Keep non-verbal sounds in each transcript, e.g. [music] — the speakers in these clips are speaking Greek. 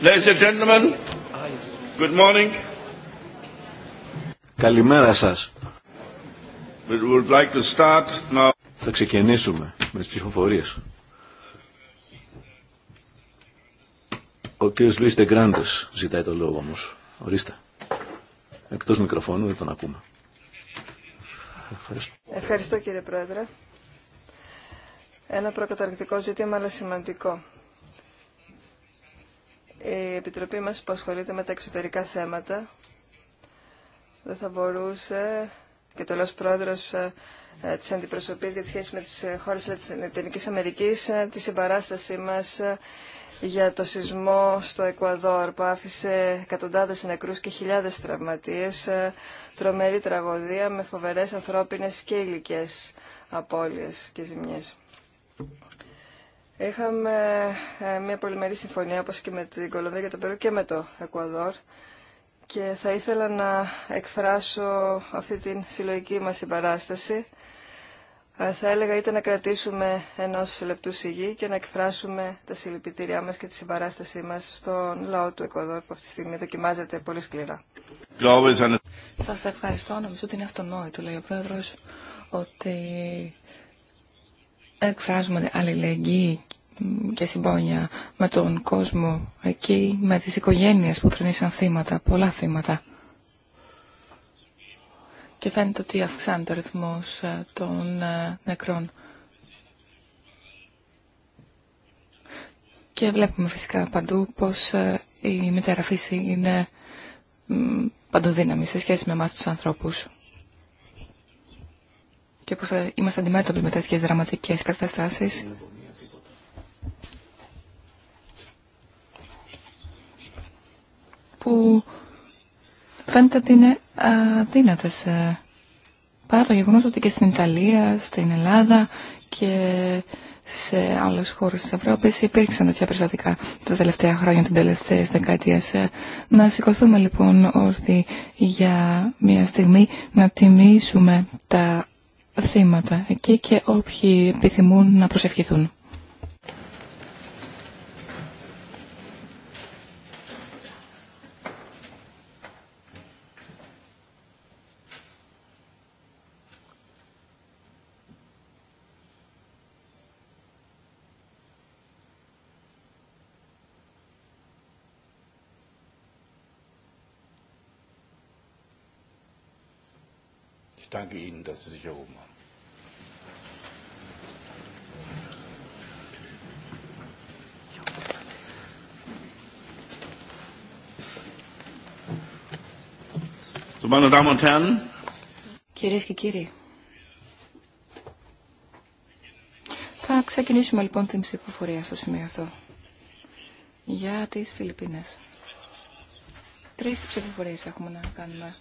Ladies and gentlemen, good morning. Καλημέρα σας. We would like to start now. Θα ξεκινήσουμε με τις ψηφοφορίες. Ο κύριος Λουίς Τεγκράντες ζητάει το λόγο όμως. Ορίστε. Εκτός μικροφώνου δεν τον ακούμε. Ευχαριστώ. Ευχαριστώ κύριε Πρόεδρε. Ένα προκαταρκτικό ζήτημα αλλά σημαντικό η Επιτροπή μας που ασχολείται με τα εξωτερικά θέματα δεν θα μπορούσε και το λέω πρόεδρος ε, ε, της Αντιπροσωπής για τις σχέσεις με τις ε, χώρες της Ελληνικής Αμερικής τη συμπαράστασή μας για το σεισμό στο Εκουαδόρ που άφησε εκατοντάδες νεκρούς και χιλιάδες τραυματίες, τρομερή τραγωδία με φοβερές ανθρώπινες και ηλικές απώλειες και ζημιές. Είχαμε ε, μια πολυμερή συμφωνία όπως και με την Κολομβία και το Περού και με το Εκουαδόρ και θα ήθελα να εκφράσω αυτή την συλλογική μας συμπαράσταση. Ε, θα έλεγα είτε να κρατήσουμε ενός λεπτού σιγή και να εκφράσουμε τα συλληπιτήριά μας και τη συμπαράστασή μας στον λαό του Εκουαδόρ που αυτή τη στιγμή δοκιμάζεται πολύ σκληρά. Σας ευχαριστώ. Νομίζω ότι είναι αυτονόητο, λέει ο Πρόεδρος, ότι εκφράζουμε αλληλεγγύη και συμπόνια με τον κόσμο εκεί, με τις οικογένειες που θρυνήσαν θύματα, πολλά θύματα. Και φαίνεται ότι αυξάνεται ο ρυθμός ε, των ε, νεκρών. Και βλέπουμε φυσικά παντού πως ε, η μητέρα φύση είναι παντοδύναμη σε σχέση με εμάς τους ανθρώπους και πώς είμαστε αντιμέτωποι με τέτοιες δραματικές καταστάσεις. που φαίνεται ότι είναι αδύνατες ε, παρά το γεγονός ότι και στην Ιταλία, στην Ελλάδα και σε άλλες χώρες της Ευρώπης υπήρξαν τέτοια περιστατικά τα τελευταία χρόνια, την τελευταία δεκαετία. Να σηκωθούμε λοιπόν όρθιοι για μια στιγμή να τιμήσουμε τα θύματα εκεί και όποιοι επιθυμούν να προσευχηθούν. Ich danke Ihnen, dass Sie sich erhoben haben. Κυρίες και κύριοι, θα ξεκινήσουμε λοιπόν την ψηφοφορία στο σημείο αυτό για τις Φιλιππίνες. Τρεις ψηφοφορίες έχουμε να κάνουμε.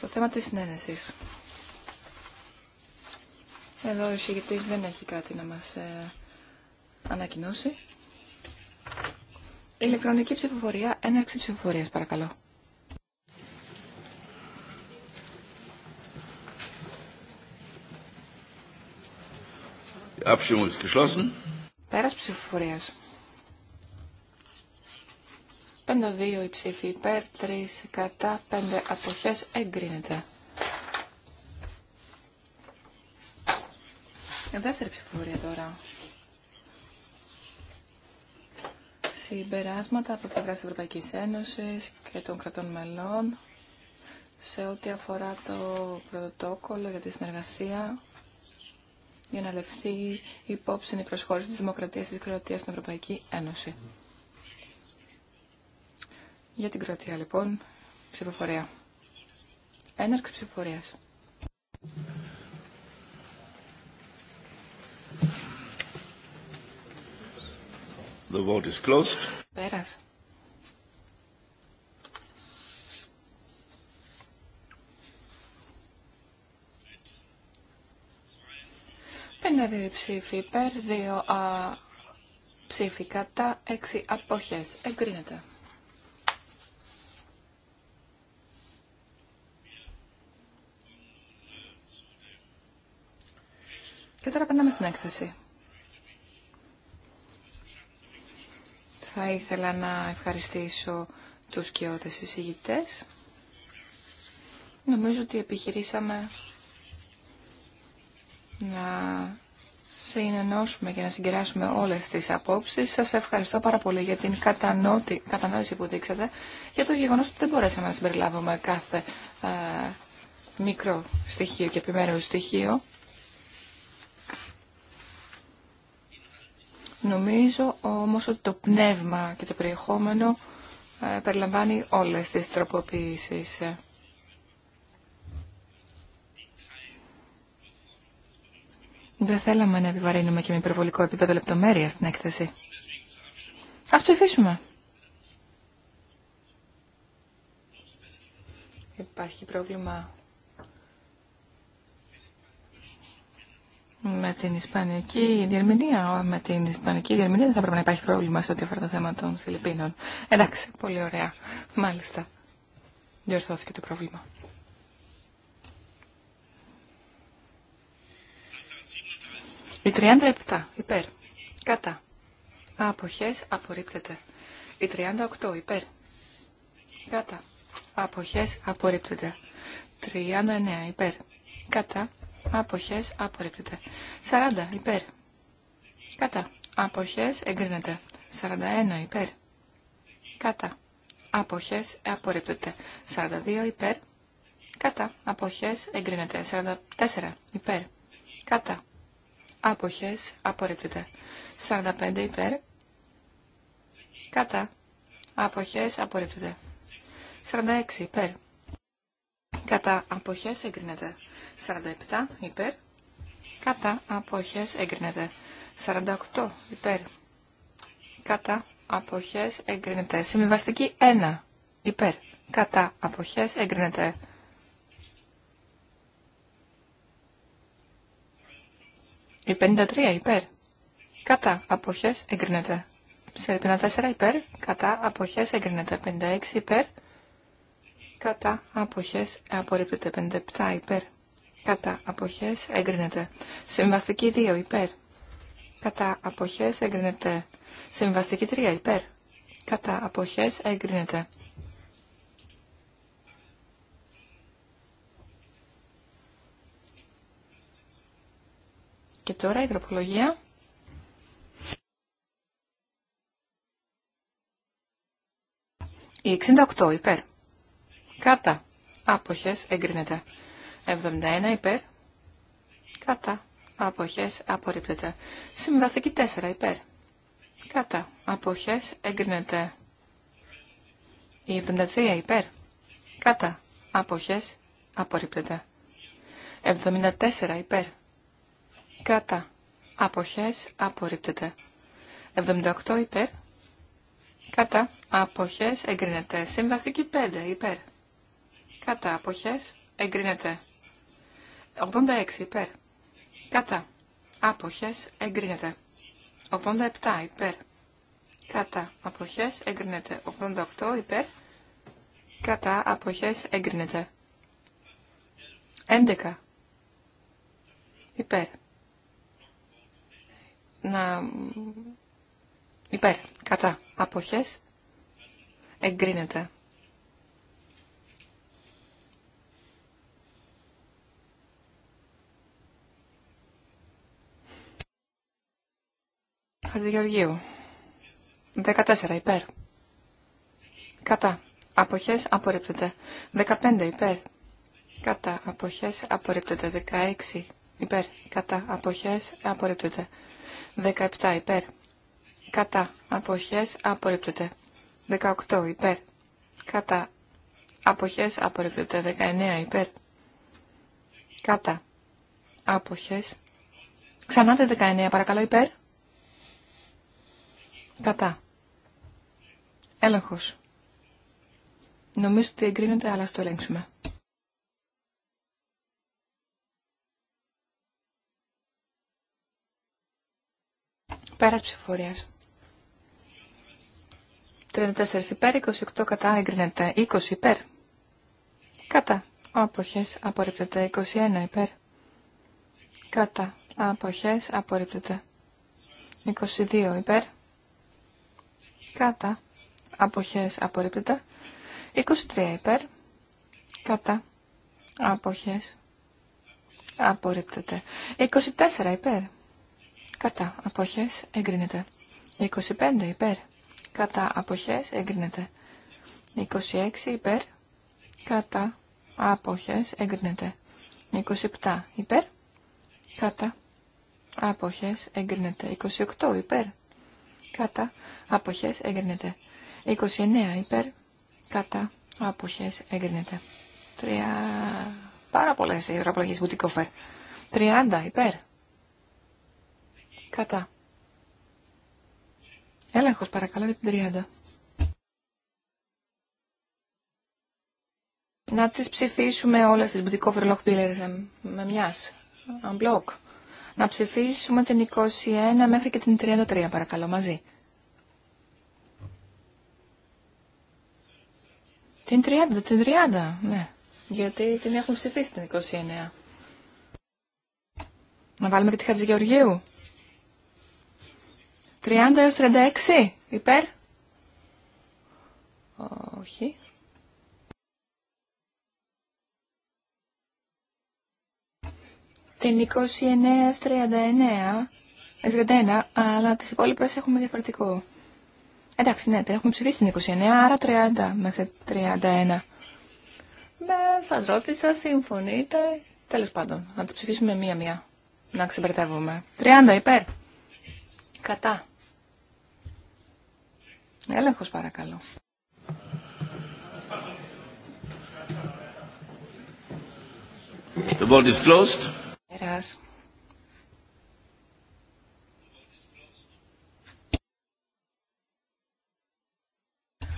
Το θέμα της συνένεσης. Εδώ ο εισηγητής δεν έχει κάτι να μας ε, ανακοινώσει. Ηλεκτρονική ψηφοφορία, έναρξη ψηφοφορίας παρακαλώ. Abstimmung ist geschlossen. Πέρας ψηφοφορίας. 52 η ψηφη υπέρ, 3 κατά, 5 αποχές εγκρίνεται. Δεύτερη ψηφοφορία τώρα. συμπεράσματα από πλευρά τη Ευρωπαϊκή Ένωση και των κρατών μελών σε ό,τι αφορά το πρωτόκολλο για τη συνεργασία για να λεφθεί υπόψη η προσχώρηση της Δημοκρατίας της Κροατίας στην Ευρωπαϊκή Ένωση. Για την Κροατία, λοιπόν, ψηφοφορία. Έναρξη ψηφοφορίας. The vote is closed. Πέρας. Πέντε δύο ψήφοι υπέρ, δύο α, ψήφοι κατά, έξι αποχές. Εγκρίνεται. Και τώρα πέντε στην έκθεση. Θα ήθελα να ευχαριστήσω τους και εισηγητές. Νομίζω ότι επιχειρήσαμε να συνενώσουμε και να συγκεράσουμε όλες τις απόψεις. Σας ευχαριστώ πάρα πολύ για την κατανόηση που δείξατε, για το γεγονός ότι δεν μπορέσαμε να συμπεριλάβουμε κάθε ε, μικρό στοιχείο και επιμέρους στοιχείο. Νομίζω όμως ότι το πνεύμα και το περιεχόμενο ε, περιλαμβάνει όλες τις τροποποιήσεις. Δεν θέλαμε να επιβαρύνουμε και με υπερβολικό επίπεδο λεπτομέρεια στην έκθεση. Ας ψηφίσουμε. Υπάρχει πρόβλημα με την Ισπανική διερμηνία, με την Ισπανική διερμηνία δεν θα πρέπει να υπάρχει πρόβλημα σε ό,τι αφορά το θέμα των Φιλιππίνων. Εντάξει, πολύ ωραία. Μάλιστα. Διορθώθηκε το πρόβλημα. Η 37 υπέρ. Κατά. Αποχές απορρίπτεται. Η 38 υπέρ. Κατά. Αποχές απορρίπτεται. 39 υπέρ. Κατά. Αποχές απορρίπτεται. 40 υπέρ. Κατά. Αποχές εγκρίνεται. 41 υπέρ. Κατά. Αποχές απορρίπτεται. 42 υπέρ. Κατά. Αποχές εγκρίνεται. 44 υπέρ. Κατά. Αποχές απορρίπτεται. 45 υπέρ. Κατά. Αποχές απορρίπτεται. 46 υπέρ. Κατά αποχές εγκρίνεται. 47 υπέρ. Κατά αποχές εγκρίνεται. 48 υπέρ. Κατά αποχές εγκρίνεται. Συμβιβαστική 1 υπέρ. Κατά αποχές εγκρίνεται. 53 υπέρ. Κατά αποχές εγκρίνεται. 54 υπέρ. Κατά αποχές εγκρίνεται. 56 υπέρ κατά αποχές απορρίπτεται 57 υπέρ, κατά αποχές εγκρίνεται. Συμβαστική 2 υπέρ, κατά αποχές εγκρίνεται. Συμβαστική 3 υπέρ, κατά αποχές εγκρίνεται. Και τώρα η τροπολογία. Η 68 υπέρ. Κατά. Άποχες εγκρίνεται. 71 υπέρ. Κατά. Άποχες απορρίπτεται. Συμβαστική 4 υπέρ. Κατά. Αποχές εγκρίνεται. Η 73 υπέρ. Κατά. Αποχές απορρίπτεται. 74 υπέρ. Κατά. Αποχές απορρίπτεται. 78 υπέρ. Κατά. Αποχές εγκρίνεται. Συμβαστική 5 υπέρ. Κατά. Αποχές. Εγκρίνεται. 86 υπέρ. Κατά. Αποχές. Εγκρίνεται. 87 υπέρ. Κατά. Αποχές. Εγκρίνεται. 88 υπέρ. Κατά. Αποχές. Εγκρίνεται. 11 υπέρ. Να... Υπέρ. Κατά. Αποχές. Εγκρίνεται. Χατζηγεωργίου. 14 υπέρ. Κατά. απόχέ, απορρίπτεται. 15 υπέρ. Κατά. αποχέ, απορρίπτεται. 16 υπέρ. Κατά. απόχέ, απορρίπτεται. 17 υπέρ. Κατά. απόχέ, απορρίπτεται. 18 υπέρ. Κατά. απόχέ, απορρίπτεται. 19 υπέρ. Κατά. Αποχέ. Ξανά 19 παρακαλώ υπέρ. Κατά. Έλεγχος. Νομίζω ότι εγκρίνεται, αλλά στο ελέγξουμε. Πέρας ψηφορίας, 34 υπέρ, 28 κατά, εγκρίνεται. 20 υπέρ. Κατά. Αποχές απορρίπτεται. 21 υπέρ. Κατά. Αποχές απορρίπτεται. 22 υπέρ κατά αποχές απορρίπτεται 23 υπέρ κατά αποχές απορρίπτεται 24 υπέρ κατά αποχές εγκρίνεται 25 υπέρ κατά αποχές εγκρίνεται 26 υπέρ κατά αποχές εγκρίνεται 27 υπέρ κατά αποχές εγκρίνεται 28 υπέρ κατά αποχές εγκρίνεται. 29 υπέρ κατά αποχές εγκρίνεται. 3... Πάρα πολλές υγραπλογές βουτικόφερ. 30 υπέρ κατά. Έλεγχος παρακαλώ για την 30. Να τις ψηφίσουμε όλες τις μπουτικόφερ λοχπίλερ ε, με μιας. Unblock. Να ψηφίσουμε την 21 μέχρι και την 33 παρακαλώ μαζί. Την 30, την 30, ναι. Γιατί την έχουμε ψηφίσει την 29. Να βάλουμε και τη Χατζηγεωργίου. 30 έως 36, υπέρ. Όχι. την 29-31, ε, αλλά τις υπόλοιπες έχουμε διαφορετικό. Εντάξει, ναι, την έχουμε ψηφίσει την 29, άρα 30 μέχρι 31. Με σας ρώτησα, συμφωνείτε, τέλος πάντων, να το ψηφίσουμε μία-μία, να ξεμπερδεύουμε. 30 υπέρ, κατά. Έλεγχος παρακαλώ. The vote is closed. Πέρας.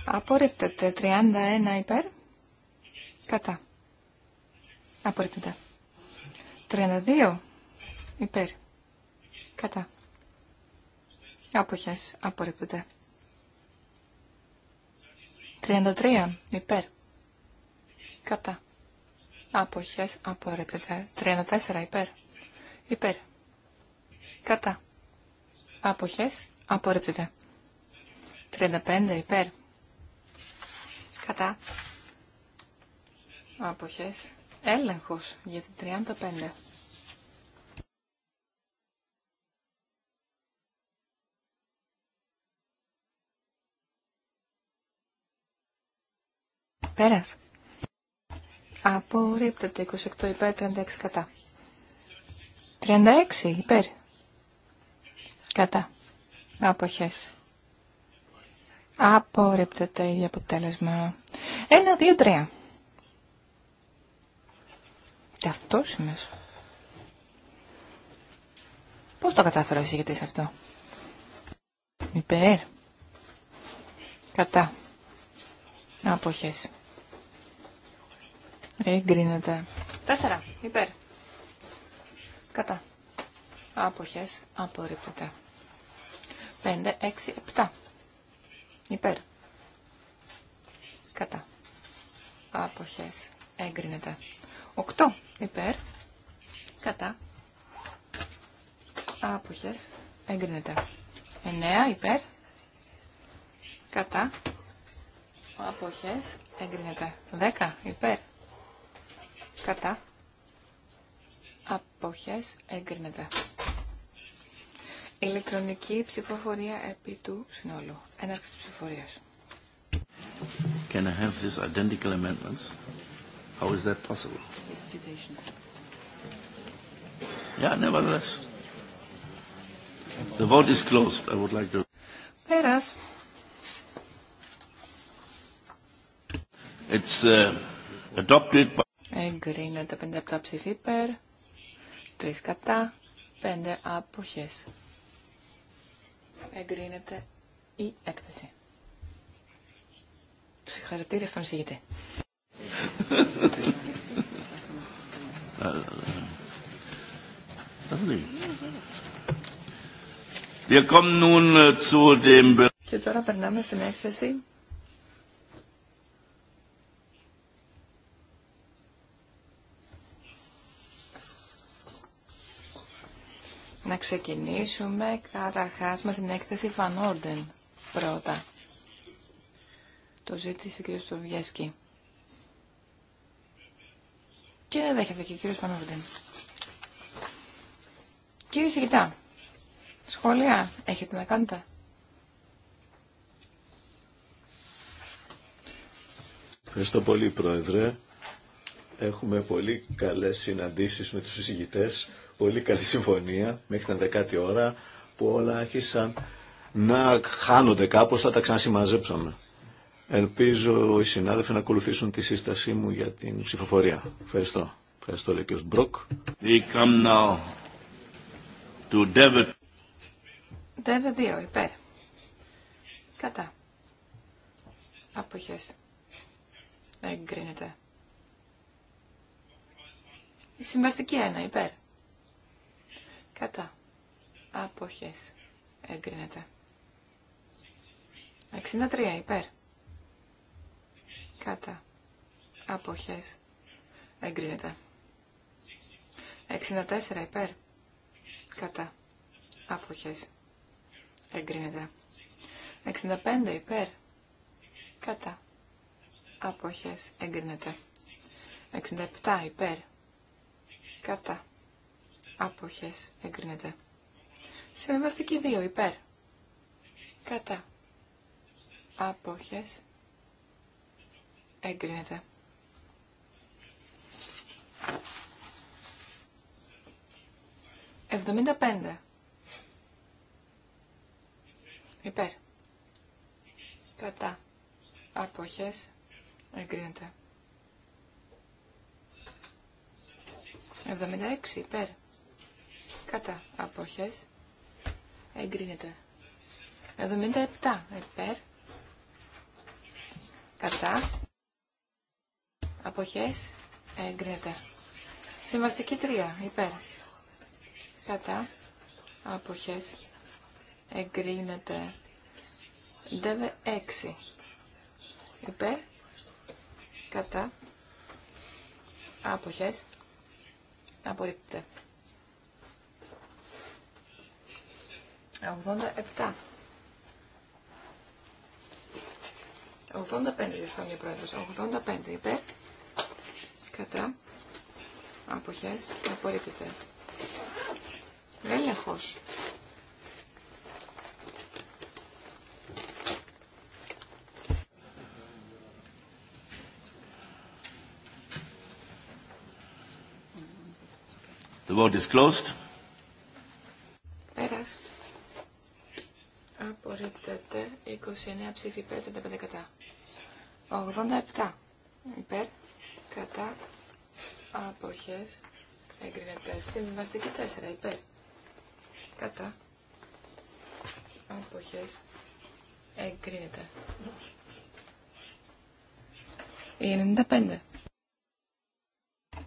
Απορρίπτεται 31 υπέρ. Κατά. Απορρίπτεται. 32 υπέρ. Κατά. Άποχες. Απορρίπτεται. 33 υπέρ. Κατά. Αποχές απορρίπτεται. 34 υπέρ. Υπέρ. Κατά. Αποχές απορρίπτεται. 35 υπέρ. Κατά. Αποχές. Έλεγχος για την 35. Πέρας. Απορρίπτεται 28 υπέρ, 36 κατά. 36 υπέρ. Κατά. Αποχές. Απορρίπτεται η αποτέλεσμα. 1, 2, 3. Ταυτόσιμες. Πώς το εσύ γιατί είσαι αυτό. Υπέρ. Κατά. Αποχές. Εγκρίνεται. 4. Υπέρ. Κατά. Άποχες. Απορρίπτεται. 5, 6, 7. Υπέρ. Κατά. Άποχες. Εγκρίνεται. 8. Υπέρ. Κατά. Άποχες. Εγκρίνεται. 9. Υπέρ. Κατά. Άποχες. Εγκρίνεται. 10. Υπέρ κατά, αποχές, εγκρίνεται. Ηλεκτρονική ψηφοφορία επί του συνόλου. Έναρξη της ψηφοφορίας. Can I have these identical amendments? How is that possible? Yeah, nevertheless. The vote is closed. I would like to... Πέρας. It's uh, adopted by... Εγκρίνεται 57 ψήφοι υπέρ, 3 κατά, 5 αποχές. Εγκρίνεται η έκθεση. Συγχαρητήρια στον εισηγητή. Äh, Και τώρα περνάμε στην έκθεση Να ξεκινήσουμε καταρχάς με την έκθεση Van Orden πρώτα. Το ζήτησε ο κ. Στοβιέσκη. Και δέχεται και ο κ. Van Orden. Κύριε Σιγητά, σχόλια έχετε να κάνετε. Ευχαριστώ πολύ, Πρόεδρε. Έχουμε πολύ καλές συναντήσεις με τους συζητητές πολύ καλή συμφωνία μέχρι την δεκάτη ώρα που όλα άρχισαν να χάνονται κάπως, θα τα ξανασημαζέψαμε. Ελπίζω οι συνάδελφοι να ακολουθήσουν τη σύστασή μου για την ψηφοφορία. Ευχαριστώ. Ευχαριστώ, λέει και ο Σμπροκ. ΔΕΒΕ 2, υπέρ. Κατά. Αποχές. Εγκρίνεται. Η συμβαστική 1, υπέρ. Κατά. Αποχές. Εγκρίνεται. 63 υπέρ. Κατά. Αποχές. Εγκρίνεται. 64 υπέρ. Κατά. Αποχές. Εγκρίνεται. 65 υπέρ. Κατά. Αποχές. Εγκρίνεται. 67 υπέρ. Κατά. Αποχές εγκρίνεται. Συμβαστική 2 υπέρ. Κατά. Αποχές εγκρίνεται. πέντε, Υπέρ. Κατά. Αποχές. Εγκρίνεται. έξι, Υπέρ κατά αποχές εγκρίνεται. 77 υπέρ κατά αποχές εγκρίνεται. Συμβαστική 3 υπέρ κατά αποχές εγκρίνεται. Δεύε 6 υπέρ κατά αποχές απορρίπτεται. 87. 85 διορθώνει ο πρόεδρος. 85 υπέρ. Κατά. Αποχές. Απορρίπτεται. Έλεγχος. The vote is closed. 29 ψήφι υπέρ, 35 κατά. 87 υπέρ, κατά, αποχές, εγκρίνεται. σύμβαστική 4 υπέρ, κατά, αποχές, εγκρίνεται. Η 95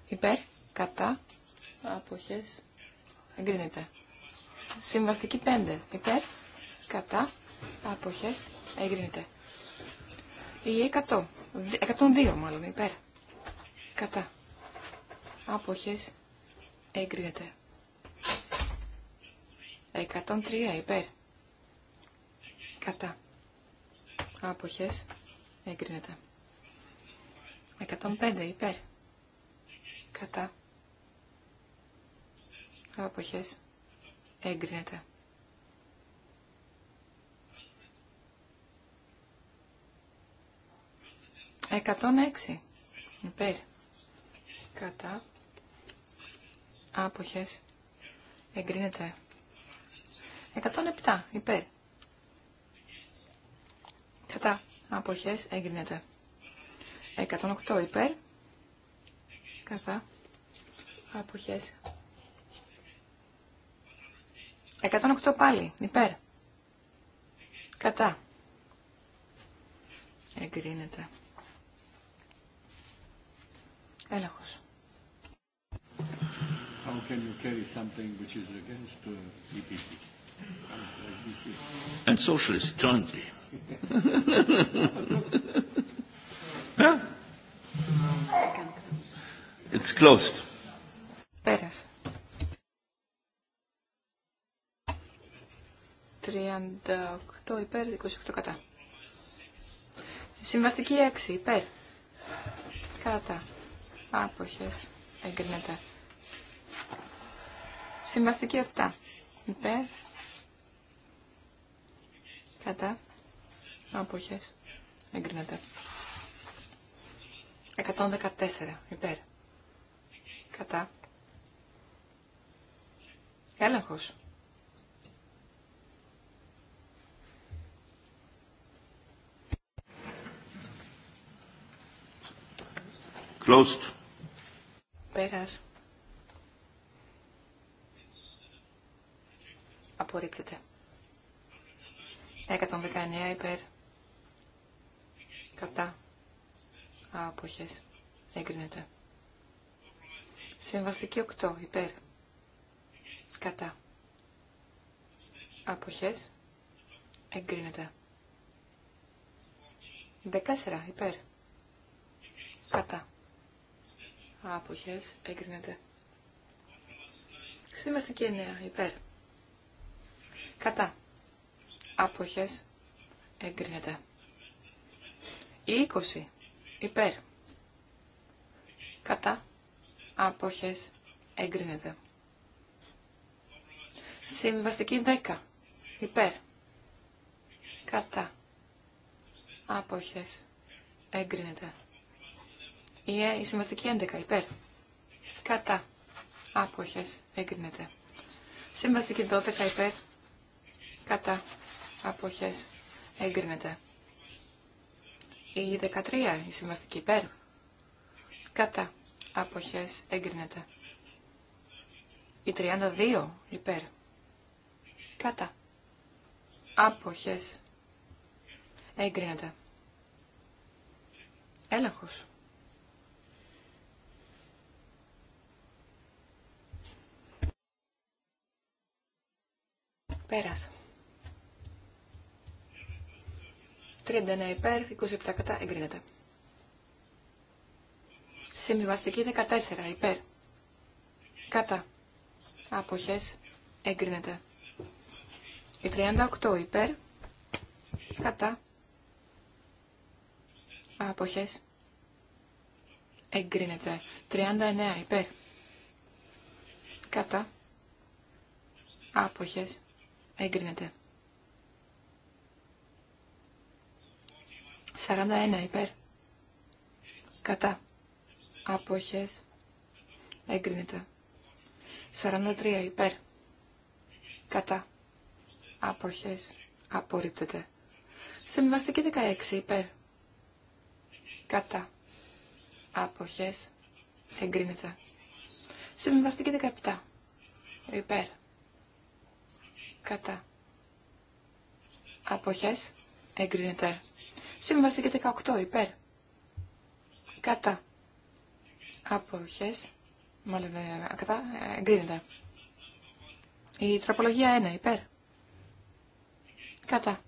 υπέρ, κατά, αποχές, εγκρίνεται. Συμβαστική 5 υπέρ, κατά, αποχές εγκρίνεται. Η 100, 102 μάλλον, υπέρ, κατά, αποχές εγκρίνεται. 103 υπέρ, κατά, αποχές εγκρίνεται. 105 υπέρ, κατά, αποχές εγκρίνεται. 106 υπέρ κατά άποχες εγκρίνεται 107 υπέρ κατά άποχες εγκρίνεται 108 υπέρ κατά άποχες 108 πάλι υπέρ κατά εγκρίνεται Έλεγχος. How can you carry something which is against the EPP? And socialists jointly. yeah? It's closed. Πέρασε. 38 υπέρ, 28 κατά. Συμβαστική 6 υπέρ. Κατά. Άποχες. εγκρινετά. Συμβαστική 7. Υπέρ. Κατά. Άποχες. Εγκρινετά. 114. Υπέρ. Κατά. Έλεγχος. Closed. Πέρας. Απορρίπτεται. 119 υπέρ. Κατά. Άποχε. Έγκρινεται. Συμβαστική 8 υπέρ. Κατά. Αποχές. Εγκρίνεται. 14 υπέρ. Κατά. Αποχές εγκρίνεται. Συμβαστική 9. Υπέρ. Κατά. Αποχές εγκρίνεται. 20. Υπέρ. Κατά. Αποχές εγκρίνεται. Συμβαστική 10. Υπέρ. Κατά. Άποχες. Έγκρινεται. Η συμβαστική 11 υπέρ. Κατά. Άποχε, Εγκρίνεται. Συμβαστική 12 υπέρ. Κατά. απόχε. Εγκρίνεται. Η 13 η συμβαστική υπέρ. Κατά. Άποχες. Εγκρίνεται. Η 32 υπέρ. Κατά. Άποχε. Εγκρίνεται. Έλεγχος. Πέρασα. 39 υπέρ, 27 κατά, εγκρίνεται. Συμβιβαστική 14 υπέρ. Κατά. Αποχές, εγκρίνεται. Η 38 υπέρ. Κατά. Αποχές. Εγκρίνεται. 39 υπέρ. Κατά. Άποχες. Εγκρίνεται. 41 υπέρ. Κατά. Αποχές. Εγκρίνεται. 43 υπέρ. Κατά. Αποχές. Απορρίπτεται. Συμβαστική 16 υπέρ. Κατά. Αποχές. Εγκρίνεται. Συμβαστική 17 υπέρ. Κατά. Αποχές. Εγκρίνεται. και 18. Υπέρ. Κατά. Αποχές. Μάλλον ε, κατά. Εγκρίνεται. Η τροπολογία 1. Υπέρ. Κατά.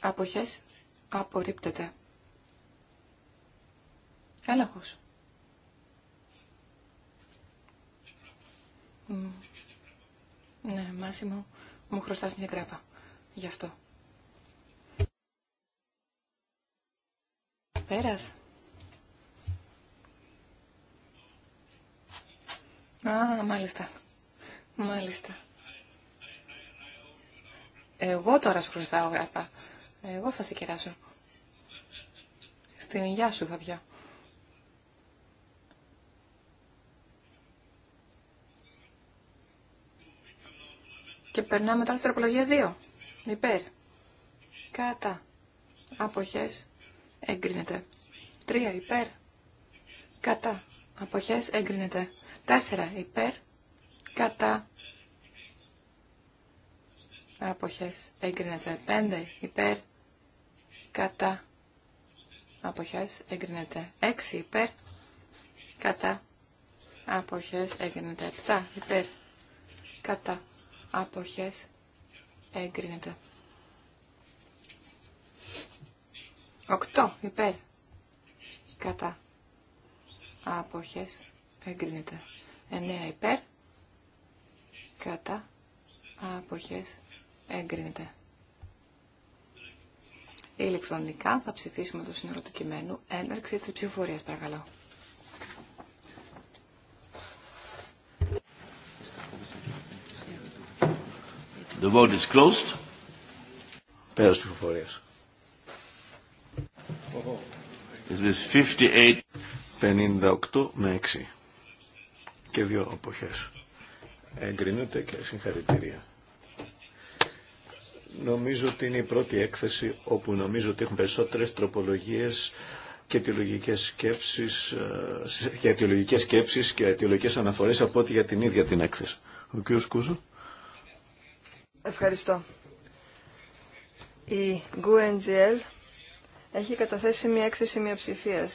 Αποχές. Απορρίπτεται. Έλεγχος. Mm. Ναι, Μάσιμο, μου χρωστάς μια κράπα. Γι' αυτό. Πέρας. Α, μάλιστα. Μάλιστα. Εγώ τώρα σου χρωστάω γράπα. Εγώ θα σε κεράσω. Στην υγειά σου θα πιάω. Και περνάμε τώρα στην τροπολογία 2. Υπέρ. Κατά. Αποχές. Εγκρίνεται. 3. Υπέρ. Κατά. Αποχές. Εγκρίνεται. 4. Υπέρ. Κατά. Αποχές. Εγκρίνεται. 5. Υπέρ. Κατά. Αποχές. Εγκρίνεται. 6. Υπέρ. Κατά. Αποχές. Εγκρίνεται. 7. Υπέρ. Κατά αποχές εγκρίνεται. Οκτώ υπέρ κατά αποχές εγκρίνεται. Εννέα υπέρ κατά αποχές εγκρίνεται. Ηλεκτρονικά θα ψηφίσουμε το σύνολο του κειμένου. Έναρξη της ψηφοφορίας παρακαλώ. The vote is closed. Πέρας ψηφοφορίας. 58. 58 με 6 και δύο αποχές. Εγκρινούνται και συγχαρητήρια. Νομίζω ότι είναι η πρώτη έκθεση όπου νομίζω ότι έχουν περισσότερες τροπολογίες και αιτιολογικές σκέψεις ε, και αιτιολογικές σκέψεις και αιτιολογικές αναφορές από ό,τι για την ίδια την έκθεση. Ο κ. Κουζου. Ευχαριστώ. Η GUNGL έχει καταθέσει μια έκθεση μειοψηφία.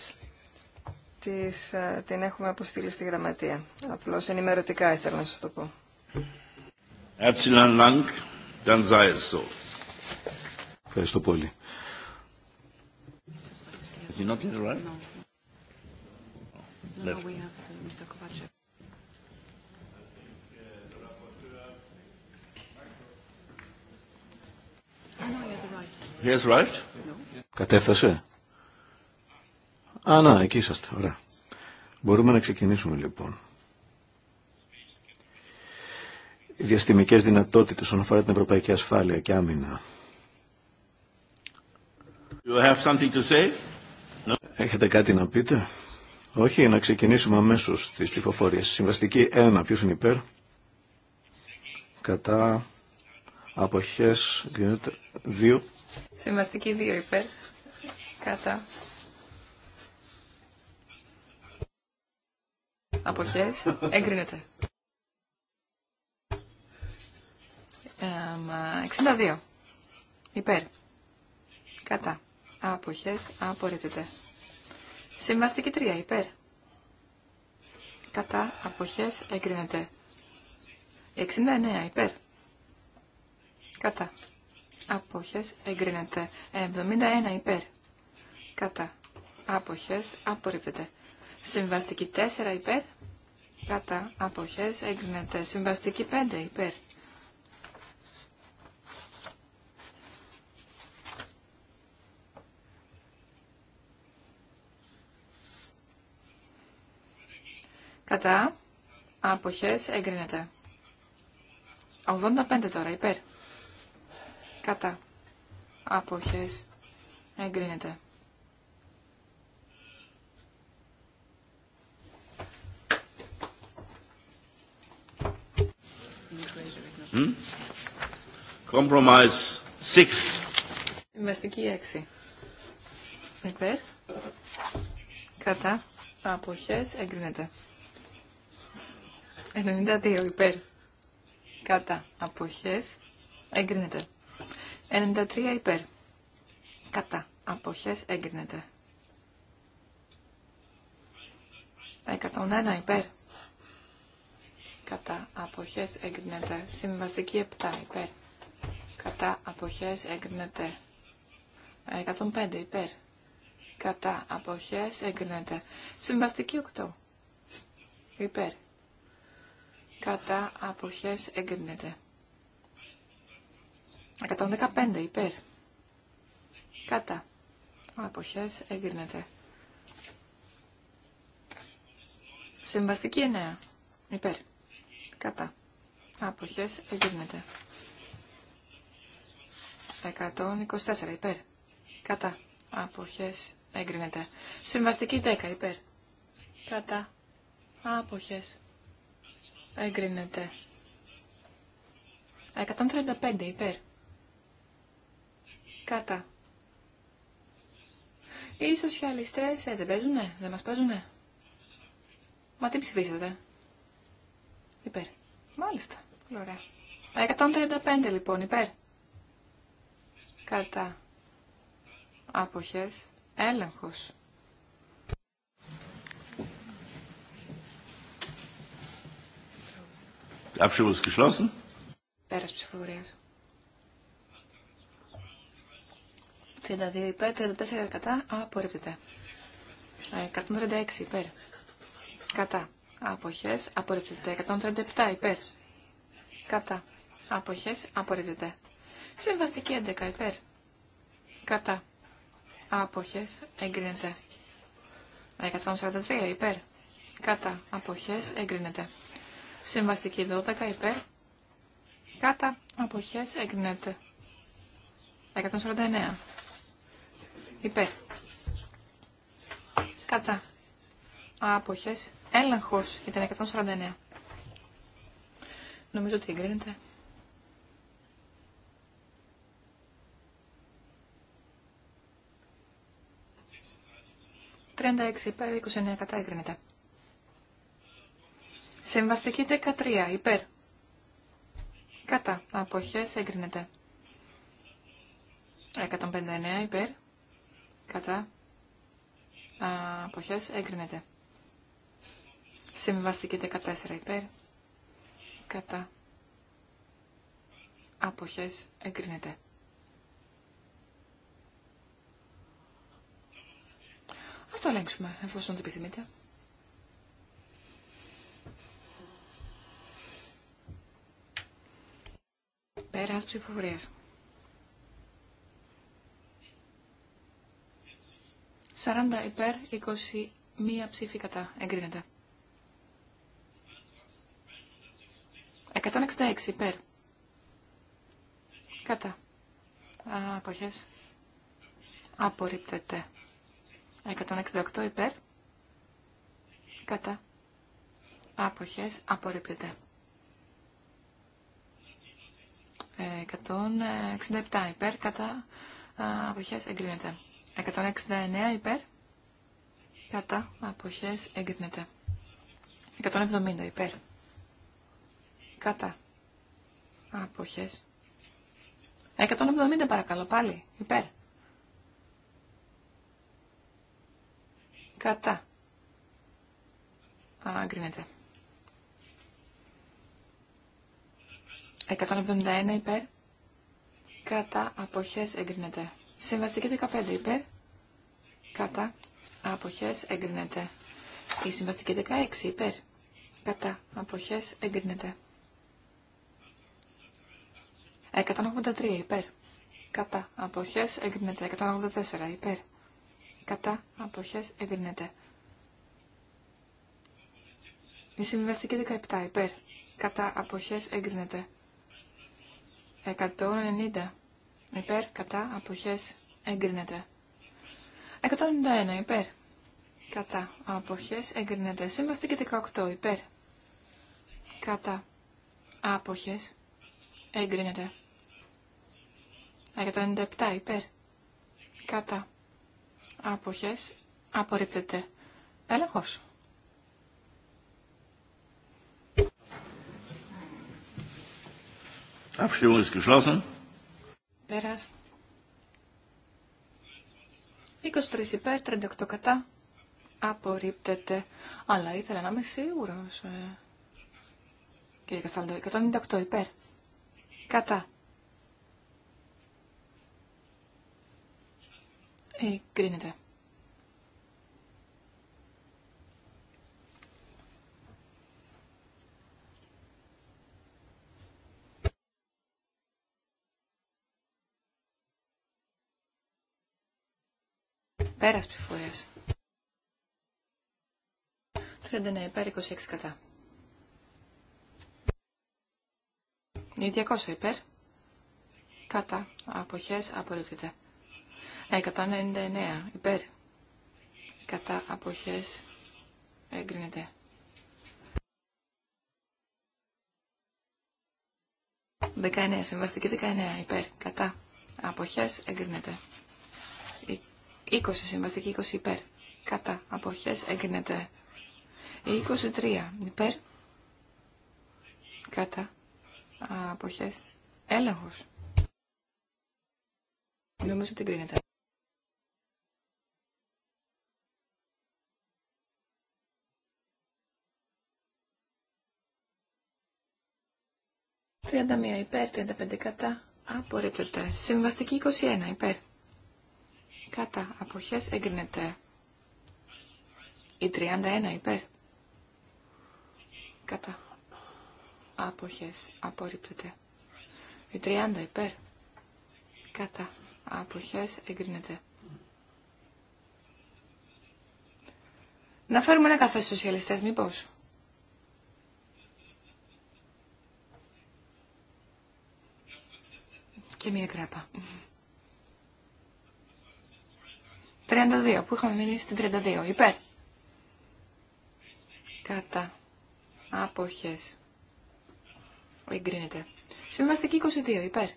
Την έχουμε αποστείλει στη γραμματεία. Απλώς ενημερωτικά ήθελα να σας το πω. Ευχαριστώ πολύ. He Κατέφτασε. Α, να, εκεί είσαστε. Ωραία. Μπορούμε να ξεκινήσουμε λοιπόν. Οι διαστημικές δυνατότητες όσον αφορά την ευρωπαϊκή ασφάλεια και άμυνα. Έχετε κάτι να πείτε? Όχι, να ξεκινήσουμε αμέσως τις ψηφοφορίες. Συμβαστική 1, ποιος είναι υπέρ? Κατά αποχές γίνεται 2. Σημαστική 2 υπέρ, κατά. Αποχές εγκρίνεται. 62 υπέρ, κατά. Αποχές απορρίπτεται. Σημαστική 3 υπέρ. Κατά αποχές εγκρίνεται. 69 υπέρ. Κατά. Απόχες εγκρίνεται. 71 υπέρ. Κατά. Απόχες απορρίπτεται. Συμβαστική 4 υπέρ. Κατά. Απόχες εγκρίνεται. Συμβαστική 5 υπέρ. Κατά. Αποχές εγκρίνεται. 85 τώρα υπέρ. Κατά. Αποχές. Εγκρίνεται. Compromise 6. Συμβαστική 6. Υπέρ. Κατά. Αποχές. Εγκρίνεται. 92. Υπέρ. Κατά. Αποχές. Εγκρίνεται. 93 υπέρ. Κατά. Αποχές έγκρινεται. 101 υπέρ. Κατά. Αποχές έγκρινεται. Συμβαστική 7 υπέρ. Κατά. Αποχές έγκρινεται. 105 υπέρ. Κατά. Αποχές έγκρινεται. Συμβαστική 8 υπέρ. Κατά. Αποχές έγκρινεται. 115 υπέρ. Κατά. Αποχές εγκρίνεται. Συμβαστική 9. Υπέρ. Κατά. Αποχές εγκρίνεται. 124 υπέρ. Κατά. Αποχές εγκρίνεται. Συμβαστική 10 υπέρ. Κατά. Αποχές εγκρίνεται. 135 υπέρ. Κατά. Οι σοσιαλιστές ε, δεν παίζουνε, δεν μας παίζουνε. Μα τι ψηφίσατε. Υπέρ. Μάλιστα. Πολύ ωραία. 135 λοιπόν, υπέρ. Κατά. Άποχες. Έλεγχος. Abstimmung Πέρας 32 υπέρ, 34 κατά, απορρίπτεται. 136 ε, υπέρ. Κατά. Αποχές, απορρίπτεται. 137 υπέρ. Κατά. Αποχές, απορρίπτεται. Συμβαστική 11 υπέρ. Κατά. Αποχές, εγκρίνεται. 143 υπέρ. Κατά. Αποχές, εγκρίνεται. Συμβαστική 12 υπέρ. Κατά. Αποχές, εγκρίνεται. 149 Υπέρ. Κατά. Άποχες. Έλεγχος ήταν 149. Νομίζω ότι εγκρίνεται. 36 υπέρ, 29 κατά εγκρίνεται. Συμβαστική 13 υπέρ. Κατά. Αποχές εγκρίνεται. 159 υπέρ κατά αποχές εγκρίνεται. κατά 14 υπέρ κατά αποχές εγκρίνεται. Ας το ελέγξουμε εφόσον το επιθυμείτε. Πέρας ψηφοφορίας. 40 υπέρ, 21 ψήφι κατά. Εγκρίνεται. 166 υπέρ. Κατά. Α, αποχές. Απορρίπτεται. 168 υπέρ. Κατά. Αποχές. Απορρίπτεται. 167 υπέρ. Κατά. Αποχές. Εγκρίνεται. 169 υπέρ. Κατά αποχές εγκρίνεται. 170 υπέρ. Κατά αποχές. 170 παρακαλώ πάλι υπέρ. Κατά. Αγκρίνεται. 171 υπέρ. Κατά αποχές εγκρίνεται. Συμβαστική 15 υπέρ. Κατά. Αποχές εγκρίνεται. Η συμβαστική 16 υπέρ. Κατά. Αποχές εγκρίνεται. 183 υπέρ. Κατά. Αποχές εγκρίνεται. 184 υπέρ. Κατά. Αποχές εγκρίνεται. Η συμβαστική 17 υπέρ. Κατά αποχές εγκρίνεται. 190 Υπέρ, κατά, αποχές, εγκρίνεται. 191 υπέρ. Κατά, αποχές, εγκρίνεται. και 18 υπέρ. Κατά, αποχές, εγκρίνεται. 197 υπέρ. Κατά, αποχές, απορρίπτεται. Έλεγχος. Abstimmung ist geschlossen. Πέρα. 23 υπέρ, 38 κατά. Απορρίπτεται. Αλλά ήθελα να είμαι σίγουρο. Ε. Κύριε Κασταλντό, 198 υπέρ. Κατά. Ε, εγκρίνεται. Πέρας ψηφορίας. 39 υπέρ, 26 κατά. 200 υπέρ. Κατά. Αποχές απορρίπτεται. 199 ε, υπέρ. Κατά αποχές εγκρίνεται. 19. Συμβαστική 19 υπέρ. Κατά. Αποχές εγκρίνεται. 20 συμβαστική 20 υπέρ. Κατά αποχές εγκρίνεται. 23 υπέρ. Κατά αποχές έλεγχος. Νομίζω ότι εγκρίνεται. Τριάντα μία υπέρ, 35 κατά, απορρίπτεται. Συμβαστική 21 υπέρ. Κατά. Αποχές εγκρίνεται. Η 31 υπέρ. Κατά. Αποχές απορρίπτεται. Η 30 υπέρ. Κατά. Αποχές εγκρίνεται. Να φέρουμε ένα καφέ στους σοσιαλιστές, μήπως. Και μία κρέπα. 32, που είχαμε μείνει στην 32, υπέρ. Κατά. Αποχές. Εγκρίνεται. Συμβαστική 22, υπέρ.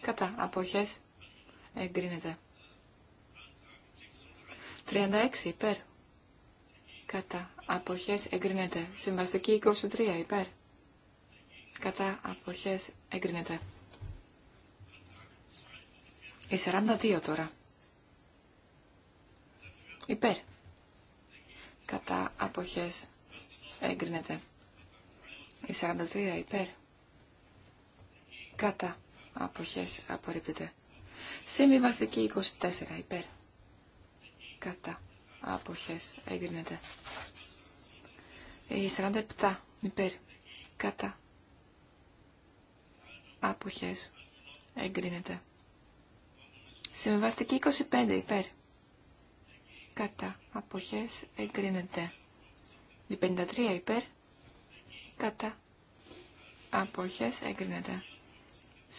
Κατά. Αποχές. Εγκρίνεται. 36, υπέρ. Κατά. Αποχές εγκρίνεται. Συμβαστική 23, υπέρ. Κατά. Αποχές εγκρίνεται. Η 42 τώρα. Υπέρ. Κατά αποχές εγκρίνεται. Η 43 υπέρ. Κατά αποχές απορρίπτεται. Συμβιβαστική 24 υπέρ. Κατά αποχές εγκρίνεται. Η 47 υπέρ. Κατά αποχές εγκρίνεται. Συμβιβαστική 25 υπέρ κατά αποχές εγκρίνεται. Η 53 υπέρ κατά αποχές εγκρίνεται.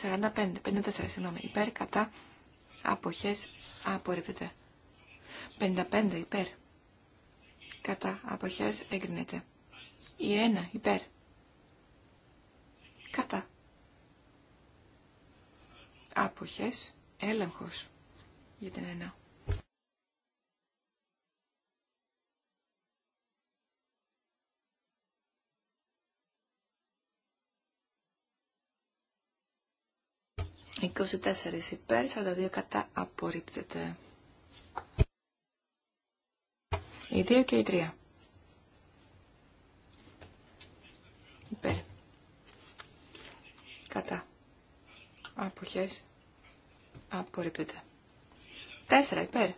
45, 54 συγγνώμη, υπέρ κατά αποχές απορρίπτεται. 55 υπέρ κατά αποχές εγκρίνεται. Η 1 υπέρ κατά άποχες έλεγχος για την 1. 24 υπέρ, 42 κατά απορρίπτεται. Οι 2 και οι 3. Υπέρ. Κατά. Αποχές. Απορρίπτεται. 4 υπέρ.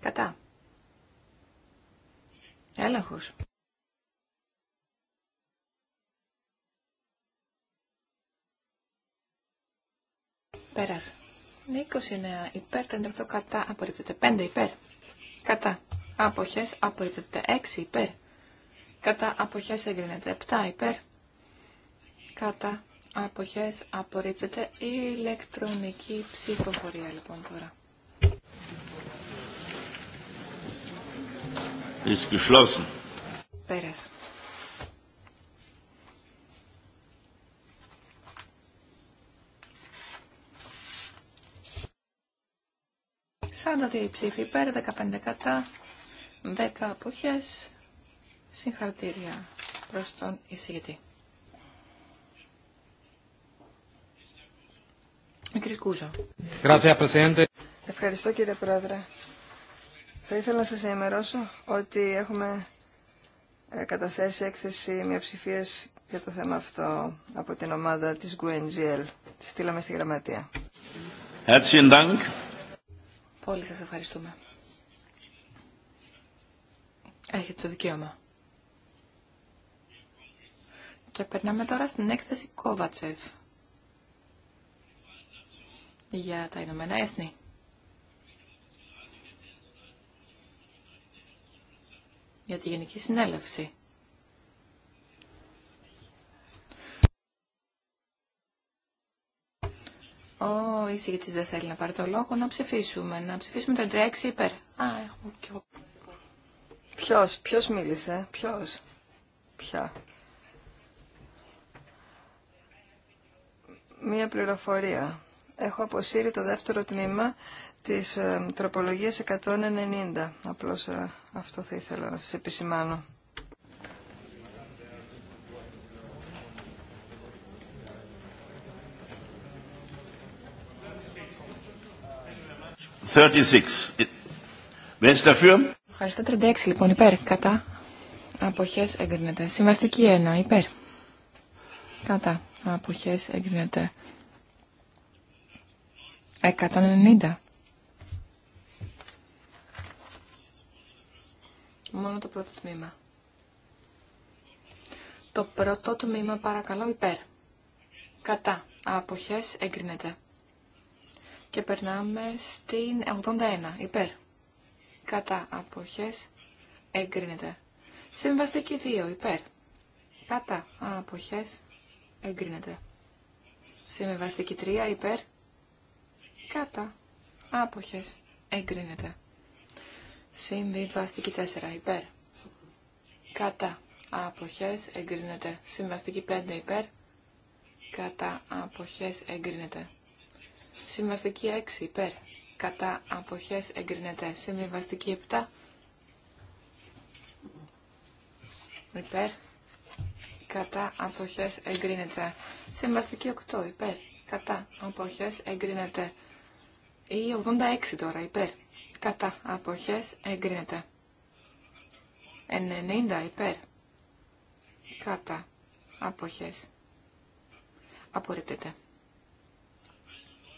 Κατά. Έλεγχος. Πέρασε. Με 29 υπέρ, 38 κατά, απορρίπτεται. 5 υπέρ, κατά, αποχές, απορρίπτεται. 6 υπέρ, κατά, αποχές, εγκρίνεται. 7 υπέρ, κατά, αποχές, απορρίπτεται. Η ηλεκτρονική ψηφοφορία λοιπόν τώρα. Ist geschlossen. Πέρασε. 42 ψήφοι υπέρ, 15 κατά, 10 αποχές. Συγχαρητήρια προς τον εισηγητή. Ευχαριστώ κύριε Πρόεδρε. Θα ήθελα να σας ενημερώσω ότι έχουμε ε, καταθέσει έκθεση μια ψηφία για το θέμα αυτό από την ομάδα της GUNGL. Τη στείλαμε στη γραμματεία. Πολύ σας ευχαριστούμε. Έχετε το δικαίωμα. Και περνάμε τώρα στην έκθεση Κόβατσεφ για τα Ηνωμένα Έθνη. Για τη Γενική Συνέλευση ο εισηγητής δεν θέλει να πάρει το λόγο, να ψηφίσουμε. Να ψηφίσουμε τα 36 υπέρ. Α, έχω εγώ. Ποιος, ποιος μίλησε, ποιος, ποια. Μία πληροφορία. Έχω αποσύρει το δεύτερο τμήμα της ε, τροπολογίας 190. Απλώς ε, αυτό θα ήθελα να σας επισημάνω. 36. Ευχαριστώ. 36 λοιπόν υπέρ. Κατά. Αποχές εγκρίνεται. Συμβαστική 1 υπέρ. Κατά. Αποχές εγκρίνεται. 190. Μόνο το πρώτο τμήμα. Το πρώτο τμήμα παρακαλώ υπέρ. Κατά. Αποχές εγκρίνεται. Και περνάμε στην 81. Υπέρ. Κατά αποχές εγκρίνεται. Συμβαστική 2. Υπέρ. Κατά αποχές εγκρίνεται. Συμβαστική 3. Υπέρ. Κατά αποχές εγκρίνεται. Συμβαστική 4. Υπέρ. Κατά αποχές εγκρίνεται. Συμβαστική 5. Υπέρ. Κατά αποχές εγκρίνεται. Συμβαστική 6 υπέρ. Κατά αποχές εγκρίνεται. Συμβαστική 7 υπέρ. Κατά αποχές εγκρίνεται. Συμβαστική 8 υπέρ. Κατά αποχές εγκρίνεται. Ή 86 τώρα υπέρ. Κατά αποχές εγκρίνεται. 90 υπέρ. Κατά αποχές. Απορρίπτεται.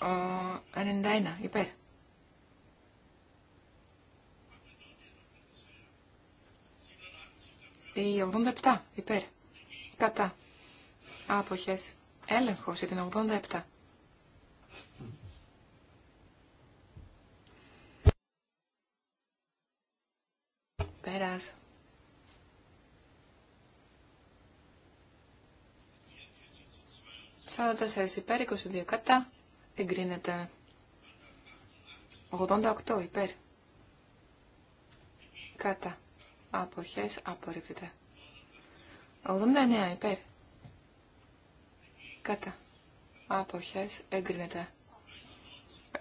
91 υπέρ. Η 87 υπέρ. Κατά. Άποχες. Έλεγχος για την 87. Πέρας. 44 υπέρ, 22 κατά εγκρίνεται 88 υπέρ κατά αποχές απορρίπτεται 89 υπέρ κατά αποχές εγκρίνεται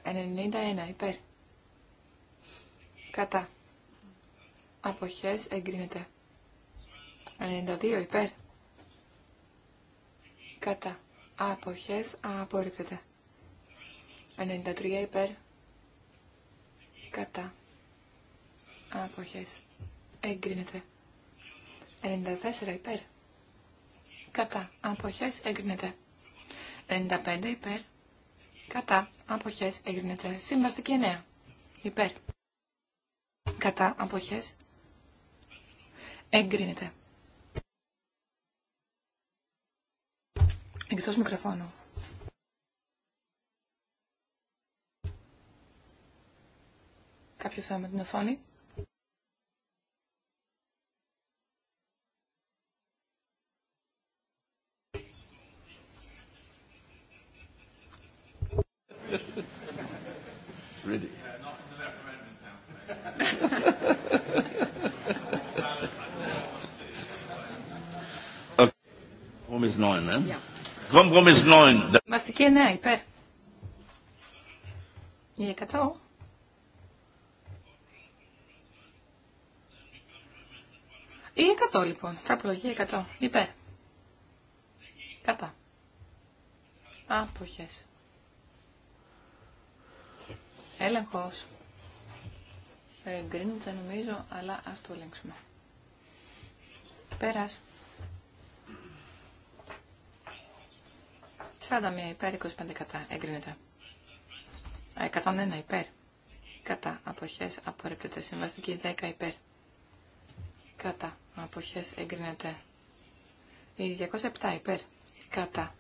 91 υπέρ κατά αποχές εγκρίνεται 92 υπέρ κατά αποχές απορρίπτεται 93 υπέρ. Κατά. Αποχές. Εγκρίνεται. 94 υπέρ. Κατά. Αποχές. Εγκρίνεται. 95 υπέρ. Κατά. Αποχές. Εγκρίνεται. Συμβαστική 9. Υπέρ. Κατά. Αποχές. Εγκρίνεται. Εκτός μικροφώνου. Κάποιο θέμα με την οθόνη. Ready. Kompromiss [laughs] eh? 9, υπέρ. Ή 100 λοιπόν. Τραπολογία 100. Υπέρ. Κατά. Άποχες. Έλεγχος. Εγκρίνεται νομίζω, αλλά ας το ελέγξουμε. Πέρας. 41 υπέρ, 25 κατά. Εγκρίνεται. 101 υπέρ. Κατά. Αποχές απορρίπτεται. Συμβαστική 10 υπέρ. Κατά αποχές εγκρίνεται. Η 207 υπέρ κατά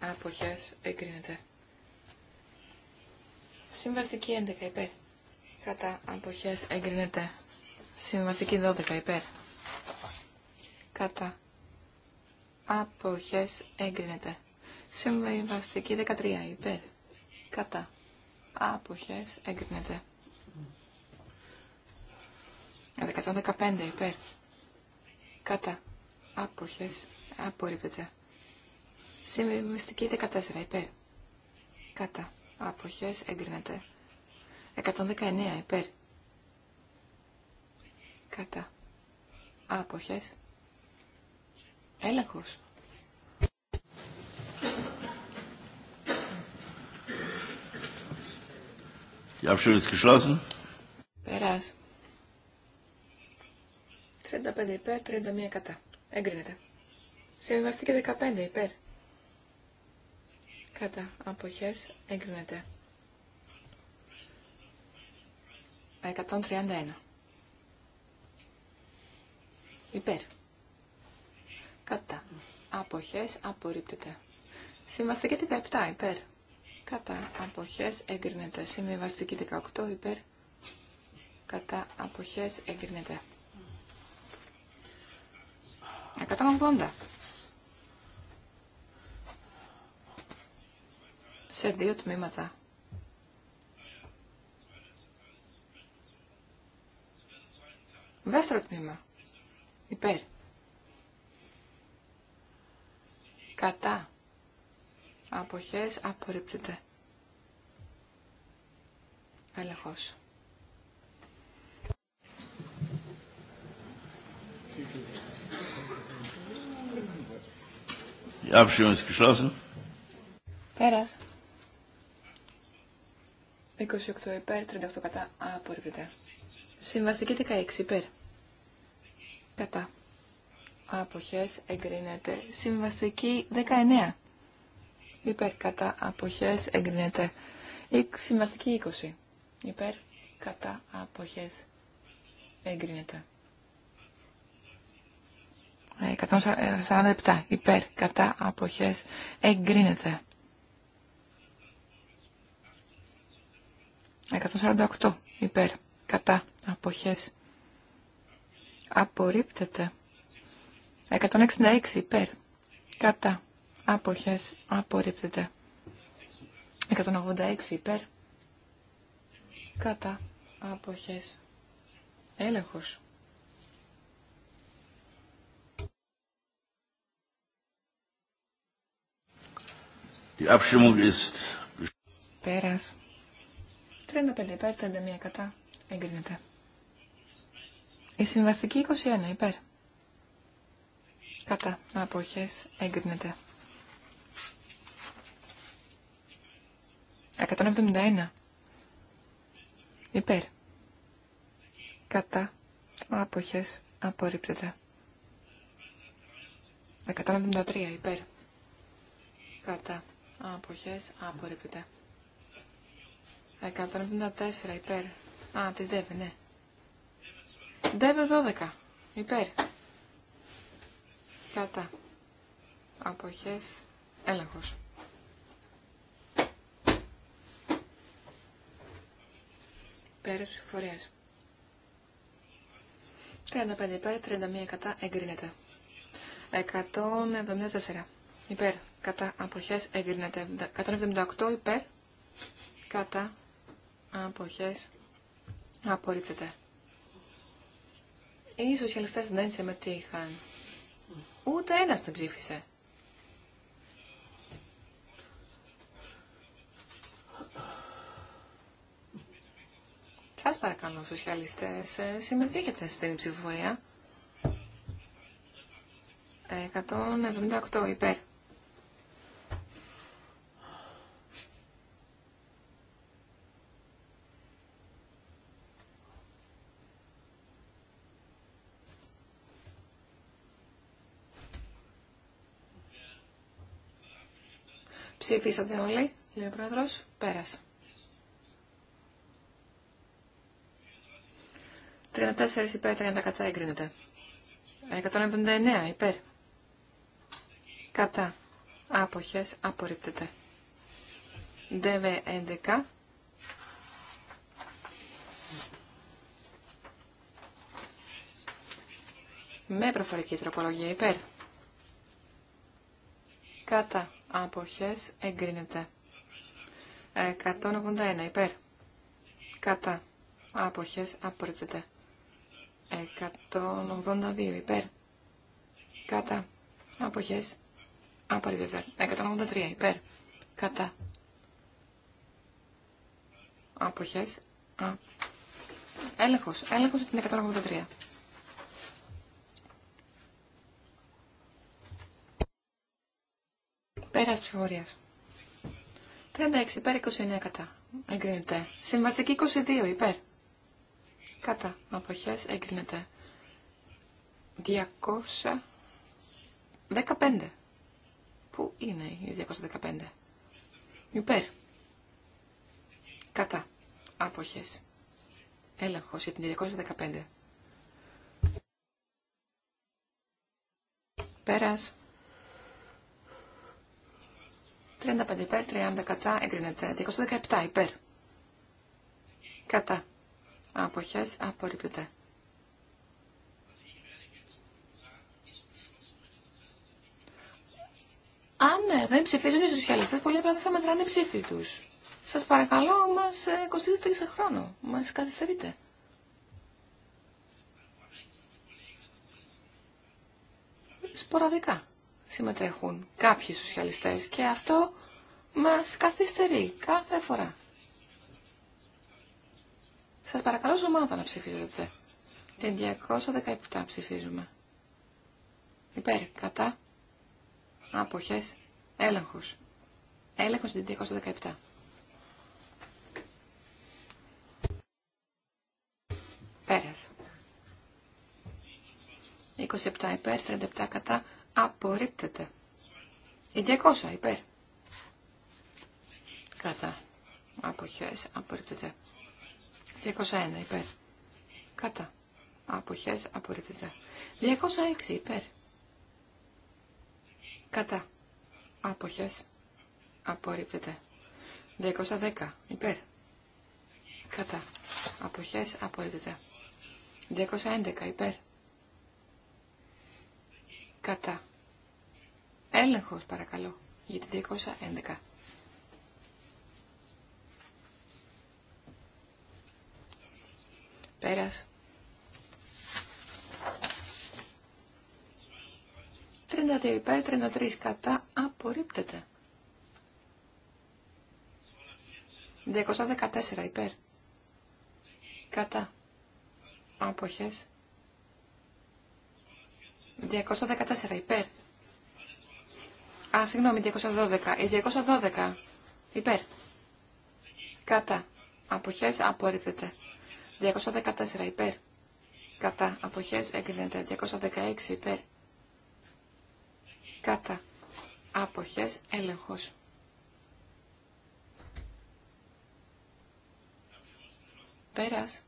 αποχές εγκρίνεται. Συμβαστική 11 υπέρ κατά αποχές εγκρίνεται. Συμβαστική 12 υπέρ κατά αποχές εγκρίνεται. Συμβαστική 13 υπέρ κατά αποχές εγκρίνεται. 115 υπέρ Κατά. Αποχές. Απορρίπτεται. Συμβιβαστική 14. Υπέρ. Κατά. Αποχές. Εγκρίνεται. 119. Υπέρ. Κατά. Άποχες. Έλεγχος. Die Abstimmung ist geschlossen. 35 υπέρ, 31 κατά. Εγκρίνεται. Συμβιβαστική 15 υπέρ. Κατά. Αποχές. Εγκρίνεται. 131. Υπέρ. Κατά. Αποχές. Απορρίπτεται. Συμβαστική 17 υπέρ. Κατά. Αποχές. Εγκρίνεται. Συμβιβαστική 18 υπέρ. Κατά. Αποχές. Εγκρίνεται. 180. Σε δύο τμήματα. Δεύτερο τμήμα. Υπέρ. Κατά. Αποχές απορρίπτεται. Έλεγχος. Thank you. Die Abstimmung ist geschlossen. 28 υπέρ, 38 κατά. Απορρίπτεται. Συμβαστική 16 υπέρ. Κατά. Αποχές εγκρίνεται. Συμβαστική 19. Υπέρ κατά αποχές εγκρίνεται. συμβαστική 20. Υπέρ κατά αποχές εγκρίνεται. 147 ε, υπέρ κατά αποχές εγκρίνεται. 148 υπέρ κατά αποχές απορρίπτεται. 166 υπέρ κατά αποχές απορρίπτεται. 186 υπέρ κατά αποχές έλεγχος. Η Abstimmung ist... 35 υπέρ, 31 κατά. Εγκρίνεται. Η συμβαστική 21 υπέρ. Κατά. Αποχές. Εγκρίνεται. 171. Υπέρ. Κατά. Αποχές. Απορρίπτεται. 173. Υπέρ. Κατά. Αποχές απορρίπτεται. 174 υπέρ. Α, της ΔΕΒΕ, ναι. ΔΕΒΕ 12 υπέρ. Κατά. Αποχές έλεγχος. της ψηφορίας. 35 υπέρ, 31 κατά εγκρίνεται. 174 υπέρ κατά αποχές εγκρίνεται 178 υπέρ κατά αποχές απορρίπτεται. Οι σοσιαλιστές δεν συμμετείχαν. Ούτε ένας δεν ψήφισε. Σας παρακαλώ, σοσιαλιστές, ε, συμμετείχετε στην ψηφοφορία. 178 υπέρ. Ψηφίσατε όλοι, λέει ο Πρόεδρος. Πέρασε. 34 υπέρ, 30 κατά έγκρινεται. 179 υπέρ. Κατά. Άποχες ΔΕΒΕ DV11. Με προφορική τροπολογία υπέρ. Κατά αποχές εγκρίνεται. 181 υπέρ. Κατά. Άποχες απορρίπτεται. 182 υπέρ. Κατά. Άποχες απορρίπτεται. 183 υπέρ. Κατά. Άποχες. Α. Έλεγχος. Έλεγχος την 183. Πέρας ψηφοφορίας. 36 υπέρ, 29 κατά. Εγκρίνεται. Συμβαστική 22 υπέρ. Κατά. Αποχές εγκρίνεται. 215. Πού είναι η 215. Υπέρ. Κατά. Άποχες. Έλεγχος για την 215. Πέρας. 35 υπέρ, 30 κατά, εγκρίνεται. 217 υπέρ. Κατά. Αποχές απορρίπτεται. Αν ναι, δεν ψηφίζουν οι σοσιαλιστές, πολύ απλά δεν θα μετράνε οι ψήφοι του. Σας παρακαλώ, μας ε, κοστίζετε σε χρόνο. Μας καθυστερείτε. Σποραδικά συμμετέχουν κάποιοι σοσιαλιστές και αυτό μας καθυστερεί κάθε φορά. Σας παρακαλώ ζωμάδα να ψηφίζετε. Την 217 ψηφίζουμε. Υπέρ, κατά, αποχές, έλεγχος. Έλεγχος την 217. Πέρασε. 27 υπέρ, 37 κατά, Απορρίπτεται. Η 200 υπέρ. Κατά. Αποχές. Απορρίπτεται. 201 υπέρ. Κατά. Αποχές. Απορρίπτεται. 206 υπέρ. Κατά. Αποχές. Απορρίπτεται. 210 υπέρ. Κατά. Αποχές. Απορρίπτεται. 211 υπέρ. Κατά. Έλεγχος παρακαλώ για την 211. Πέρας. 32 υπέρ, 33 κατά, απορρίπτεται. 214 υπέρ. Κατά. Άποχες. 214 υπέρ. Α, συγγνώμη, 212. Η 212 υπέρ. Κατά. Αποχές απορρίπτεται. 214 υπέρ. Κατά. Αποχές εγκρίνεται. 216 υπέρ. Κατά. Αποχές έλεγχος. Πέρας.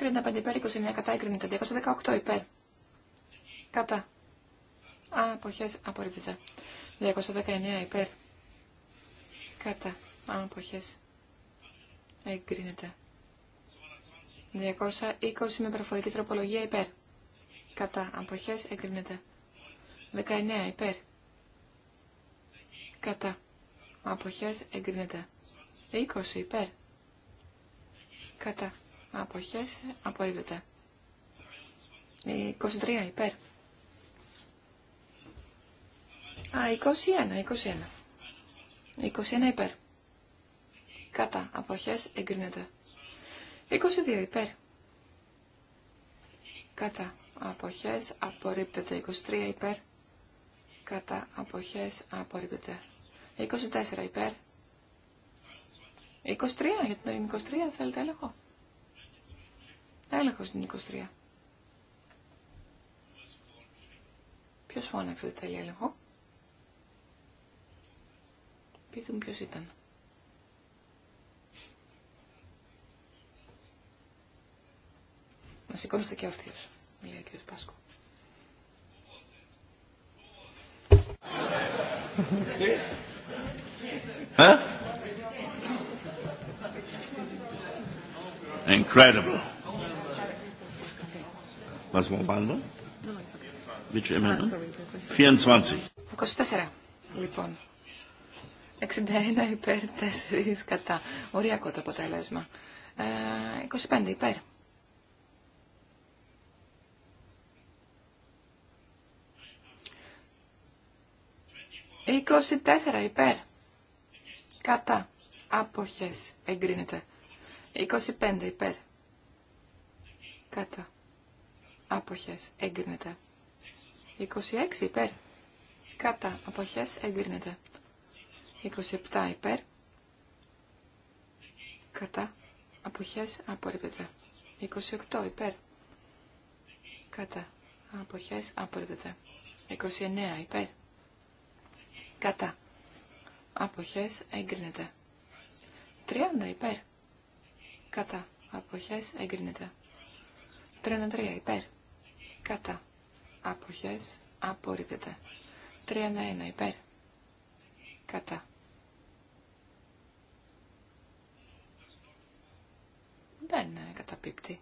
35 υπέρ, 29 κατά, εγκρίνεται. 218 υπέρ. Κατά. Αποχές απορρίπτεται. 219 υπέρ. Κατά. Αποχές. Εγκρίνεται. 220 με προφορική τροπολογία υπέρ. Κατά. Αποχές εγκρίνεται. 19 υπέρ. Κατά. Αποχές εγκρίνεται. 20 υπέρ. Κατά. Αποχές απορρίπτεται. 23 υπέρ. Α, 21, 21. 21 υπέρ. Κατά. Αποχές εγκρίνεται. 22 υπέρ. Κατά. Αποχές απορρίπτεται. 23 υπέρ. Κατά. Αποχές απορρίπτεται. 24 υπέρ. 23, γιατί το 23 θέλετε έλεγχο. Έλεγχο στην 23. Ποιο φώναξε ότι θέλει έλεγχο. Πείτε μου ποιο ήταν. Να σηκώνεστε και όρθιο, μιλάει ο κύριο Πάσκο. Ε? Incredible. 24. Ah, λοιπόν. 61 υπέρ, 4 κατά. Οριακό το αποτέλεσμα. 25 ε, υπέρ. 24 υπέρ. Κατά. Αποχές. Εγκρίνεται. 25 υπέρ. Κατά αποχές εγκρίνεται. 26 υπέρ. Κατά αποχές εγκρίνεται. 27 υπέρ. Κατά αποχές απορρίπτεται. 28 υπέρ. Κατά αποχές απορρίπτεται. 29 υπέρ. Κατά αποχές εγκρίνεται. 30 υπέρ. Κατά αποχές εγκρίνεται. 33 υπέρ. Κατά. Αποχές. Απορρίπτεται. 3-1. Υπέρ. Κατά. Δεν ε, καταπίπτει.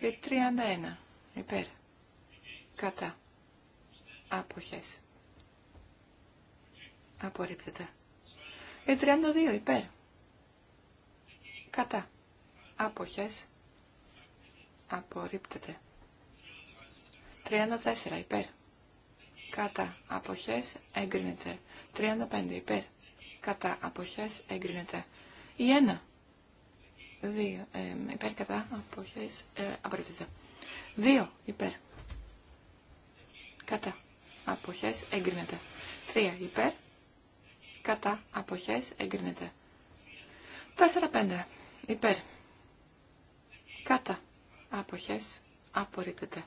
31. Ε, Υπέρ. Κατά. Άποχες. Απορρίπτεται. 32. Ε, Υπέρ. Κατά. Άποχες. Απορρίπτεται. 34 υπέρ. Κατά αποχές εγκρίνεται. 35 υπέρ. Κατά αποχές εγκρίνεται. Η 1. ε, υπέρ κατά αποχές ε, απορρίπτεται. 2 υπέρ. Κατά αποχές εγκρίνεται. 3 υπέρ. Κατά αποχές εγκρίνεται. Πέντε. υπέρ. Κατά αποχές απορρίπτεται.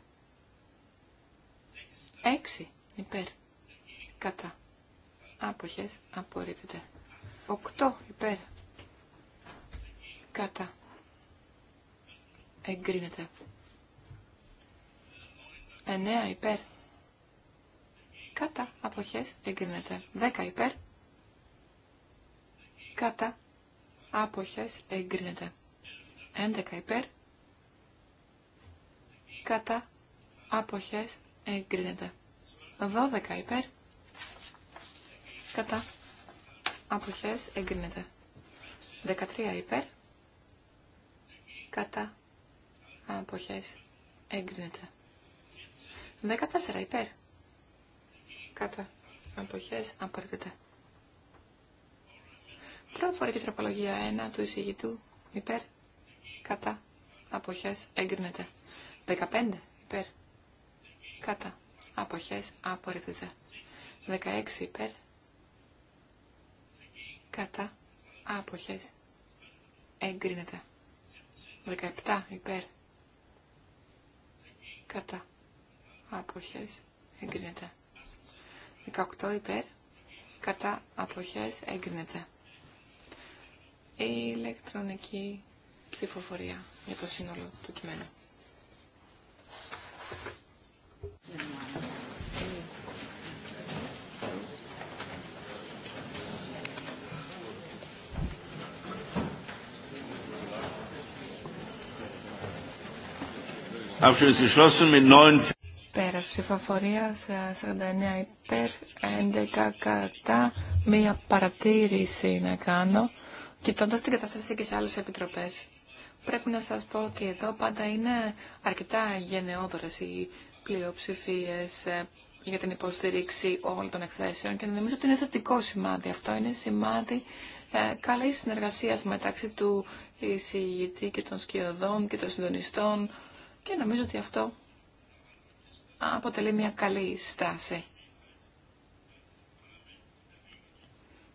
6 υπέρ κατά άποχες απορρίπτεται. 8 υπέρ κατά εγκρίνεται. 9 υπέρ κατά αποχές εγκρίνεται. 10 υπέρ κατά άποχες εγκρίνεται. 11 υπέρ κατά άποχες εγκρίνεται. 12 υπέρ, κατά, αποχές, εγκρίνεται. 13 υπέρ, κατά, αποχές, εγκρίνεται. 14 υπέρ, κατά, αποχές, απορρίπτεται. Προφορική τροπολογία 1 του εισηγητού υπέρ, κατά, αποχές, εγκρίνεται. 15 υπέρ, Κατά. Αποχές απορρίπτεται. 16 υπέρ. Κατά. Αποχές εγκρίνεται. 17 υπέρ. Κατά. Αποχές εγκρίνεται. 18 υπέρ. Κατά. Αποχές εγκρίνεται. Η ηλεκτρονική ψηφοφορία για το σύνολο του κειμένου. Πέρα ψηφοφορία 49 υπέρ, 11 κατά, μία παρατήρηση να κάνω, κοιτώντα την κατάσταση και σε άλλε επιτροπέ. Πρέπει να σα πω ότι εδώ πάντα είναι αρκετά γενναιόδορε οι πλειοψηφίε ε, για την υποστήριξη όλων των εκθέσεων και νομίζω ότι είναι θετικό σημάδι. Αυτό είναι σημάδι ε, συνεργασία συνεργασία μεταξύ του εισηγητή και των σκιωδών και των συντονιστών και νομίζω ότι αυτό αποτελεί μια καλή στάση.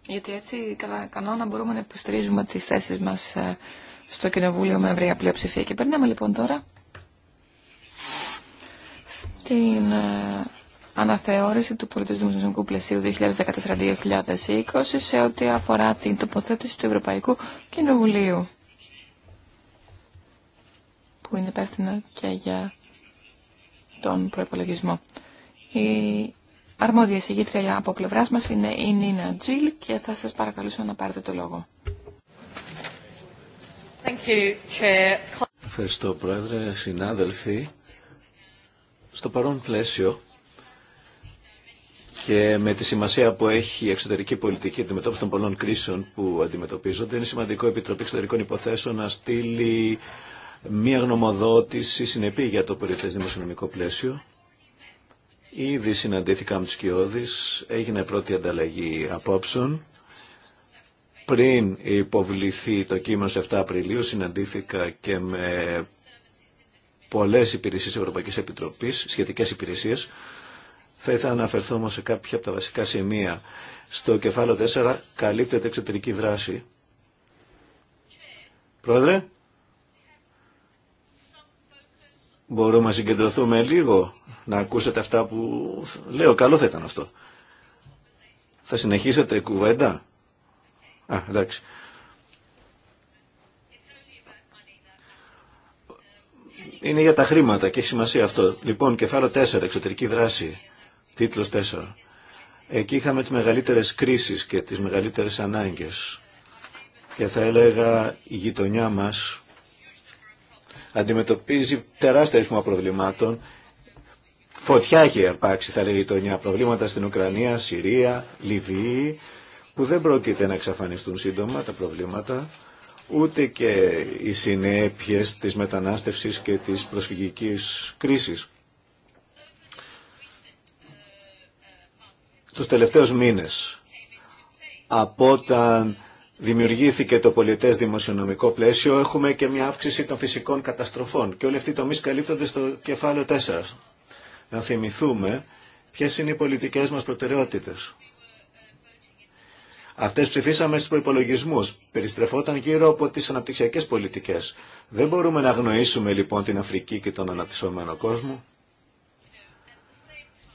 Γιατί έτσι κατά κανόνα μπορούμε να υποστηρίζουμε τις θέσεις μας ε, στο Κοινοβούλιο με ευρία πλειοψηφία. Και περνάμε λοιπόν τώρα στην ε, αναθεώρηση του πολιτισμού δημοσιονομικού πλαισίου 2014-2020 σε ό,τι αφορά την τοποθέτηση του Ευρωπαϊκού Κοινοβουλίου που είναι υπεύθυνο και για τον προπολογισμό. Η αρμόδια συγγήτρια από πλευρά μα είναι η Νίνα Τζιλ και θα σα παρακαλούσα να πάρετε το λόγο. Ευχαριστώ Πρόεδρε, συνάδελφοι. Στο παρόν πλαίσιο και με τη σημασία που έχει η εξωτερική πολιτική αντιμετώπιση των πολλών κρίσεων που αντιμετωπίζονται, είναι σημαντικό η Επιτροπή Εξωτερικών Υποθέσεων να στείλει μία γνωμοδότηση συνεπή για το περιφές δημοσιονομικό πλαίσιο. Ήδη συναντήθηκα με τους Κιώδης, έγινε πρώτη ανταλλαγή απόψεων. Πριν υποβληθεί το κείμενο σε 7 Απριλίου, συναντήθηκα και με πολλές υπηρεσίες Ευρωπαϊκής Επιτροπής, σχετικές υπηρεσίες. Θα ήθελα να αναφερθώ όμως σε κάποια από τα βασικά σημεία. Στο κεφάλαιο 4 καλύπτεται εξωτερική δράση. Πρόεδρε. Μπορούμε να συγκεντρωθούμε λίγο, να ακούσετε αυτά που λέω. Καλό θα ήταν αυτό. Θα συνεχίσετε κουβέντα. Α, εντάξει. Είναι για τα χρήματα και έχει σημασία αυτό. Λοιπόν, κεφάλαιο 4, εξωτερική δράση, τίτλος 4. Εκεί είχαμε τις μεγαλύτερες κρίσεις και τις μεγαλύτερες ανάγκες. Και θα έλεγα η γειτονιά μας αντιμετωπίζει τεράστια αριθμό προβλημάτων. Φωτιά έχει αρπάξει, θα λέει η προβλήματα στην Ουκρανία, Συρία, Λιβύη, που δεν πρόκειται να εξαφανιστούν σύντομα τα προβλήματα, ούτε και οι συνέπειες της μετανάστευσης και της προσφυγικής κρίσης. Τους τελευταίους μήνες, από όταν δημιουργήθηκε το πολιτές δημοσιονομικό πλαίσιο, έχουμε και μια αύξηση των φυσικών καταστροφών και όλοι αυτοί οι τομείς καλύπτονται στο κεφάλαιο 4. Να θυμηθούμε ποιες είναι οι πολιτικές μας προτεραιότητες. Αυτέ ψηφίσαμε στου προπολογισμού. Περιστρεφόταν γύρω από τι αναπτυξιακέ πολιτικέ. Δεν μπορούμε να αγνοήσουμε λοιπόν την Αφρική και τον αναπτυσσόμενο κόσμο.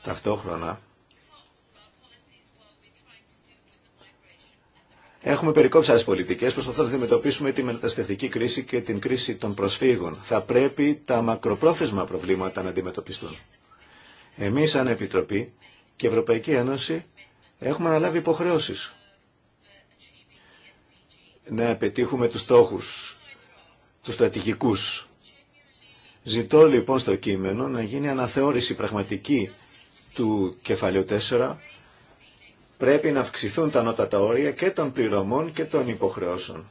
Ταυτόχρονα, Έχουμε περικόψει άλλε πολιτικέ, Προσπαθούμε να αντιμετωπίσουμε τη μεταναστευτική κρίση και την κρίση των προσφύγων. Θα πρέπει τα μακροπρόθεσμα προβλήματα να αντιμετωπιστούν. Εμεί, σαν Επιτροπή και Ευρωπαϊκή Ένωση, έχουμε αναλάβει υποχρεώσει να επιτύχουμε τους στόχους, τους στρατηγικούς. Ζητώ λοιπόν στο κείμενο να γίνει αναθεώρηση πραγματική του κεφαλαίου 4 Πρέπει να αυξηθούν τα ανώτατα όρια και των πληρωμών και των υποχρεώσεων.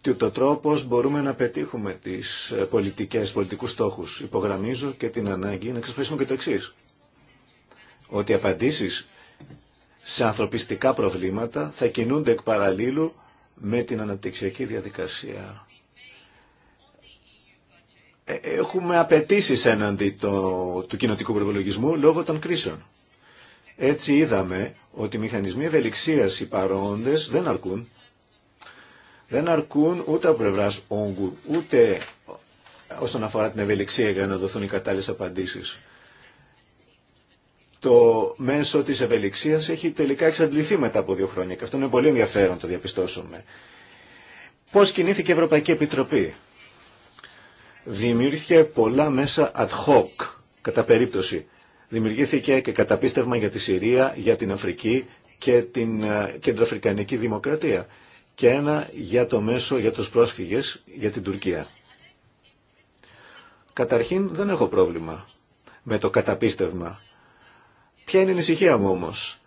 Τι το τρόπος μπορούμε να πετύχουμε τις ε, πολιτικές, πολιτικούς στόχους. Υπογραμμίζω και την ανάγκη να εξασφαλίσουμε και το εξή. Ότι οι απαντήσεις σε ανθρωπιστικά προβλήματα θα κινούνται εκ παραλίλου με την αναπτυξιακή διαδικασία. Ε, έχουμε απαιτήσει έναντι του κοινοτικού προπολογισμού λόγω των κρίσεων. Έτσι είδαμε ότι οι μηχανισμοί ευελιξίας οι παρόντες δεν αρκούν. Δεν αρκούν ούτε από πλευρά όγκου, ούτε όσον αφορά την ευελιξία για να δοθούν οι κατάλληλες απαντήσεις. Το μέσο της ευελιξίας έχει τελικά εξαντληθεί μετά από δύο χρόνια και αυτό είναι πολύ ενδιαφέρον το διαπιστώσουμε. Πώς κινήθηκε η Ευρωπαϊκή Επιτροπή. Δημιούργησε πολλά μέσα ad hoc, κατά περίπτωση δημιουργήθηκε και καταπίστευμα για τη Συρία, για την Αφρική και την ε, Κεντροαφρικανική Δημοκρατία και ένα για το μέσο για τους πρόσφυγες για την Τουρκία. Καταρχήν δεν έχω πρόβλημα με το καταπίστευμα. Ποια είναι η ανησυχία μου όμως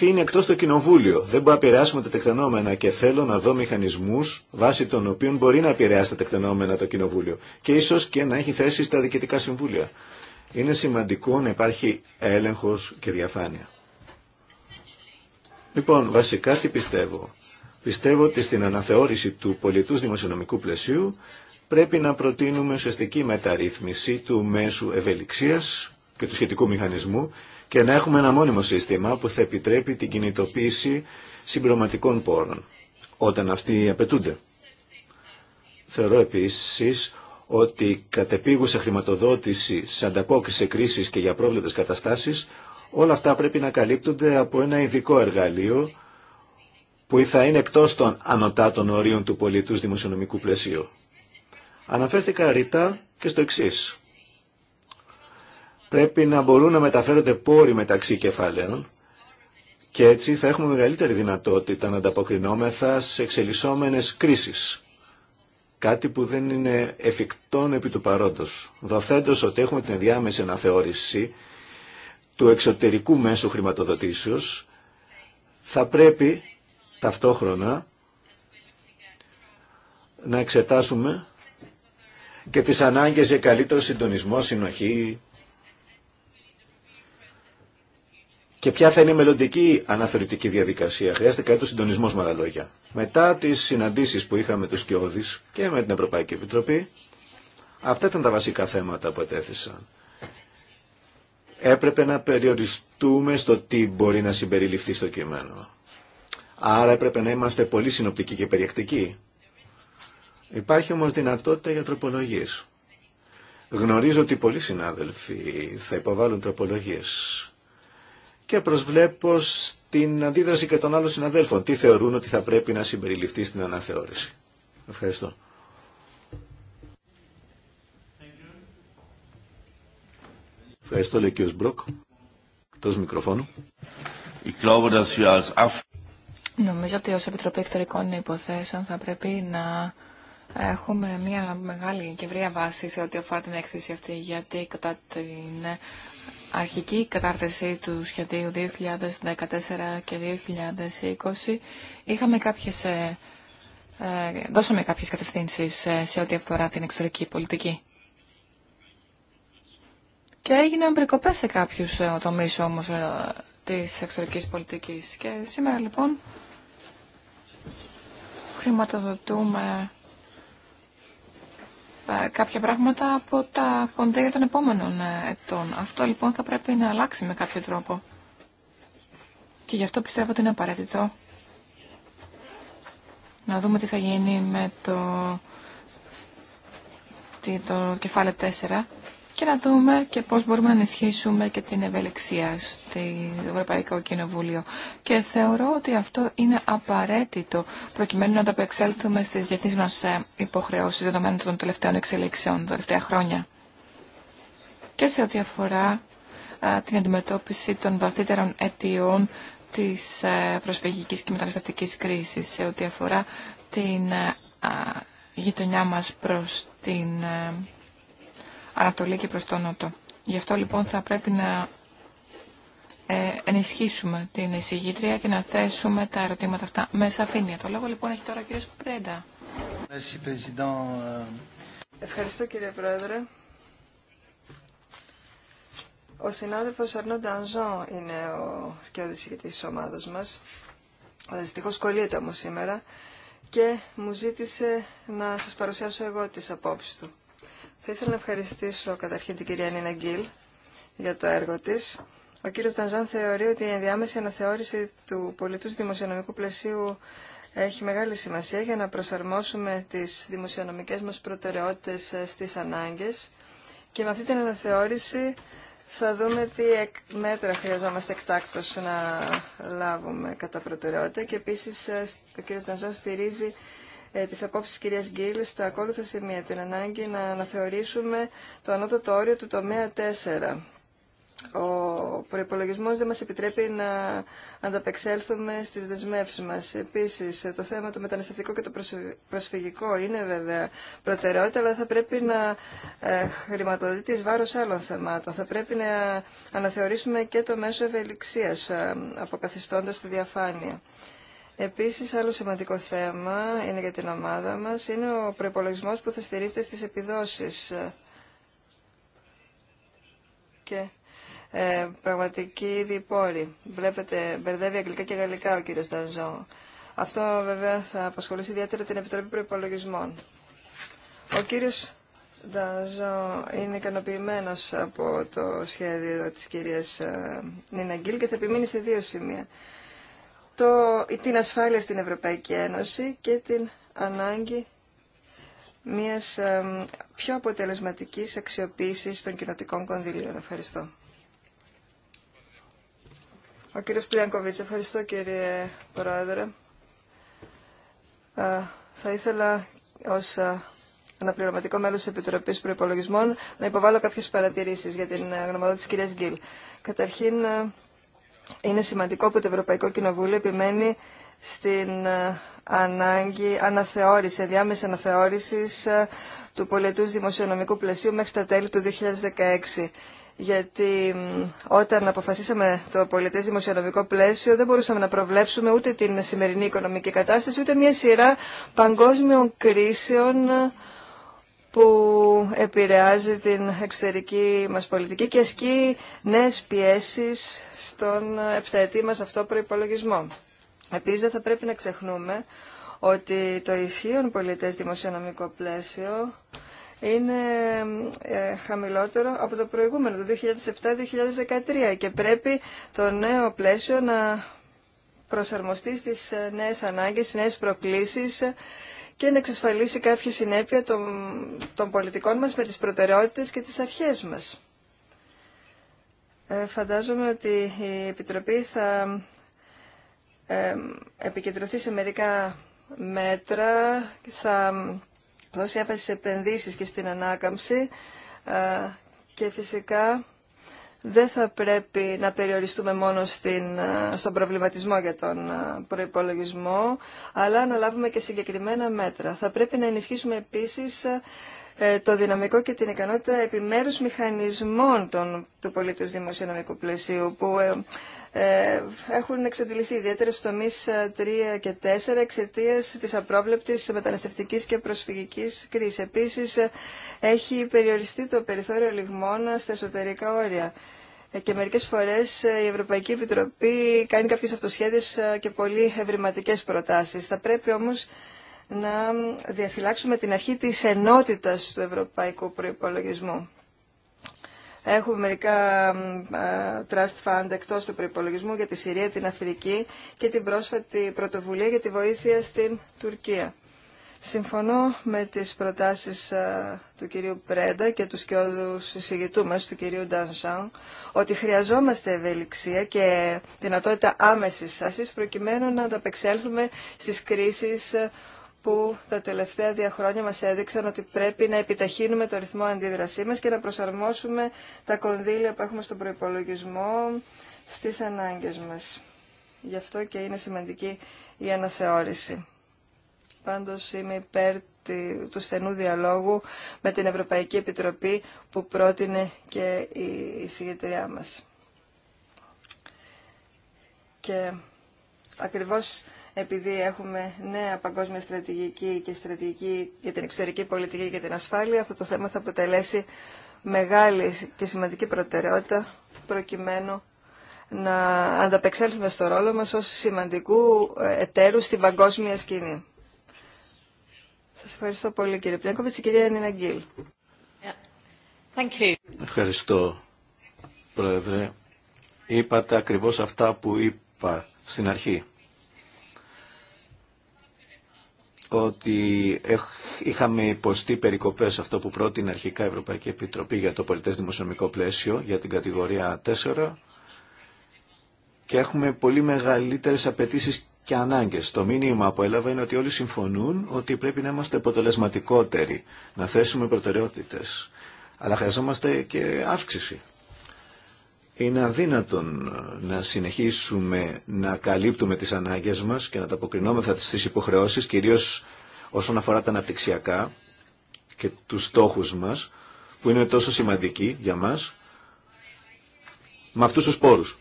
αφήνει εκτός το κοινοβούλιο. Δεν μπορεί να επηρεάσουμε τα τεκτενόμενα και θέλω να δω μηχανισμούς βάσει των οποίων μπορεί να επηρεάσει τα τεκτενόμενα το κοινοβούλιο και ίσως και να έχει θέση στα διοικητικά συμβούλια. Είναι σημαντικό να υπάρχει έλεγχος και διαφάνεια. Λοιπόν, βασικά τι πιστεύω. Πιστεύω ότι στην αναθεώρηση του πολιτούς δημοσιονομικού πλαισίου πρέπει να προτείνουμε ουσιαστική μεταρρύθμιση του μέσου ευελιξίας και του σχετικού μηχανισμού και να έχουμε ένα μόνιμο σύστημα που θα επιτρέπει την κινητοποίηση συμπληρωματικών πόρων όταν αυτοί απαιτούνται. Θεωρώ επίσης ότι η κατεπίγουσα χρηματοδότηση σε ανταπόκριση κρίση και για πρόβλεπτε καταστάσεις όλα αυτά πρέπει να καλύπτονται από ένα ειδικό εργαλείο που θα είναι εκτός των ανωτάτων ορίων του πολιτούς δημοσιονομικού πλαισίου. Αναφέρθηκα ρητά και στο εξής πρέπει να μπορούν να μεταφέρονται πόροι μεταξύ κεφαλαίων και έτσι θα έχουμε μεγαλύτερη δυνατότητα να ανταποκρινόμεθα σε εξελισσόμενες κρίσεις. Κάτι που δεν είναι εφικτόν επί του παρόντος. Δοθέντως ότι έχουμε την διάμεση αναθεώρηση του εξωτερικού μέσου χρηματοδοτήσεως, θα πρέπει ταυτόχρονα να εξετάσουμε και τις ανάγκες για καλύτερο συντονισμό, συνοχή, Και ποια θα είναι η μελλοντική αναθεωρητική διαδικασία. Χρειάζεται κάτι συντονισμό με άλλα λόγια. Μετά τι συναντήσει που είχαμε του Κιώδη και με την Ευρωπαϊκή Επιτροπή, αυτά ήταν τα βασικά θέματα που ετέθησαν. Έπρεπε να περιοριστούμε στο τι μπορεί να συμπεριληφθεί στο κείμενο. Άρα έπρεπε να είμαστε πολύ συνοπτικοί και περιεκτικοί. Υπάρχει όμως δυνατότητα για τροπολογίες. Γνωρίζω ότι πολλοί συνάδελφοι θα υποβάλουν τροπολογίες και προσβλέπω στην αντίδραση και των άλλων συναδέλφων. Τι θεωρούν ότι θα πρέπει να συμπεριληφθεί στην αναθεώρηση. Ευχαριστώ. Ευχαριστώ, λέει ο κ. Μπροκ. Εκτό μικροφώνου. Νομίζω ότι ω Επιτροπή Εκτορικών Υποθέσεων θα πρέπει να έχουμε μια μεγάλη και βρία βάση σε ό,τι αφορά την έκθεση αυτή, γιατί κατά την αρχική κατάρτιση του σχεδίου 2014 και 2020 είχαμε κάποιες, ε, ε, δώσαμε κάποιες κατευθύνσεις ε, σε ό,τι αφορά την εξωτερική πολιτική. Και έγιναν περικοπές σε κάποιους τομείς όμως της εξωτερικής πολιτικής. Και σήμερα λοιπόν χρηματοδοτούμε ε, κάποια πράγματα από τα για των επόμενων ε, ετών. Αυτό λοιπόν θα πρέπει να αλλάξει με κάποιο τρόπο. Και γι' αυτό πιστεύω ότι είναι απαραίτητο να δούμε τι θα γίνει με το, το κεφάλαιο 4 και να δούμε και πώς μπορούμε να ενισχύσουμε και την ευελιξία στο Ευρωπαϊκό Κοινοβούλιο. Και θεωρώ ότι αυτό είναι απαραίτητο προκειμένου να ανταπεξέλθουμε στις διεθνείς μας ε, υποχρεώσεις δεδομένων των τελευταίων εξελίξεων, τα τελευταία χρόνια. Και σε ό,τι αφορά ε, την αντιμετώπιση των βαθύτερων αιτιών της ε, προσφυγικής και μεταναστευτικής κρίσης, σε ό,τι αφορά την γειτονιά μας προς την Ανατολή και προς τον Νότο. Γι' αυτό λοιπόν θα πρέπει να ε, ενισχύσουμε την εισηγήτρια και να θέσουμε τα ερωτήματα αυτά με σαφήνεια. Το λόγο λοιπόν έχει τώρα ο κύριος Πρέντα. Ευχαριστώ κύριε Πρόεδρε. Ο συνάδελφος Αρνόντα Ντανζόν είναι ο σκιώδης ηγητής της ομάδας μας. Δυστυχώς κολλείται όμως σήμερα και μου ζήτησε να σας παρουσιάσω εγώ τις απόψεις του. Θα ήθελα να ευχαριστήσω καταρχήν την κυρία Νίνα Γκίλ για το έργο της. Ο κύριος Τανζάν θεωρεί ότι η ενδιάμεση αναθεώρηση του πολιτούς δημοσιονομικού πλαισίου έχει μεγάλη σημασία για να προσαρμόσουμε τις δημοσιονομικές μας προτεραιότητες ε, στις ανάγκες και με αυτή την αναθεώρηση θα δούμε τι μέτρα χρειαζόμαστε εκτάκτως να λάβουμε κατά προτεραιότητα και επίσης ε, ο κύριο Τανζάν στηρίζει ε, τις απόψεις κυρίας Γκίλ στα ακόλουθα σημεία. Την ανάγκη να αναθεωρήσουμε το ανώτατο όριο του τομέα 4. Ο προπολογισμό δεν μας επιτρέπει να ανταπεξέλθουμε στις δεσμεύσεις μας. Επίσης, το θέμα το μεταναστευτικό και το προσφυγικό είναι βέβαια προτεραιότητα, αλλά θα πρέπει να ε, χρηματοδοτεί εις βάρος άλλων θεμάτων. Θα πρέπει να αναθεωρήσουμε και το μέσο ευελιξίας, ε, αποκαθιστώντας τη διαφάνεια. Επίσης, άλλο σημαντικό θέμα είναι για την ομάδα μας, είναι ο προπολογισμό που θα στηρίζεται στις επιδόσεις και ε, πραγματική διπόρη. Βλέπετε, μπερδεύει αγγλικά και γαλλικά ο κύριος Ταζό. Αυτό βέβαια θα απασχολήσει ιδιαίτερα την Επιτροπή Προϋπολογισμών. Ο κύριος Νταζό είναι ικανοποιημένο από το σχέδιο της κυρίας ε, Νίνα Γκίλ και θα επιμείνει σε δύο σημεία το, την ασφάλεια στην Ευρωπαϊκή Ένωση και την ανάγκη μιας πιο αποτελεσματικής αξιοποίησης των κοινοτικών κονδυλίων. Ευχαριστώ. Ο κύριος Πλιανκοβίτς, ευχαριστώ κύριε Πρόεδρε. θα ήθελα ως αναπληρωματικό μέλος της Επιτροπής Προϋπολογισμών να υποβάλω κάποιες παρατηρήσεις για την ε, γνωμοδότηση της κυρίας Γκίλ. Καταρχήν, ε, είναι σημαντικό που το Ευρωπαϊκό Κοινοβούλιο επιμένει στην ε, ανάγκη αναθεώρηση, διάμεση αναθεώρησης ε, του πολιτού δημοσιονομικού πλαισίου μέχρι τα τέλη του 2016 γιατί όταν αποφασίσαμε το πολιτέ δημοσιονομικό πλαίσιο δεν μπορούσαμε να προβλέψουμε ούτε την σημερινή οικονομική κατάσταση ούτε μια σειρά παγκόσμιων κρίσεων που επηρεάζει την εξωτερική μας πολιτική και ασκεί νέες πιέσεις στον επταετή μας αυτό προϋπολογισμό. Επίσης δεν θα πρέπει να ξεχνούμε ότι το ισχύον πολιτές δημοσιονομικό πλαίσιο είναι ε, χαμηλότερο από το προηγούμενο, το 2007-2013 και πρέπει το νέο πλαίσιο να προσαρμοστεί στις ε, νέες ανάγκες, στις νέες προκλήσεις και να εξασφαλίσει κάποια συνέπεια των, των πολιτικών μας με τις προτεραιότητες και τις αρχές μας. Ε, φαντάζομαι ότι η Επιτροπή θα ε, επικεντρωθεί σε μερικά μέτρα, θα δώσει έμφαση σε επενδύσεις και στην ανάκαμψη ε, και φυσικά δεν θα πρέπει να περιοριστούμε μόνο στην, ε, στον προβληματισμό για τον ε, προϋπολογισμό, αλλά να λάβουμε και συγκεκριμένα μέτρα. Θα πρέπει να ενισχύσουμε επίσης ε, το δυναμικό και την ικανότητα επιμέρους μηχανισμών των, του πολίτης δημοσιονομικού πλαισίου που ε, έχουν εξαντληθεί ιδιαίτερα στους τομείς 3 ε, και 4 εξαιτία της απρόβλεπτης μεταναστευτικής και προσφυγικής κρίσης. Επίσης, ε, έχει περιοριστεί το περιθώριο λιγμών στα εσωτερικά όρια. Και μερικές φορές η Ευρωπαϊκή Επιτροπή κάνει κάποιες αυτοσχέδιες και πολύ ευρηματικές προτάσεις. Θα πρέπει όμως να διαφυλάξουμε την αρχή της ενότητας του ευρωπαϊκού προϋπολογισμού. Έχουμε μερικά trust fund εκτός του προϋπολογισμού για τη Συρία, την Αφρική και την πρόσφατη πρωτοβουλία για τη βοήθεια στην Τουρκία. Συμφωνώ με τις προτάσεις του κυρίου Πρέντα και του σκιώδου συζητητού μας, του κυρίου Ντανσάν, ότι χρειαζόμαστε ευελιξία και δυνατότητα άμεσης άσης προκειμένου να ανταπεξέλθουμε στις κρίσεις που τα τελευταία δύο χρόνια μας έδειξαν ότι πρέπει να επιταχύνουμε το ρυθμό αντίδρασή μας και να προσαρμόσουμε τα κονδύλια που έχουμε στον προϋπολογισμό στις ανάγκες μας. Γι' αυτό και είναι σημαντική η αναθεώρηση. Πάντως είμαι υπέρ του στενού διαλόγου με την Ευρωπαϊκή Επιτροπή που πρότεινε και η συγκεκριά μας. Και ακριβώς επειδή έχουμε νέα παγκόσμια στρατηγική και στρατηγική για την εξωτερική πολιτική και την ασφάλεια, αυτό το θέμα θα αποτελέσει μεγάλη και σημαντική προτεραιότητα προκειμένου να ανταπεξέλθουμε στο ρόλο μας ως σημαντικού ε, εταίρου στην παγκόσμια σκηνή. Σας ευχαριστώ πολύ κύριε Πλένκοβιτς. Η κυρία Νίνα Γκίλ. Ευχαριστώ Πρόεδρε. Είπατε ακριβώς αυτά που είπα στην αρχή. ότι είχαμε υποστεί περικοπές αυτό που πρότεινε αρχικά η Ευρωπαϊκή Επιτροπή για το πολιτές δημοσιονομικό πλαίσιο για την κατηγορία 4 και έχουμε πολύ μεγαλύτερες απαιτήσει και ανάγκες. Το μήνυμα που έλαβα είναι ότι όλοι συμφωνούν ότι πρέπει να είμαστε αποτελεσματικότεροι, να θέσουμε προτεραιότητες. Αλλά χρειαζόμαστε και αύξηση είναι αδύνατον να συνεχίσουμε να καλύπτουμε τις ανάγκες μας και να τα αποκρινόμεθα στις υποχρεώσεις, κυρίως όσον αφορά τα αναπτυξιακά και τους στόχους μας, που είναι τόσο σημαντικοί για μας, με αυτούς τους πόρους.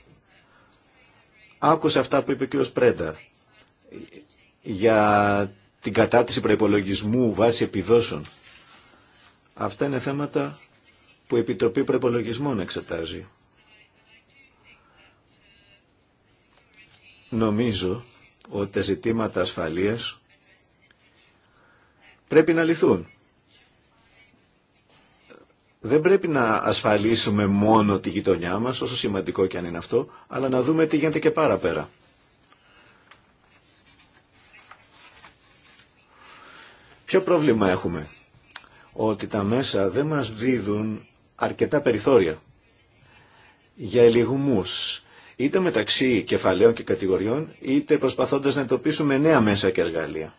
Άκουσε αυτά που είπε ο κ. Πρέντα για την κατάτηση προϋπολογισμού βάσει επιδόσεων. Αυτά είναι θέματα που η Επιτροπή Προπολογισμών εξετάζει. Νομίζω ότι τα ζητήματα ασφαλείας πρέπει να λυθούν. Δεν πρέπει να ασφαλίσουμε μόνο τη γειτονιά μας, όσο σημαντικό και αν είναι αυτό, αλλά να δούμε τι γίνεται και παραπέρα. Ποιο πρόβλημα έχουμε. Ότι τα μέσα δεν μας δίδουν αρκετά περιθώρια για ελιγμούς, είτε μεταξύ κεφαλαίων και κατηγοριών, είτε προσπαθώντας να εντοπίσουμε νέα μέσα και εργαλεία.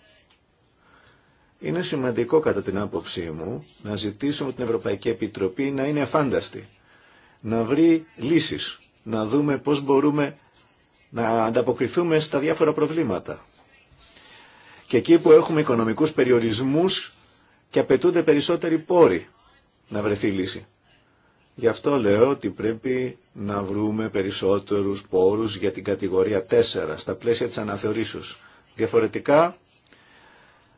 Είναι σημαντικό κατά την άποψή μου να ζητήσουμε την Ευρωπαϊκή Επιτροπή να είναι φάνταστη, να βρει λύσεις, να δούμε πώς μπορούμε να ανταποκριθούμε στα διάφορα προβλήματα. Και εκεί που έχουμε οικονομικούς περιορισμούς και απαιτούνται περισσότεροι πόροι να βρεθεί λύση. Γι' αυτό λέω ότι πρέπει να βρούμε περισσότερους πόρους για την κατηγορία 4 στα πλαίσια της αναθεωρήσεως. Διαφορετικά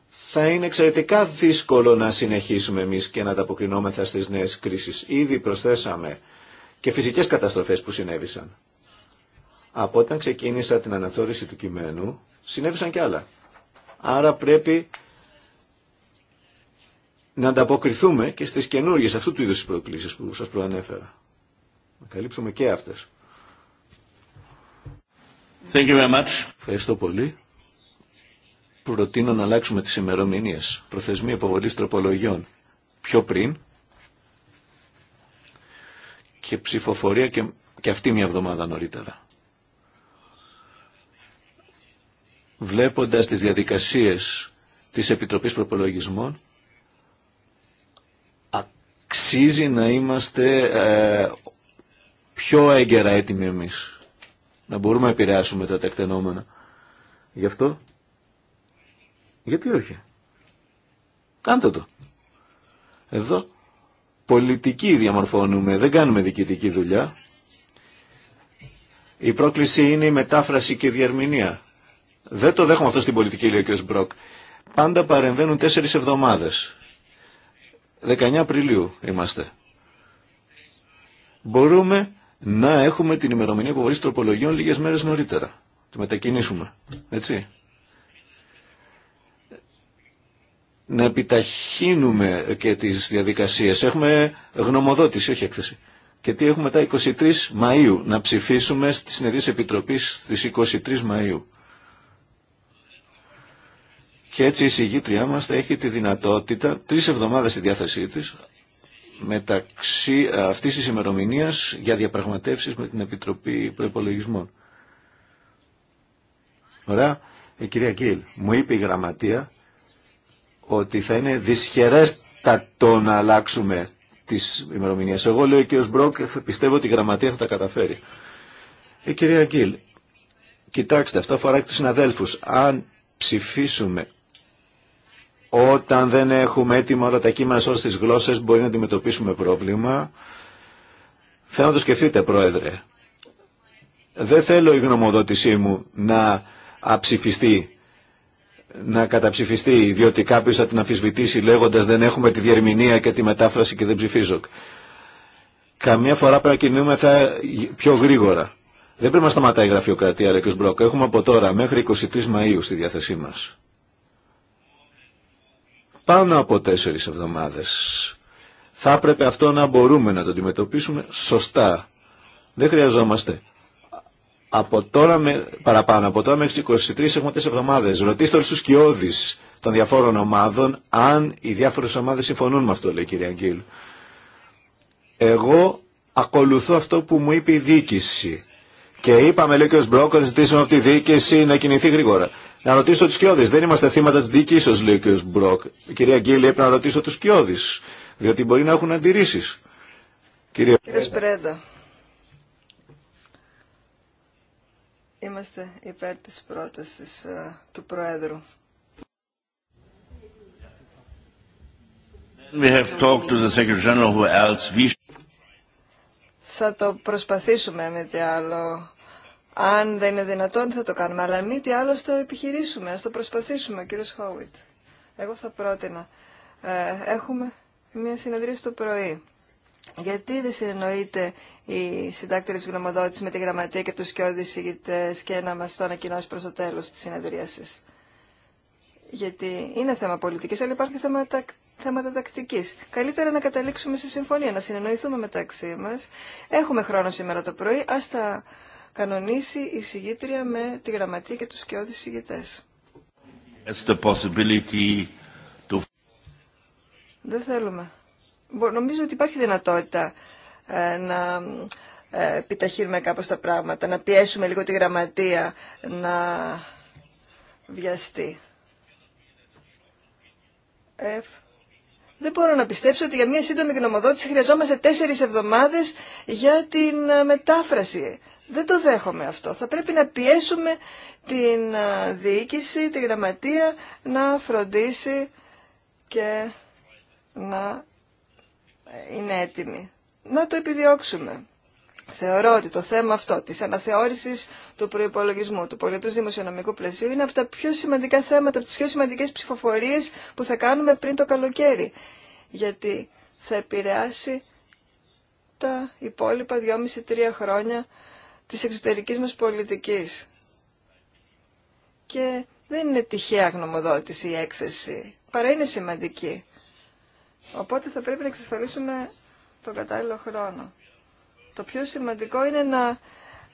θα είναι εξαιρετικά δύσκολο να συνεχίσουμε εμείς και να ανταποκρινόμεθα στις νέες κρίσεις. Ήδη προσθέσαμε και φυσικές καταστροφές που συνέβησαν. Από όταν ξεκίνησα την αναθεώρηση του κειμένου συνέβησαν και άλλα. Άρα πρέπει να ανταποκριθούμε και στις καινούργιες αυτού του είδους προκλήσεις που σας προανέφερα. Να καλύψουμε και αυτές. Thank you very much. Ευχαριστώ πολύ. Προτείνω να αλλάξουμε τις ημερομηνίε. προθεσμή υποβολής τροπολογιών. Πιο πριν. Και ψηφοφορία και, και αυτή μια εβδομάδα νωρίτερα. Βλέποντας τις διαδικασίες της Επιτροπής Προπολογισμών, αξίζει να είμαστε ε, πιο έγκαιρα έτοιμοι εμείς. Να μπορούμε να επηρεάσουμε τα τεκτενόμενα. Γι' αυτό, γιατί όχι. Κάντε το. Εδώ πολιτική διαμορφώνουμε, δεν κάνουμε διοικητική δουλειά. Η πρόκληση είναι η μετάφραση και η διερμηνία. Δεν το δέχομαι αυτό στην πολιτική, λέει ο κ. Μπροκ. Πάντα παρεμβαίνουν τέσσερις εβδομάδες. 19 Απριλίου είμαστε. Μπορούμε να έχουμε την ημερομηνία υποβολής τροπολογιών λίγες μέρες νωρίτερα. Τη μετακινήσουμε. Έτσι. Να επιταχύνουμε και τις διαδικασίες. Έχουμε γνωμοδότηση, όχι έκθεση. Και τι έχουμε τα 23 Μαΐου. Να ψηφίσουμε στη συνεδρία Επιτροπής στις 23 Μαΐου. Και έτσι η συγγήτριά μας θα έχει τη δυνατότητα τρεις εβδομάδες στη διάθεσή της μεταξύ αυτής της ημερομηνία για διαπραγματεύσεις με την Επιτροπή Προϋπολογισμών. Ωραία. Η ε, κυρία Γκίλ μου είπε η γραμματεία ότι θα είναι δυσχερέστατο να αλλάξουμε τις ημερομηνίες. Εγώ λέω ο ως Μπρόκ πιστεύω ότι η γραμματεία θα τα καταφέρει. Η ε, κυρία Γκίλ κοιτάξτε, αυτό αφορά και τους συναδέλφους. Αν ψηφίσουμε όταν δεν έχουμε έτοιμα όλα τα κείμενα σε όλες γλώσσες μπορεί να αντιμετωπίσουμε πρόβλημα. Θέλω να το σκεφτείτε, Πρόεδρε. Δεν θέλω η γνωμοδότησή μου να αψηφιστεί, να καταψηφιστεί, διότι κάποιος θα την αμφισβητήσει λέγοντας δεν έχουμε τη διερμηνία και τη μετάφραση και δεν ψηφίζω. Καμιά φορά πρέπει να κινούμεθα πιο γρήγορα. Δεν πρέπει να σταματάει η γραφειοκρατία, Ρέκος Μπρόκ. Έχουμε από τώρα μέχρι 23 Μαΐου στη διάθεσή μας πάνω από τέσσερις εβδομάδες. Θα έπρεπε αυτό να μπορούμε να το αντιμετωπίσουμε σωστά. Δεν χρειαζόμαστε. Από τώρα με, παραπάνω, από τώρα μέχρι τις 23 έχουμε εβδομάδες. Ρωτήστε όλους τους κοιόδης των διαφόρων ομάδων αν οι διάφορες ομάδες συμφωνούν με αυτό, λέει η κυρία Εγώ ακολουθώ αυτό που μου είπε η διοίκηση. Και είπαμε, λέει Μπρόκ, ο να ζητήσουμε από τη διοίκηση να κινηθεί γρήγορα. Να ρωτήσω του Κιώδη. Δεν είμαστε θύματα τη διοίκηση, λέει και ο Κυρία Γκίλη, έπρεπε να ρωτήσω του Κιώδη. Διότι μπορεί να έχουν αντιρρήσει. Κύριε Σπρέντα. Είμαστε υπέρ της πρότασης ε, του Προέδρου. We have talked to the Secretary General who else θα το προσπαθήσουμε με τι άλλο. Αν δεν είναι δυνατόν θα το κάνουμε, αλλά μη τι άλλο το επιχειρήσουμε, ας το προσπαθήσουμε, κύριο Χόουιτ. Εγώ θα πρότεινα. Ε, έχουμε μια συνεδρία το πρωί. Γιατί δεν συνεννοείται η συντάκτη της γνωμοδότησης με τη γραμματεία και τους κοιόδης ηγητές και να μας το ανακοινώσει προς το τέλος της συνεδρίασης γιατί είναι θέμα πολιτικής, αλλά υπάρχουν θέματα, θέματα τακτικής. Καλύτερα να καταλήξουμε σε συμφωνία, να συνεννοηθούμε μεταξύ μας. Έχουμε χρόνο σήμερα το πρωί, ας τα κανονίσει η συγγήτρια με τη γραμματεία και τους σκιώδει συγγητέ. To... Δεν θέλουμε. Νομίζω ότι υπάρχει δυνατότητα ε, να ε, επιταχύνουμε κάπως τα πράγματα, να πιέσουμε λίγο τη γραμματεία να βιαστεί. Ε, δεν μπορώ να πιστέψω ότι για μια σύντομη γνωμοδότηση χρειαζόμαστε τέσσερι εβδομάδες για την ε, μετάφραση. Δεν το δέχομαι αυτό. Θα πρέπει να πιέσουμε την ε, διοίκηση, τη γραμματεία να φροντίσει και να είναι έτοιμη. Να το επιδιώξουμε. Θεωρώ ότι το θέμα αυτό τη αναθεώρηση του προπολογισμού του πολιτού δημοσιονομικού πλαισίου είναι από τα πιο σημαντικά θέματα, από τις πιο σημαντικέ ψηφοφορίε που θα κάνουμε πριν το καλοκαίρι. Γιατί θα επηρεάσει τα υπόλοιπα 2,5-3 χρόνια τη εξωτερική μα πολιτική. Και δεν είναι τυχαία γνωμοδότηση η έκθεση, παρά είναι σημαντική. Οπότε θα πρέπει να εξασφαλίσουμε τον κατάλληλο χρόνο. Το πιο σημαντικό είναι να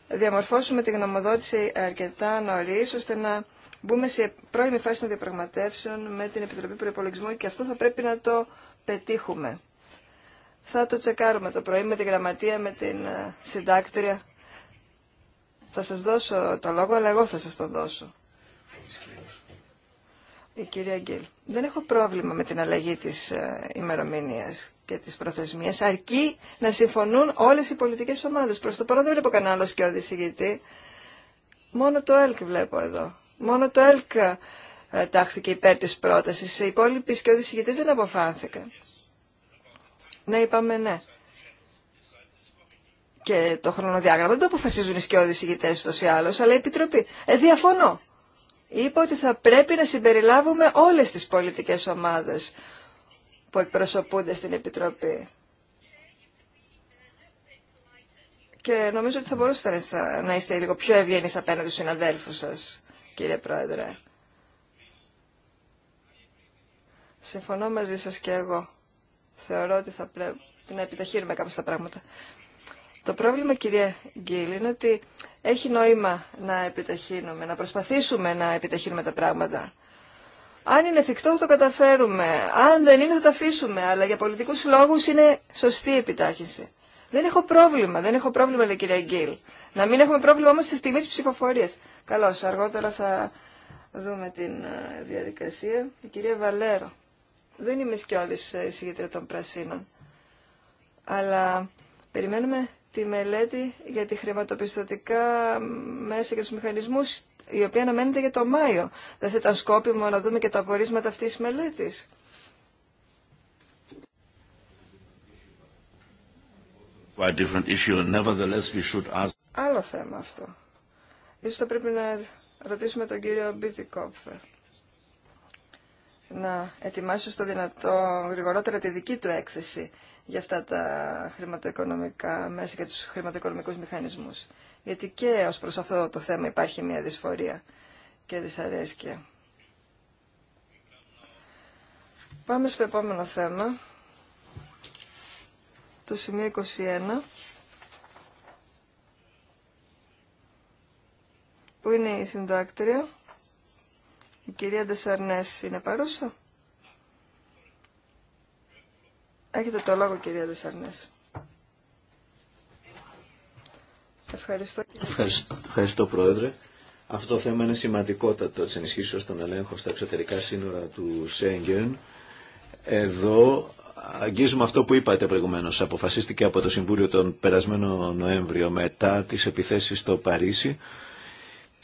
διαμορφώσουμε τη γνωμοδότηση αρκετά νωρί, ώστε να μπούμε σε πρώιμη φάση των διαπραγματεύσεων με την Επιτροπή Προπολογισμού και αυτό θα πρέπει να το πετύχουμε. Θα το τσεκάρουμε το πρωί με τη γραμματεία, με την ε, συντάκτρια. Θα σας δώσω το λόγο, αλλά εγώ θα σας το δώσω. Η κυρία Γκίλ. Δεν έχω πρόβλημα με την αλλαγή της ε, ημερομηνίας και τις προθεσμίες, αρκεί να συμφωνούν όλες οι πολιτικές ομάδες. Προς το παρόν δεν βλέπω κανένα άλλο σκιώδη ηγητή. Μόνο το ΕΛΚ βλέπω εδώ. Μόνο το ΕΛΚ ε, τάχθηκε υπέρ της πρότασης. Οι υπόλοιποι σκιώδη ηγητές δεν αποφάνθηκαν. Ναι, είπαμε ναι. Και το χρονοδιάγραμμα δεν το αποφασίζουν οι σκιώδη συγγητές ούτως ή άλλως, αλλά η Επιτροπή. Ε, διαφωνώ. Είπα ότι θα πρέπει να συμπεριλάβουμε όλες τις πολιτικές ομάδες που εκπροσωπούνται στην Επιτροπή. Και νομίζω ότι θα μπορούσατε να είστε λίγο πιο ευγενείς απέναντι στους συναδέλφου σας, κύριε Πρόεδρε. Συμφωνώ μαζί σας και εγώ. Θεωρώ ότι θα πρέπει να επιταχύνουμε κάποια τα πράγματα. Το πρόβλημα, κυρία Γκίλ, είναι ότι έχει νόημα να επιταχύνουμε, να προσπαθήσουμε να επιταχύνουμε τα πράγματα. Αν είναι εφικτό θα το καταφέρουμε. Αν δεν είναι θα τα αφήσουμε. Αλλά για πολιτικούς λόγους είναι σωστή επιτάχυνση. Δεν έχω πρόβλημα, δεν έχω πρόβλημα, λέει κυρία Γκίλ. Να μην έχουμε πρόβλημα όμως στη στιγμή της ψηφοφορίας. Καλώς, αργότερα θα δούμε την ε, διαδικασία. Η κυρία Βαλέρο. Δεν είμαι σκιώδης ε, εισηγήτρια των Πρασίνων. Αλλά περιμένουμε τη μελέτη για τη χρηματοπιστωτικά μέσα και τους μηχανισμούς η οποία αναμένεται για το Μάιο. Δεν θα ήταν σκόπιμο να δούμε και τα απορίσματα αυτής της μελέτης. Άλλο θέμα αυτό. Ίσως θα πρέπει να ρωτήσουμε τον κύριο Μπίτι να ετοιμάσει στο δυνατό γρηγορότερα τη δική του έκθεση για αυτά τα χρηματοοικονομικά μέσα και τους χρηματοοικονομικούς μηχανισμούς. Γιατί και ως προς αυτό το θέμα υπάρχει μια δυσφορία και δυσαρέσκεια. Πάμε στο επόμενο θέμα, το σημείο 21, που είναι η συντάκτρια. Η κυρία Δεσαρνές είναι παρούσα. Έχετε το λόγο κυρία Σαρνές. Ευχαριστώ, Ευχαριστώ, Ευχαριστώ Πρόεδρε. Αυτό το θέμα είναι σημαντικότατο της ενισχύσεως των ελέγχων στα εξωτερικά σύνορα του Σέγγεν. Εδώ αγγίζουμε αυτό που είπατε προηγουμένως. Αποφασίστηκε από το Συμβούλιο τον περασμένο Νοέμβριο μετά τις επιθέσεις στο Παρίσι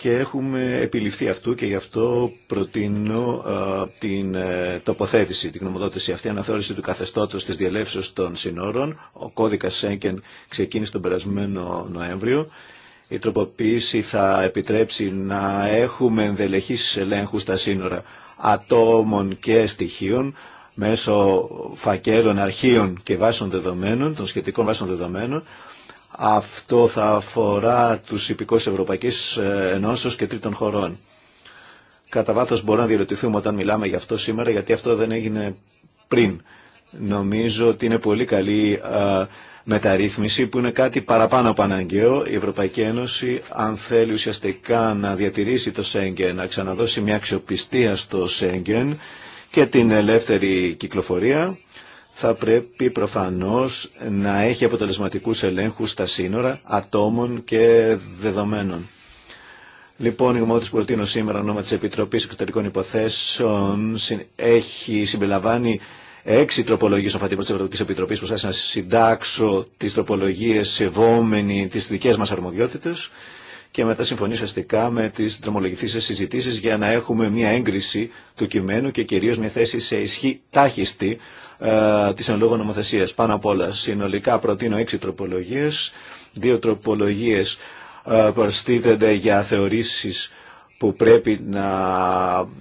και έχουμε επιληφθεί αυτού και γι' αυτό προτείνω την ε, τοποθέτηση, την γνωμοδότηση αυτή, αναθεώρηση του καθεστώτος της διελεύσεως των συνόρων. Ο κώδικας Σέγκεν ξεκίνησε τον περασμένο Νοέμβριο. Η τροποποίηση θα επιτρέψει να έχουμε ενδελεχείς ελέγχου στα σύνορα ατόμων και στοιχείων μέσω φακέλων, αρχείων και βάσεων δεδομένων, των σχετικών βάσεων δεδομένων, αυτό θα αφορά τους υπηκόους Ευρωπαϊκής Ενώσεως και τρίτων χωρών. Κατά βάθος μπορούμε να διερωτηθούμε όταν μιλάμε για αυτό σήμερα, γιατί αυτό δεν έγινε πριν. Νομίζω ότι είναι πολύ καλή μεταρρύθμιση που είναι κάτι παραπάνω από αναγκαίο. Η Ευρωπαϊκή Ένωση αν θέλει ουσιαστικά να διατηρήσει το Σέγγεν, να ξαναδώσει μια αξιοπιστία στο Σέγγεν και την ελεύθερη κυκλοφορία θα πρέπει προφανώς να έχει αποτελεσματικούς ελέγχους στα σύνορα ατόμων και δεδομένων. Λοιπόν, η γνωμότητα που προτείνω σήμερα ονόμα της Επιτροπής Εξωτερικών Υποθέσεων έχει συμπεριλαμβάνει έξι τροπολογίε των φατήμων τη Ευρωπαϊκή Επιτροπή που σα να συντάξω τις τροπολογίες σεβόμενοι τι δικέ μας αρμοδιότητες και μετά συμφωνήσω αστικά με τι τρομολογηθήσει συζητήσει για να έχουμε μια έγκριση του κειμένου και κυρίω μια θέση σε ισχύ τάχιστη ε, της εν λόγω νομοθεσίας. Πάνω απ' όλα, συνολικά προτείνω έξι τροπολογίες, δύο τροπολογίες ε, για θεωρήσεις που πρέπει να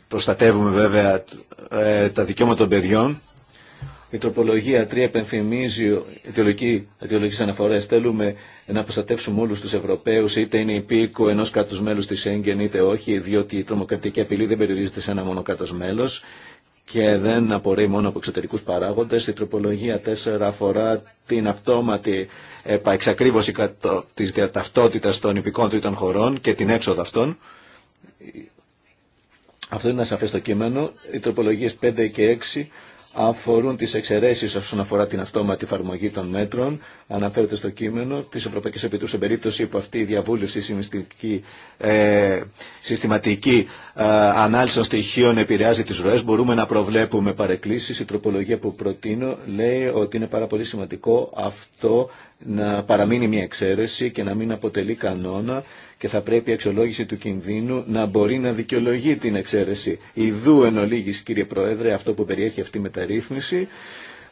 προστατεύουμε βέβαια ε, τα δικαιώματα των παιδιών. Η τροπολογία 3 επενθυμίζει αιτιολογικέ αναφορέ. Θέλουμε να προστατεύσουμε όλου του Ευρωπαίου, είτε είναι υπήκο ενό κράτου μέλου τη Σέγγεν, είτε όχι, διότι η τρομοκρατική απειλή δεν περιορίζεται σε ένα μόνο κράτο μέλο και δεν απορρέει μόνο από εξωτερικού παράγοντε. Η τροπολογία 4 αφορά την αυτόματη επαεξακρίβωση τη διαταυτότητα των υπηκών τρίτων χωρών και την έξοδο αυτών. Αυτό είναι σαφέ το κείμενο. Οι τροπολογίε 5 και 6 αφορούν τις εξαιρέσεις όσον αφορά την αυτόματη εφαρμογή των μέτρων. Αναφέρεται στο κείμενο της Ευρωπαϊκής Επιτροπής σε περίπτωση που αυτή η διαβούλευση ε, συστηματική ε, ανάλυση των στοιχείων επηρεάζει τις ροές. Μπορούμε να προβλέπουμε παρεκκλήσεις. Η τροπολογία που προτείνω λέει ότι είναι πάρα πολύ σημαντικό αυτό να παραμείνει μια εξαίρεση και να μην αποτελεί κανόνα και θα πρέπει η αξιολόγηση του κινδύνου να μπορεί να δικαιολογεί την εξαίρεση. Ιδού εν ολίγης, κύριε Πρόεδρε, αυτό που περιέχει αυτή η μεταρρύθμιση,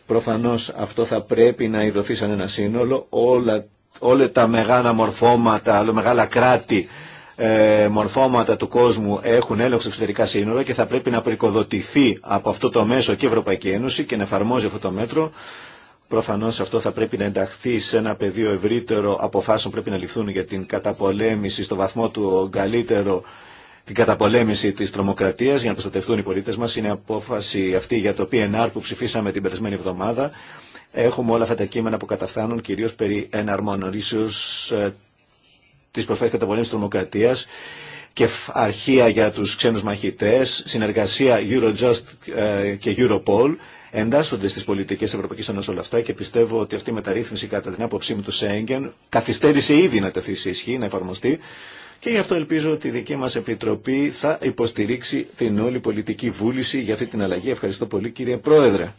προφανώς αυτό θα πρέπει να ειδωθεί σαν ένα σύνολο, όλα, όλα τα μεγάλα μορφώματα, όλα μεγάλα κράτη, ε, μορφώματα του κόσμου έχουν έλεγχο εξωτερικά σύνορα και θα πρέπει να περικοδοτηθεί από αυτό το μέσο και η Ευρωπαϊκή Ένωση και να εφαρμόζει αυτό το μέτρο Προφανώς αυτό θα πρέπει να ενταχθεί σε ένα πεδίο ευρύτερο αποφάσεων πρέπει να ληφθούν για την καταπολέμηση στο βαθμό του καλύτερο την καταπολέμηση της τρομοκρατίας για να προστατευτούν οι πολίτες μας. Είναι απόφαση αυτή για το PNR που ψηφίσαμε την περασμένη εβδομάδα. Έχουμε όλα αυτά τα κείμενα που καταφθάνουν κυρίως περί εναρμονωρήσεως ε, της προσπάθειας καταπολέμησης τρομοκρατίας και αρχεία για τους ξένους μαχητές, συνεργασία Eurojust ε, και Europol εντάσσονται στις πολιτικές Ευρωπαϊκή Ένωση όλα αυτά και πιστεύω ότι αυτή η μεταρρύθμιση κατά την άποψή μου του Σέγγεν καθυστέρησε ήδη να τεθεί σε ισχύ, να εφαρμοστεί και γι' αυτό ελπίζω ότι η δική μα Επιτροπή θα υποστηρίξει την όλη πολιτική βούληση για αυτή την αλλαγή. Ευχαριστώ πολύ κύριε Πρόεδρε.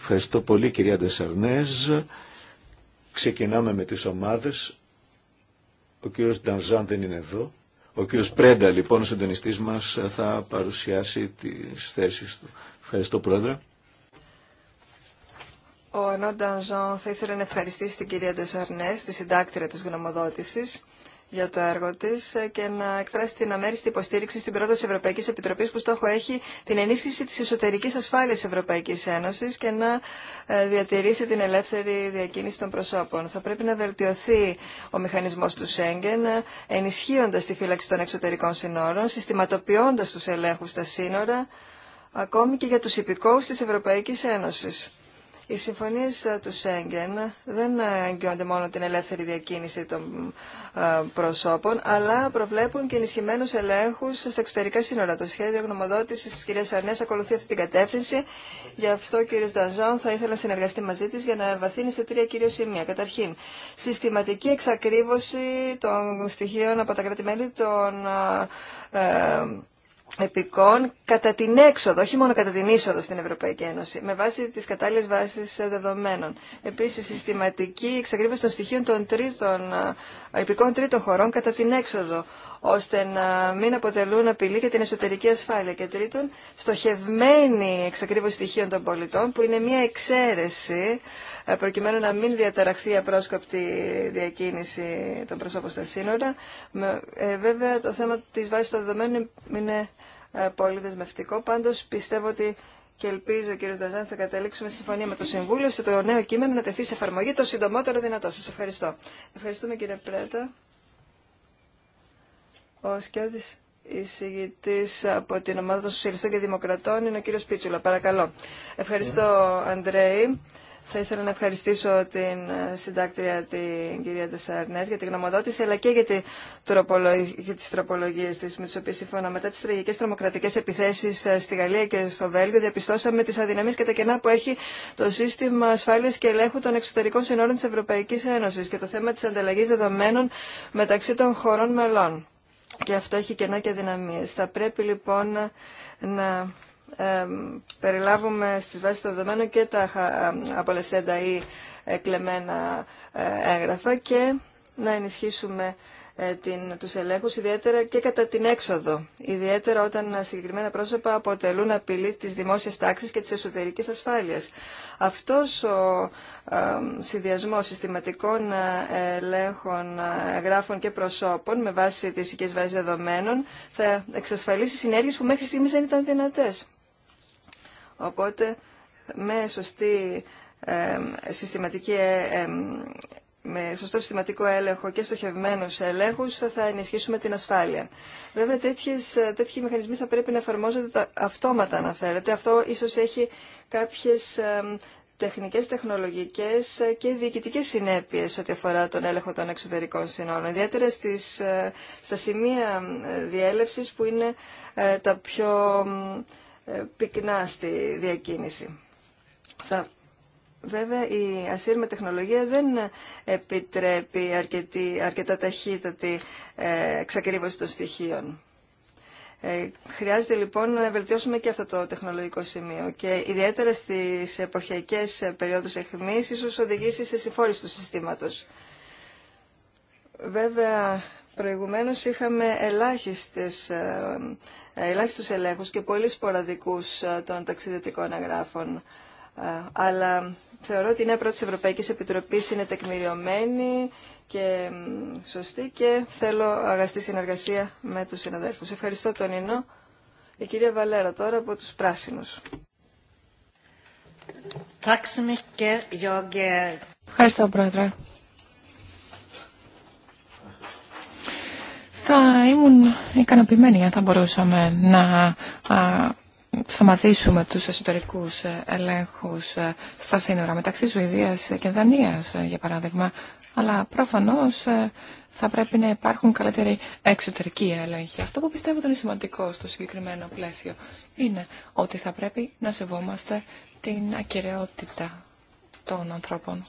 Ευχαριστώ πολύ κυρία Ντεσσαρνέζ. Ξεκινάμε με τι ομάδε. Ο κύριο Ντανζάν δεν είναι εδώ. Ο κύριο Πρέντα λοιπόν, ο συντονιστή μα θα παρουσιάσει τι θέσει του. Ευχαριστώ Πρόεδρε. Ο Ενό Ντανζόν θα ήθελε να ευχαριστήσει την κυρία Ντεσαρνέ, τη συντάκτηρα τη γνωμοδότησης, για το έργο τη και να εκφράσει την αμέριστη υποστήριξη στην πρόταση Ευρωπαϊκή Επιτροπή που στόχο έχει την ενίσχυση της εσωτερικής ασφάλειας Ευρωπαϊκή Ένωση και να ε, διατηρήσει την ελεύθερη διακίνηση των προσώπων. Θα πρέπει να βελτιωθεί ο μηχανισμό του Σέγγεν, ενισχύοντα τη φύλαξη των εξωτερικών συνόρων, συστηματοποιώντα του ελέγχου στα σύνορα, ακόμη και για του υπηκόου τη Ευρωπαϊκή Ένωση. Οι συμφωνίε ε, του Σέγγεν δεν ε, εγγυώνται μόνο την ελεύθερη διακίνηση των ε, προσώπων, αλλά προβλέπουν και ενισχυμένου ελέγχους στα εξωτερικά σύνορα. Το σχέδιο γνωμοδότησης της κυρίας Αρνές ακολουθεί αυτή την κατεύθυνση. Γι' αυτό ο κύριος Νταζόν θα ήθελα να συνεργαστεί μαζί τη για να βαθύνει σε τρία κυρίως σημεία. Καταρχήν, συστηματική εξακρίβωση των στοιχείων από τα κρατημέλη των επικών κατά την έξοδο, όχι μόνο κατά την είσοδο στην Ευρωπαϊκή Ένωση, με βάση τις κατάλληλες βάσεις ε, δεδομένων. Επίσης, συστηματική εξακρίβωση των στοιχείων των τρίτων, ε, ε, επικών τρίτων χωρών κατά την έξοδο, ώστε να μην αποτελούν απειλή για την εσωτερική ασφάλεια. Και τρίτον, στοχευμένη εξακρίβωση στοιχείων των πολιτών, που είναι μια εξαίρεση ε, προκειμένου να μην διαταραχθεί απρόσκοπτη διακίνηση των προσώπων στα σύνορα. Ε, βέβαια, το θέμα της βάσης των δεδομένων είναι ε, πολύ δεσμευτικό. Πάντως, πιστεύω ότι και ελπίζω, κύριο Δαζάν, θα καταλήξουμε συμφωνία με το Συμβούλιο ώστε το νέο κείμενο να τεθεί σε εφαρμογή το συντομότερο δυνατό. Σα ευχαριστώ. Ευχαριστούμε, κύριε Πρέτα. Ο σκιώδης εισηγητής από την ομάδα των Σοσιαλιστών και Δημοκρατών είναι ο κύριος Πίτσουλα. Παρακαλώ. Ευχαριστώ, Αντρέη. Θα ήθελα να ευχαριστήσω την συντάκτρια την κυρία Τεσσαρνές για την γνωμοδότηση αλλά και για, τι τροπολογίε για τις τροπολογίες της με τις οποίες συμφωνώ. Μετά τις τραγικές τρομοκρατικές επιθέσεις ε, στη Γαλλία και στο Βέλγιο διαπιστώσαμε τις αδυναμίες και τα κενά που έχει το σύστημα ασφάλειας και ελέγχου των εξωτερικών συνόρων τη Ευρωπαϊκή Ένωση και το θέμα τη ανταλλαγή δεδομένων μεταξύ των χωρών μελών και αυτό έχει κενά και δυναμίες. Θα πρέπει λοιπόν να περιλάβουμε στις βάσεις των δεδομένων και τα απολεσθέντα ή ε, κλεμμένα ε, έγγραφα και να ενισχύσουμε ε, την, τους ελέγχους ιδιαίτερα και κατά την έξοδο, ιδιαίτερα όταν συγκεκριμένα πρόσωπα αποτελούν απειλή της δημόσιας τάξης και της εσωτερικής ασφάλειας. Αυτός ο ε, συνδυασμός συστηματικών ε, ελέγχων ε, γράφων και προσώπων με βάση τις οικείς βάσεις δεδομένων θα εξασφαλίσει συνέργειες που μέχρι στιγμής δεν ήταν δυνατές. Οπότε με σωστή συστηματική ε, με σωστό συστηματικό έλεγχο και στοχευμένου ελέγχους θα ενισχύσουμε την ασφάλεια. Βέβαια τέτοιες, τέτοιοι μηχανισμοί θα πρέπει να εφαρμόζονται αυτόματα αναφέρεται. Αυτό ίσως έχει κάποιες τεχνικές, τεχνολογικές και διοικητικές συνέπειες ό,τι αφορά τον έλεγχο των εξωτερικών συνόρων. Ιδιαίτερα στις, ε, στα σημεία ε, διέλευσης που είναι ε, τα πιο πυκνά στη διακίνηση. Θα Βέβαια η ασύρμα τεχνολογία δεν επιτρέπει αρκετά ταχύτατη ε, εξακρίβωση των στοιχείων. Ε, χρειάζεται λοιπόν να βελτιώσουμε και αυτό το τεχνολογικό σημείο και ιδιαίτερα στις εποχιακές περιόδους εχμής ίσως οδηγήσει σε συμφόρηση του συστήματος. Βέβαια προηγουμένως είχαμε ελάχιστες, ε, ελάχιστους ελέγχους και πολύ σποραδικούς των ταξιδιωτικών αγράφων αλλά θεωρώ ότι η νέα πρώτη Ευρωπαϊκή Επιτροπή είναι τεκμηριωμένη και σωστή και θέλω αγαστή συνεργασία με τους συναδέλφους. Ευχαριστώ τον Ινώ. Η κυρία Βαλέρα τώρα από τους Πράσινους. Ευχαριστώ πρόεδρε. Θα ήμουν ικανοποιημένη αν θα μπορούσαμε να μαθήσουμε τους εσωτερικούς ε, ελέγχους ε, στα σύνορα μεταξύ Σουηδίας και Δανίας, ε, για παράδειγμα. Αλλά προφανώς θα πρέπει να υπάρχουν καλύτεροι εξωτερικοί έλεγχοι. Αυτό που πιστεύω ότι είναι σημαντικό στο συγκεκριμένο πλαίσιο είναι ότι θα πρέπει να σεβόμαστε την ακυρεότητα των ανθρώπων.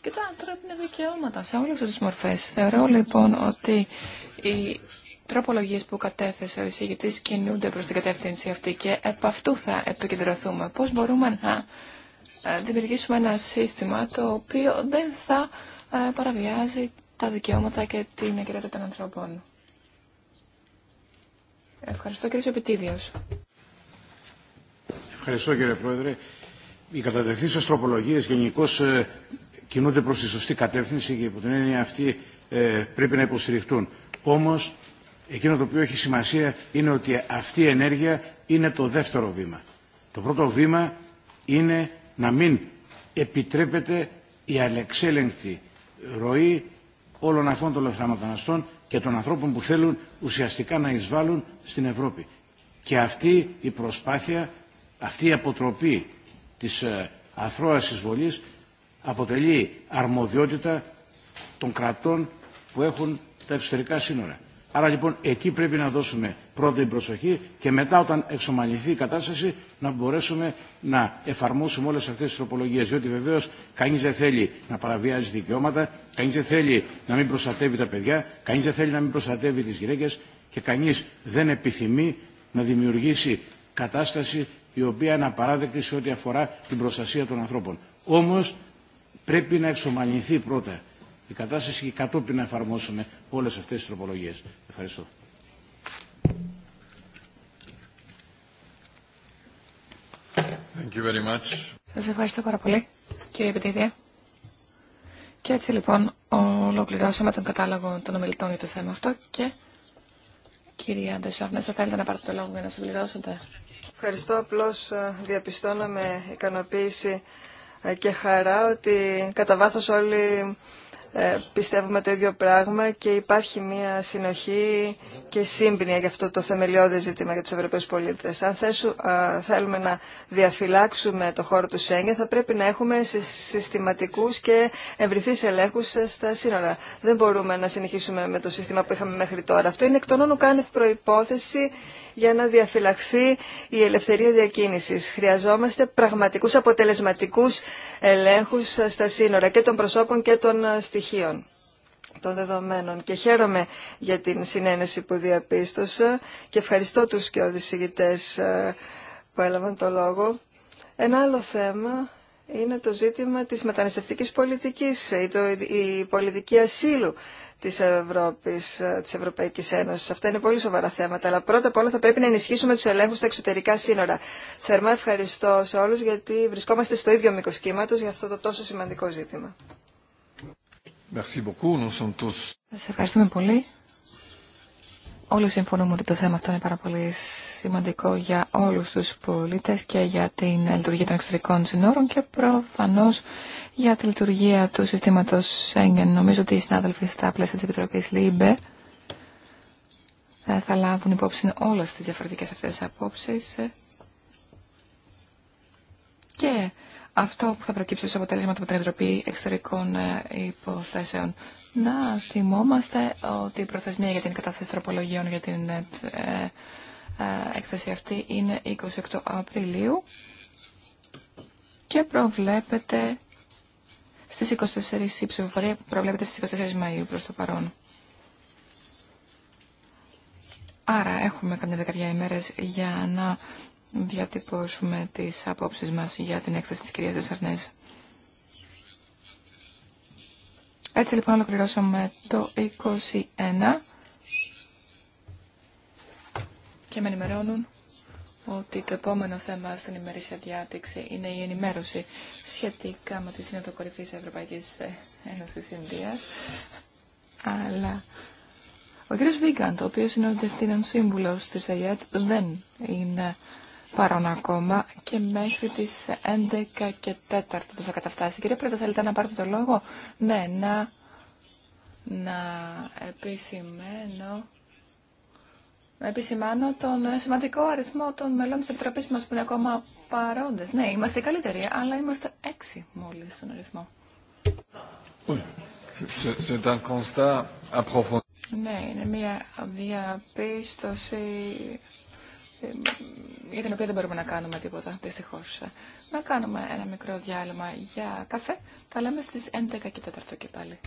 Και τα ανθρώπινα δικαιώματα σε όλες τις μορφές. Θεωρώ λοιπόν ότι η τροπολογίε που κατέθεσε ο εισηγητή κινούνται προ την κατεύθυνση αυτή και επ' αυτού θα επικεντρωθούμε. Πώ μπορούμε να ε, δημιουργήσουμε ένα σύστημα το οποίο δεν θα ε, παραβιάζει τα δικαιώματα και την εγκαιρότητα των ανθρώπων. Ευχαριστώ κύριε Επιτίδιος. Ευχαριστώ κύριε Πρόεδρε. Οι κατατεθήσει τροπολογίε γενικώ ε, κινούνται προ τη σωστή κατεύθυνση και υπό την έννοια αυτή πρέπει να υποστηριχτούν. Όμως Εκείνο το οποίο έχει σημασία είναι ότι αυτή η ενέργεια είναι το δεύτερο βήμα. Το πρώτο βήμα είναι να μην επιτρέπεται η αλεξέλεγκτη ροή όλων αυτών των λαθραμεταναστών και των ανθρώπων που θέλουν ουσιαστικά να εισβάλλουν στην Ευρώπη. Και αυτή η προσπάθεια, αυτή η αποτροπή της ε, αθρώας εισβολής αποτελεί αρμοδιότητα των κρατών που έχουν τα εξωτερικά σύνορα. Άρα λοιπόν εκεί πρέπει να δώσουμε πρώτη προσοχή και μετά όταν εξομαλυνθεί η κατάσταση να μπορέσουμε να εφαρμόσουμε όλες αυτές τις τροπολογίες. Διότι βεβαίως κανείς δεν θέλει να παραβιάζει δικαιώματα, κανείς δεν θέλει να μην προστατεύει τα παιδιά, κανείς δεν θέλει να μην προστατεύει τις γυναίκες και κανείς δεν επιθυμεί να δημιουργήσει κατάσταση η οποία είναι απαράδεκτη σε ό,τι αφορά την προστασία των ανθρώπων. Όμως πρέπει να εξομαλυνθεί πρώτα η κατάσταση και κατόπιν να εφαρμόσουμε όλες αυτές τις τροπολογίες. Ευχαριστώ. Thank Σας ευχαριστώ πάρα πολύ, κύριε Πετήδια. Και έτσι λοιπόν ολοκληρώσαμε τον κατάλογο των ομιλητών για το θέμα αυτό και κύριε Αντεσόρνε, θα θέλετε να πάρετε το λόγο για να συμπληρώσετε. Ευχαριστώ, απλώς ε, διαπιστώνω με ικανοποίηση ε, και χαρά ότι κατά βάθο όλοι ε, πιστεύουμε το ίδιο πράγμα και υπάρχει μια συνοχή και σύμπνοια για αυτό το θεμελιώδη ζήτημα για τους Ευρωπαίους πολίτες. Αν ε, θέλουμε να διαφυλάξουμε το χώρο του Σέγγεν θα πρέπει να έχουμε συστηματικούς και ευρυθείς ελέγχους στα σύνορα. Δεν μπορούμε να συνεχίσουμε με το σύστημα που είχαμε μέχρι τώρα. Αυτό είναι εκ των όνων προϋπόθεση για να διαφυλαχθεί η ελευθερία διακίνησης. Χρειαζόμαστε πραγματικούς αποτελεσματικούς ελέγχους στα σύνορα και των προσώπων και των στοιχείων των δεδομένων και χαίρομαι για την συνένεση που διαπίστωσα και ευχαριστώ τους και οδησηγητές ε, που έλαβαν το λόγο. Ένα άλλο θέμα είναι το ζήτημα της μεταναστευτικής πολιτικής ή ε, η πολιτική ασύλου της Ευρώπης, ε, της Ευρωπαϊκής Ένωσης. Αυτά είναι πολύ σοβαρά θέματα, αλλά πρώτα απ' όλα θα πρέπει να ενισχύσουμε τους ελέγχους στα εξωτερικά σύνορα. Θερμά ευχαριστώ σε όλους γιατί βρισκόμαστε στο ίδιο μήκος κύματος για αυτό το τόσο σημαντικό ζήτημα. Σας ευχαριστούμε πολύ. Όλοι συμφωνούμε ότι το θέμα αυτό είναι πάρα πολύ σημαντικό για όλους τους πολίτες και για την λειτουργία των εξωτερικών συνόρων και προφανώς για τη λειτουργία του συστήματος Σέγγεν. Νομίζω ότι οι συνάδελφοι στα πλαίσια της Επιτροπής ΛΥΜΠΕ ε, θα λάβουν υπόψη όλες τις διαφορετικές αυτές απόψεις και αυτό που θα προκύψει ως αποτέλεσμα από την Επιτροπή Εξωτερικών ε, Υποθέσεων να θυμόμαστε ότι η προθεσμία για την κατάθεση τροπολογιών για την ε, ε, ε έκθεση αυτή είναι 28 Απριλίου και προβλέπεται στις 24, η προβλέπεται στις 24 Μαΐου προς το παρόν. Άρα έχουμε κάποια δεκαετία ημέρες για να διατυπώσουμε τις απόψεις μας για την έκθεση της κυρίας Δεσσαρνέζα. Έτσι λοιπόν ολοκληρώσαμε το 21 και με ενημερώνουν ότι το επόμενο θέμα στην ημερήσια διάταξη είναι η ενημέρωση σχετικά με τη Σύνοδο Κορυφής Ευρωπαϊκής Ένωσης Ινδίας. Αλλά ο κ. Βίγκαντ, ο οποίος είναι ο διευθύνων σύμβουλος της ΑΕΤ, δεν είναι παρόν ακόμα και μέχρι τις 11 και 4 θα καταφτάσει. Κύριε Πρόεδρε, θέλετε να πάρετε το λόγο. Ναι, να, να επισημάνω τον σημαντικό αριθμό των μελών της Επιτροπής μας που είναι ακόμα παρόντες. Ναι, είμαστε καλύτεροι, αλλά είμαστε έξι μόλις στον αριθμό. Ναι, είναι μια διαπίστωση ε, για την οποία δεν μπορούμε να κάνουμε τίποτα, δυστυχώ. Να κάνουμε ένα μικρό διάλειμμα για καφέ. Τα λέμε στι 11 και 4 και πάλι.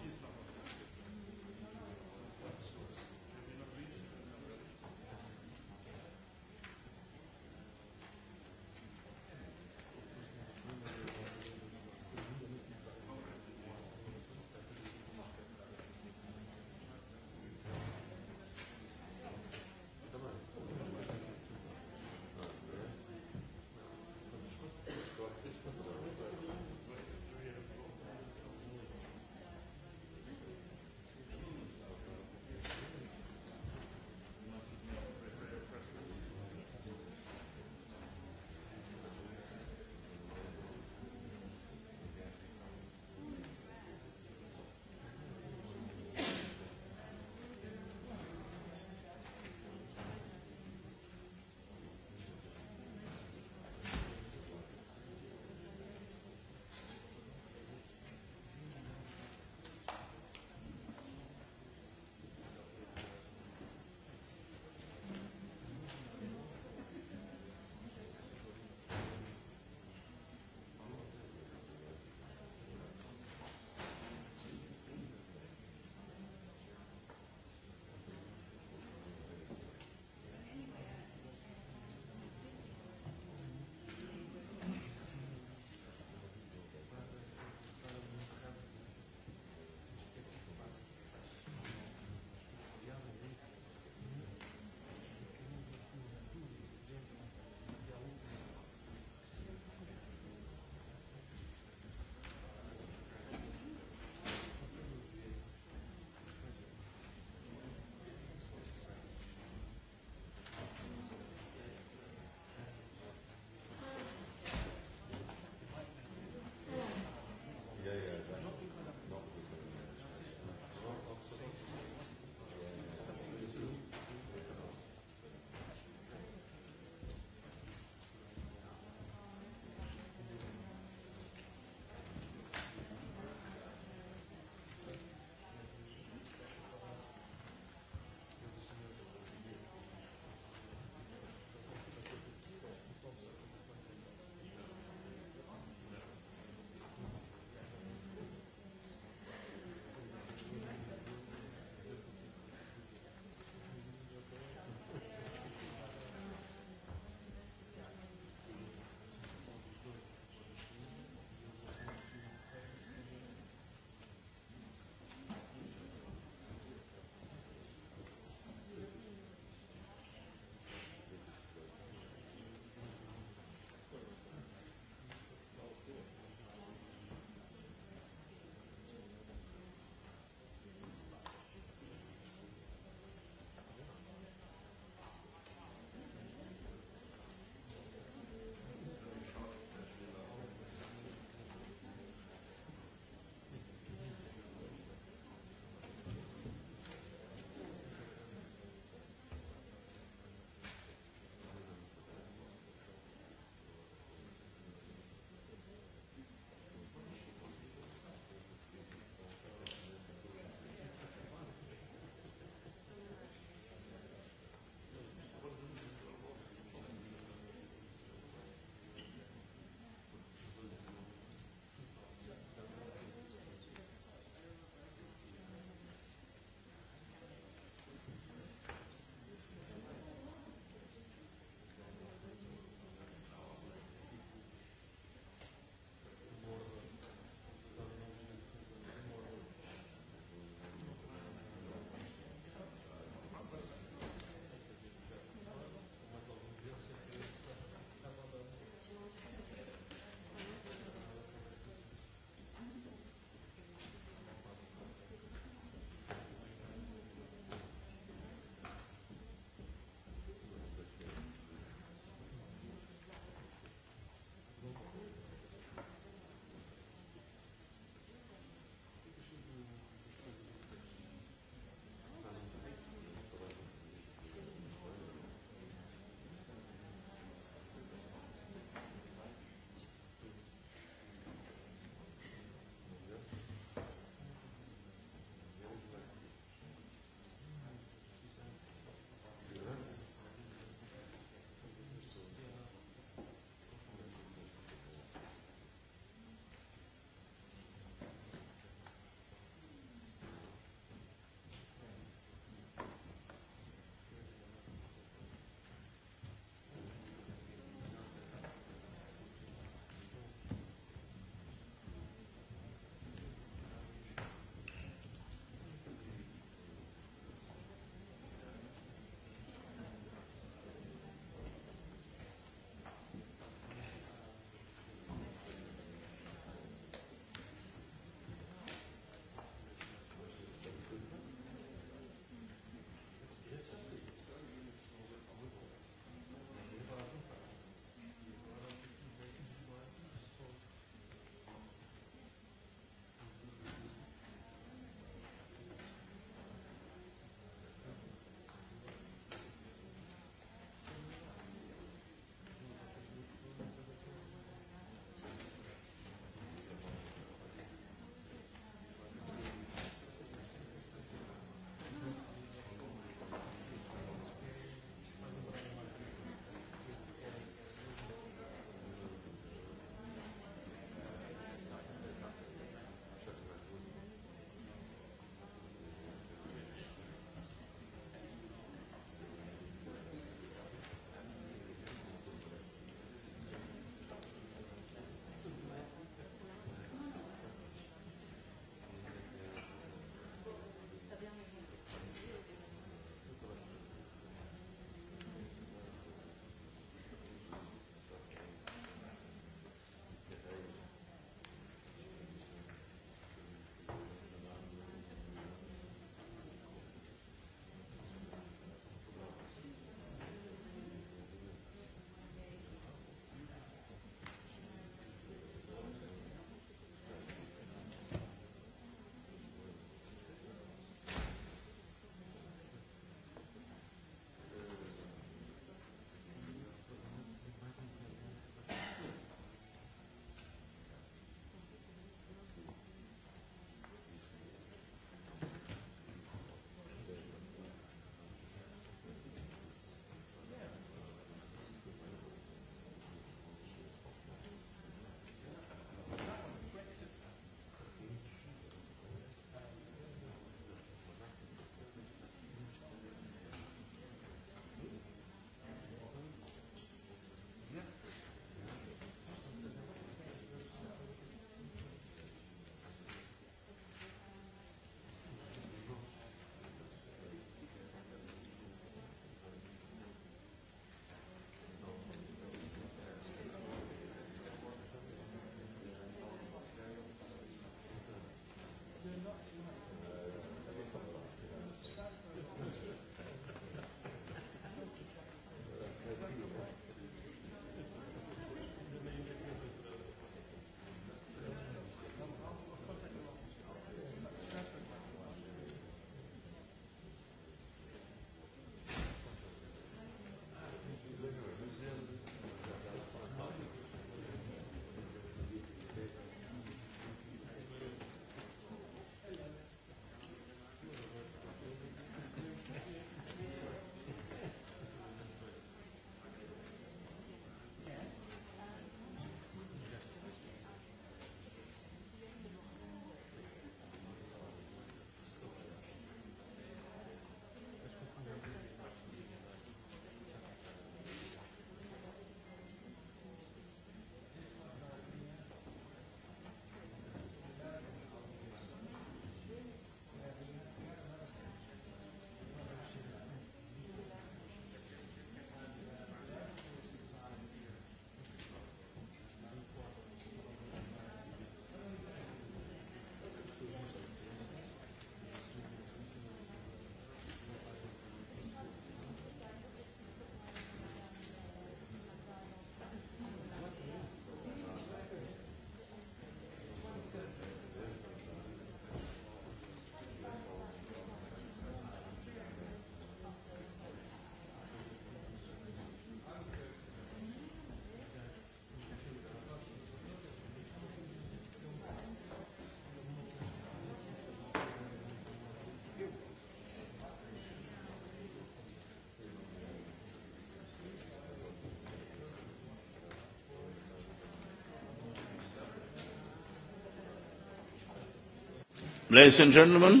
Ladies and gentlemen.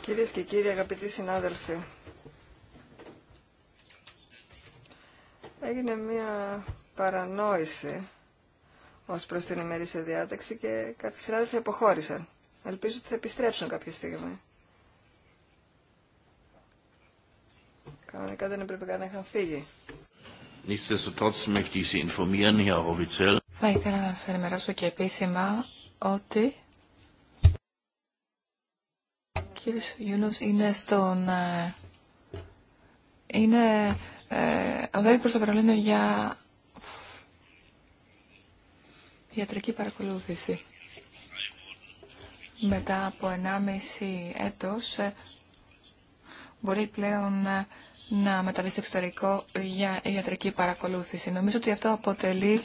Κυρίες και κύριοι, αγαπητοί συνάδελφοι, έγινε μία παρανόηση ως προς την ημερήσια διάταξη και κάποιοι συνάδελφοι αποχώρησαν. Ελπίζω ότι θα επιστρέψουν κάποια στιγμή. Κανονικά δεν έπρεπε καν να είχαν φύγει. Nichtsdestotrotz möchte Sie informieren, Herr Offiziell, θα ήθελα να σας ενημερώσω και επίσημα ότι ο κύριος Γιούνος είναι στον... Ε, είναι ε, οδεύει προς το Βερολίνο για ιατρική παρακολούθηση. Μετά από 1,5 έτος ε, μπορεί πλέον ε, να μεταβεί στο εξωτερικό για ιατρική παρακολούθηση. Νομίζω ότι αυτό αποτελεί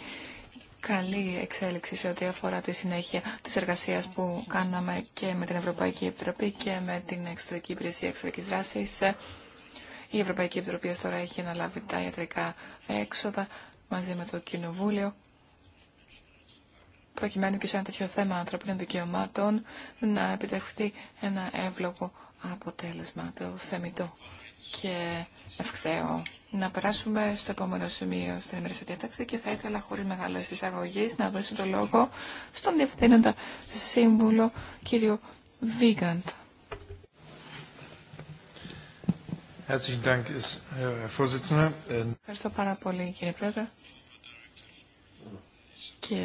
καλή εξέλιξη σε ό,τι αφορά τη συνέχεια της εργασίας που κάναμε και με την Ευρωπαϊκή Επιτροπή και με την Εξωτερική Υπηρεσία Εξωτερικής Δράσης. Η Ευρωπαϊκή Επιτροπή ως τώρα έχει αναλάβει τα ιατρικά έξοδα μαζί με το Κοινοβούλιο προκειμένου και σε ένα τέτοιο θέμα ανθρωπίνων δικαιωμάτων να επιτευχθεί ένα εύλογο αποτέλεσμα, το θεμητό και ευχθέω να περάσουμε στο επόμενο σημείο στην ημερήσια διάταξη και θα ήθελα χωρί μεγάλε εισαγωγή να δώσω το λόγο στον Διευθύνοντα Σύμβουλο κύριο Βίγκαντ. Äh, ähm, Ευχαριστώ πάρα πολύ κύριε Πρόεδρε. Και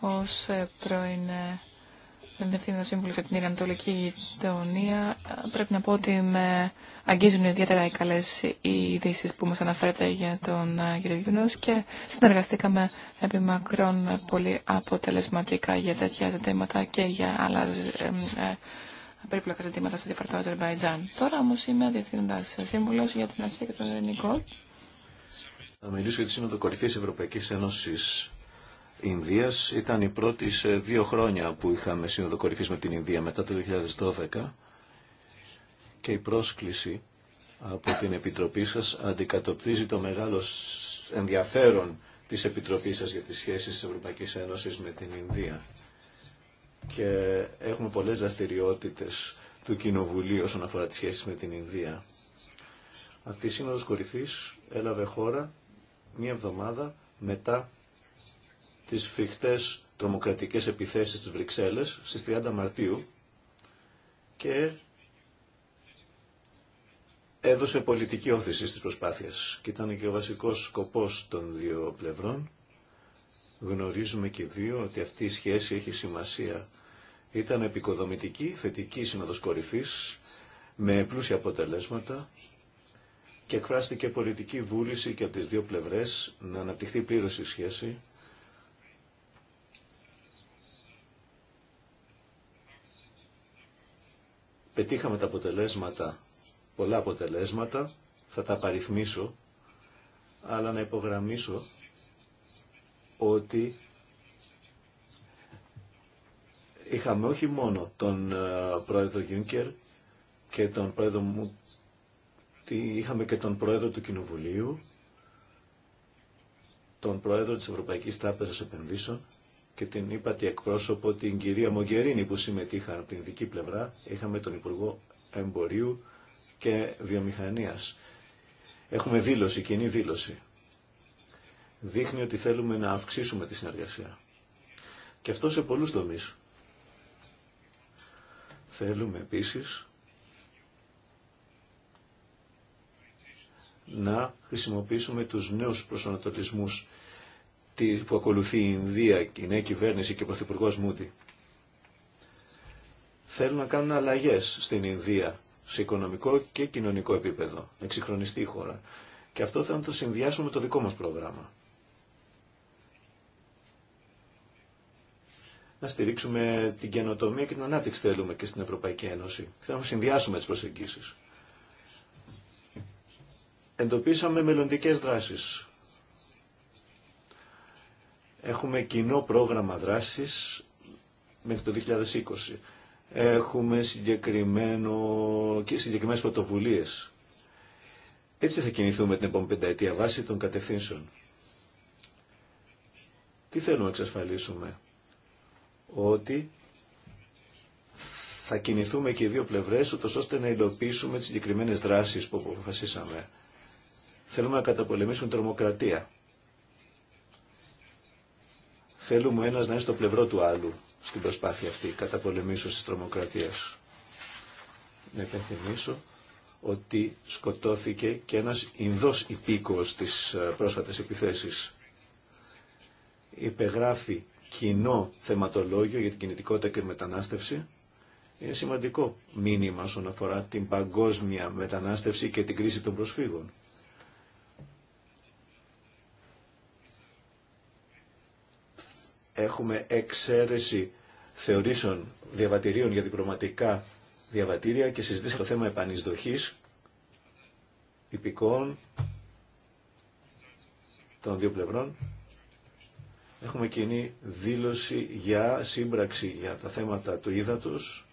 ως ε, πρώην ε, δεν σύμβουλος σύμβουλο από την Ανατολική Γειτονία. Πρέπει να πω ότι με αγγίζουν ιδιαίτερα οι καλέ ειδήσει που μα αναφέρεται για τον κύριο Γιούνο και συνεργαστήκαμε επί μακρόν πολύ αποτελεσματικά για τέτοια ζητήματα και για άλλα ε, ε, περίπλοκα ζητήματα σε διαφορετικό Αζερβαϊτζάν. Τώρα όμω είμαι διευθύνοντα σύμβουλο για την Ασία και τον Ελληνικό. Θα μιλήσω για τη Σύνοδο Κορυφή Ευρωπαϊκή Ένωση Ινδίας ήταν η πρώτη σε δύο χρόνια που είχαμε σύνοδο κορυφής με την Ινδία μετά το 2012 και η πρόσκληση από την Επιτροπή σας αντικατοπτρίζει το μεγάλο ενδιαφέρον της Επιτροπής σας για τις σχέσεις της Ευρωπαϊκής Ένωσης με την Ινδία. Και έχουμε πολλές δραστηριότητε του Κοινοβουλίου όσον αφορά τις σχέσεις με την Ινδία. Αυτή η Σύνοδος Κορυφής έλαβε χώρα μία εβδομάδα μετά τις φρικτές τρομοκρατικές επιθέσεις στις Βρυξέλλες στις 30 Μαρτίου και έδωσε πολιτική όθηση στις προσπάθειες και ήταν και ο βασικός σκοπός των δύο πλευρών. Γνωρίζουμε και δύο ότι αυτή η σχέση έχει σημασία. Ήταν επικοδομητική, θετική σύνοδος κορυφής, με πλούσια αποτελέσματα και εκφράστηκε πολιτική βούληση και από τις δύο πλευρές να αναπτυχθεί πλήρως η σχέση Πετύχαμε τα αποτελέσματα, πολλά αποτελέσματα, θα τα παριθμίσω, αλλά να υπογραμμίσω ότι είχαμε όχι μόνο τον ε, πρόεδρο Γιούνκερ και τον πρόεδρο μου, είχαμε και τον πρόεδρο του Κοινοβουλίου, τον πρόεδρο της Ευρωπαϊκής Τράπεζας Επενδύσεων και την είπατε εκπρόσωπο την κυρία Μογκερίνη που συμμετείχαν από την δική πλευρά. Είχαμε τον Υπουργό Εμπορίου και Βιομηχανίας. Έχουμε δήλωση, κοινή δήλωση. Δείχνει ότι θέλουμε να αυξήσουμε τη συνεργασία. Και αυτό σε πολλούς τομείς. Θέλουμε επίσης να χρησιμοποιήσουμε τους νέους προσανατολισμούς που ακολουθεί η Ινδία, η νέα κυβέρνηση και ο Πρωθυπουργό Μούντι. Θέλουν να κάνουν αλλαγέ στην Ινδία σε οικονομικό και κοινωνικό επίπεδο, να εξυγχρονιστεί η χώρα. Και αυτό θα το συνδυάσουμε με το δικό μας πρόγραμμα. Να στηρίξουμε την καινοτομία και την ανάπτυξη θέλουμε και στην Ευρωπαϊκή Ένωση. Θέλουμε να συνδυάσουμε τις προσεγγίσεις. Εντοπίσαμε μελλοντικέ δράσεις Έχουμε κοινό πρόγραμμα δράσης μέχρι το 2020. Έχουμε συγκεκριμένο, και συγκεκριμένες πρωτοβουλίες. Έτσι θα κινηθούμε την επόμενη πενταετία βάση των κατευθύνσεων. Τι θέλουμε να εξασφαλίσουμε. Ότι θα κινηθούμε και οι δύο πλευρές, ούτως ώστε να υλοποιήσουμε τις συγκεκριμένες δράσεις που αποφασίσαμε. Θέλουμε να καταπολεμήσουμε τρομοκρατία. Θέλουμε ο ένας να είναι στο πλευρό του άλλου στην προσπάθεια αυτή κατά πολεμήσεω τη τρομοκρατίας. Να υπενθυμίσω ότι σκοτώθηκε και ένας Ινδός υπήκοος της ε, πρόσφατες επιθέσεις. Υπεγράφει κοινό θεματολόγιο για την κινητικότητα και μετανάστευση. Είναι σημαντικό μήνυμα όσον αφορά την παγκόσμια μετανάστευση και την κρίση των προσφύγων. έχουμε εξαίρεση θεωρήσεων διαβατηρίων για διπλωματικά διαβατήρια και συζητήσαμε το θέμα επανεισδοχής υπηκών των δύο πλευρών. Έχουμε κοινή δήλωση για σύμπραξη για τα θέματα του ύδατος.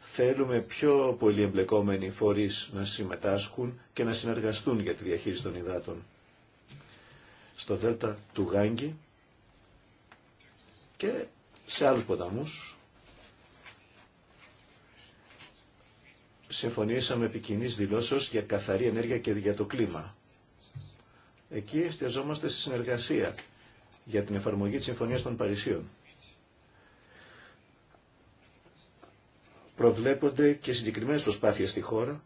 Θέλουμε πιο πολύ εμπλεκόμενοι φορείς να συμμετάσχουν και να συνεργαστούν για τη διαχείριση των υδάτων στο δέλτα του Γάγκη και σε άλλους ποταμούς. Συμφωνήσαμε επί κοινής για καθαρή ενέργεια και για το κλίμα. Εκεί εστιαζόμαστε στη συνεργασία για την εφαρμογή της Συμφωνίας των Παρισίων. Προβλέπονται και συγκεκριμένες προσπάθειες στη χώρα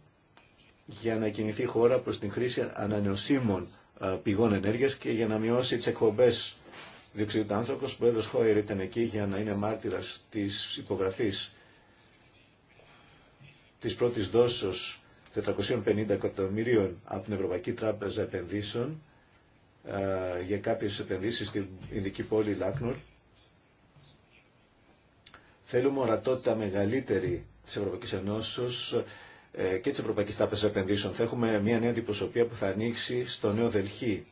για να κινηθεί η χώρα προς την χρήση ανανεωσίμων ε, πηγών ενέργεια και για να μειώσει τι εκπομπέ διοξιδίου του άνθρωπο, Ο πρόεδρο Χόιερ ήταν εκεί για να είναι μάρτυρας τη υπογραφή τη πρώτη δόσεω 450 εκατομμυρίων από την Ευρωπαϊκή Τράπεζα Επενδύσεων ε, για κάποιες επενδύσεις στην ειδική πόλη Λάκνορ. Θέλουμε ορατότητα μεγαλύτερη της Ευρωπαϊκής Ενώσεως ε, και τη Ευρωπαϊκή Τράπεζα Επενδύσεων. Θα έχουμε μια νέα αντιπροσωπεία που θα ανοίξει στο Νέο Δελχή.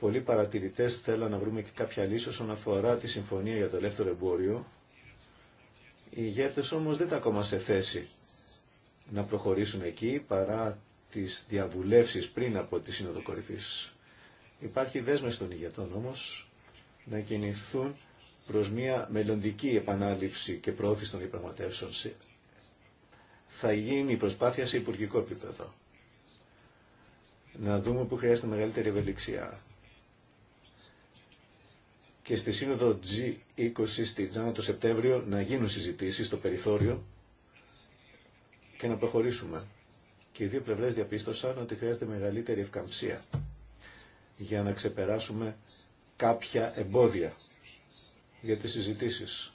Πολλοί παρατηρητέ θέλουν να βρούμε και κάποια λύση όσον αφορά τη συμφωνία για το ελεύθερο εμπόριο. Οι ηγέτε όμω δεν ήταν ακόμα σε θέση να προχωρήσουν εκεί παρά τι διαβουλεύσει πριν από τη Σύνοδο Κορυφή. Υπάρχει δέσμευση των ηγετών όμω να κινηθούν προ μια μελλοντική επανάληψη και προώθηση των διαπραγματεύσεων θα γίνει η προσπάθεια σε υπουργικό επίπεδο. Να δούμε που χρειάζεται μεγαλύτερη ευελιξία. Και στη σύνοδο G20 στη Τζάνα το Σεπτέμβριο να γίνουν συζητήσεις στο περιθώριο και να προχωρήσουμε. Και οι δύο πλευρές διαπίστωσαν ότι χρειάζεται μεγαλύτερη ευκαμψία για να ξεπεράσουμε κάποια εμπόδια για τις συζητήσεις.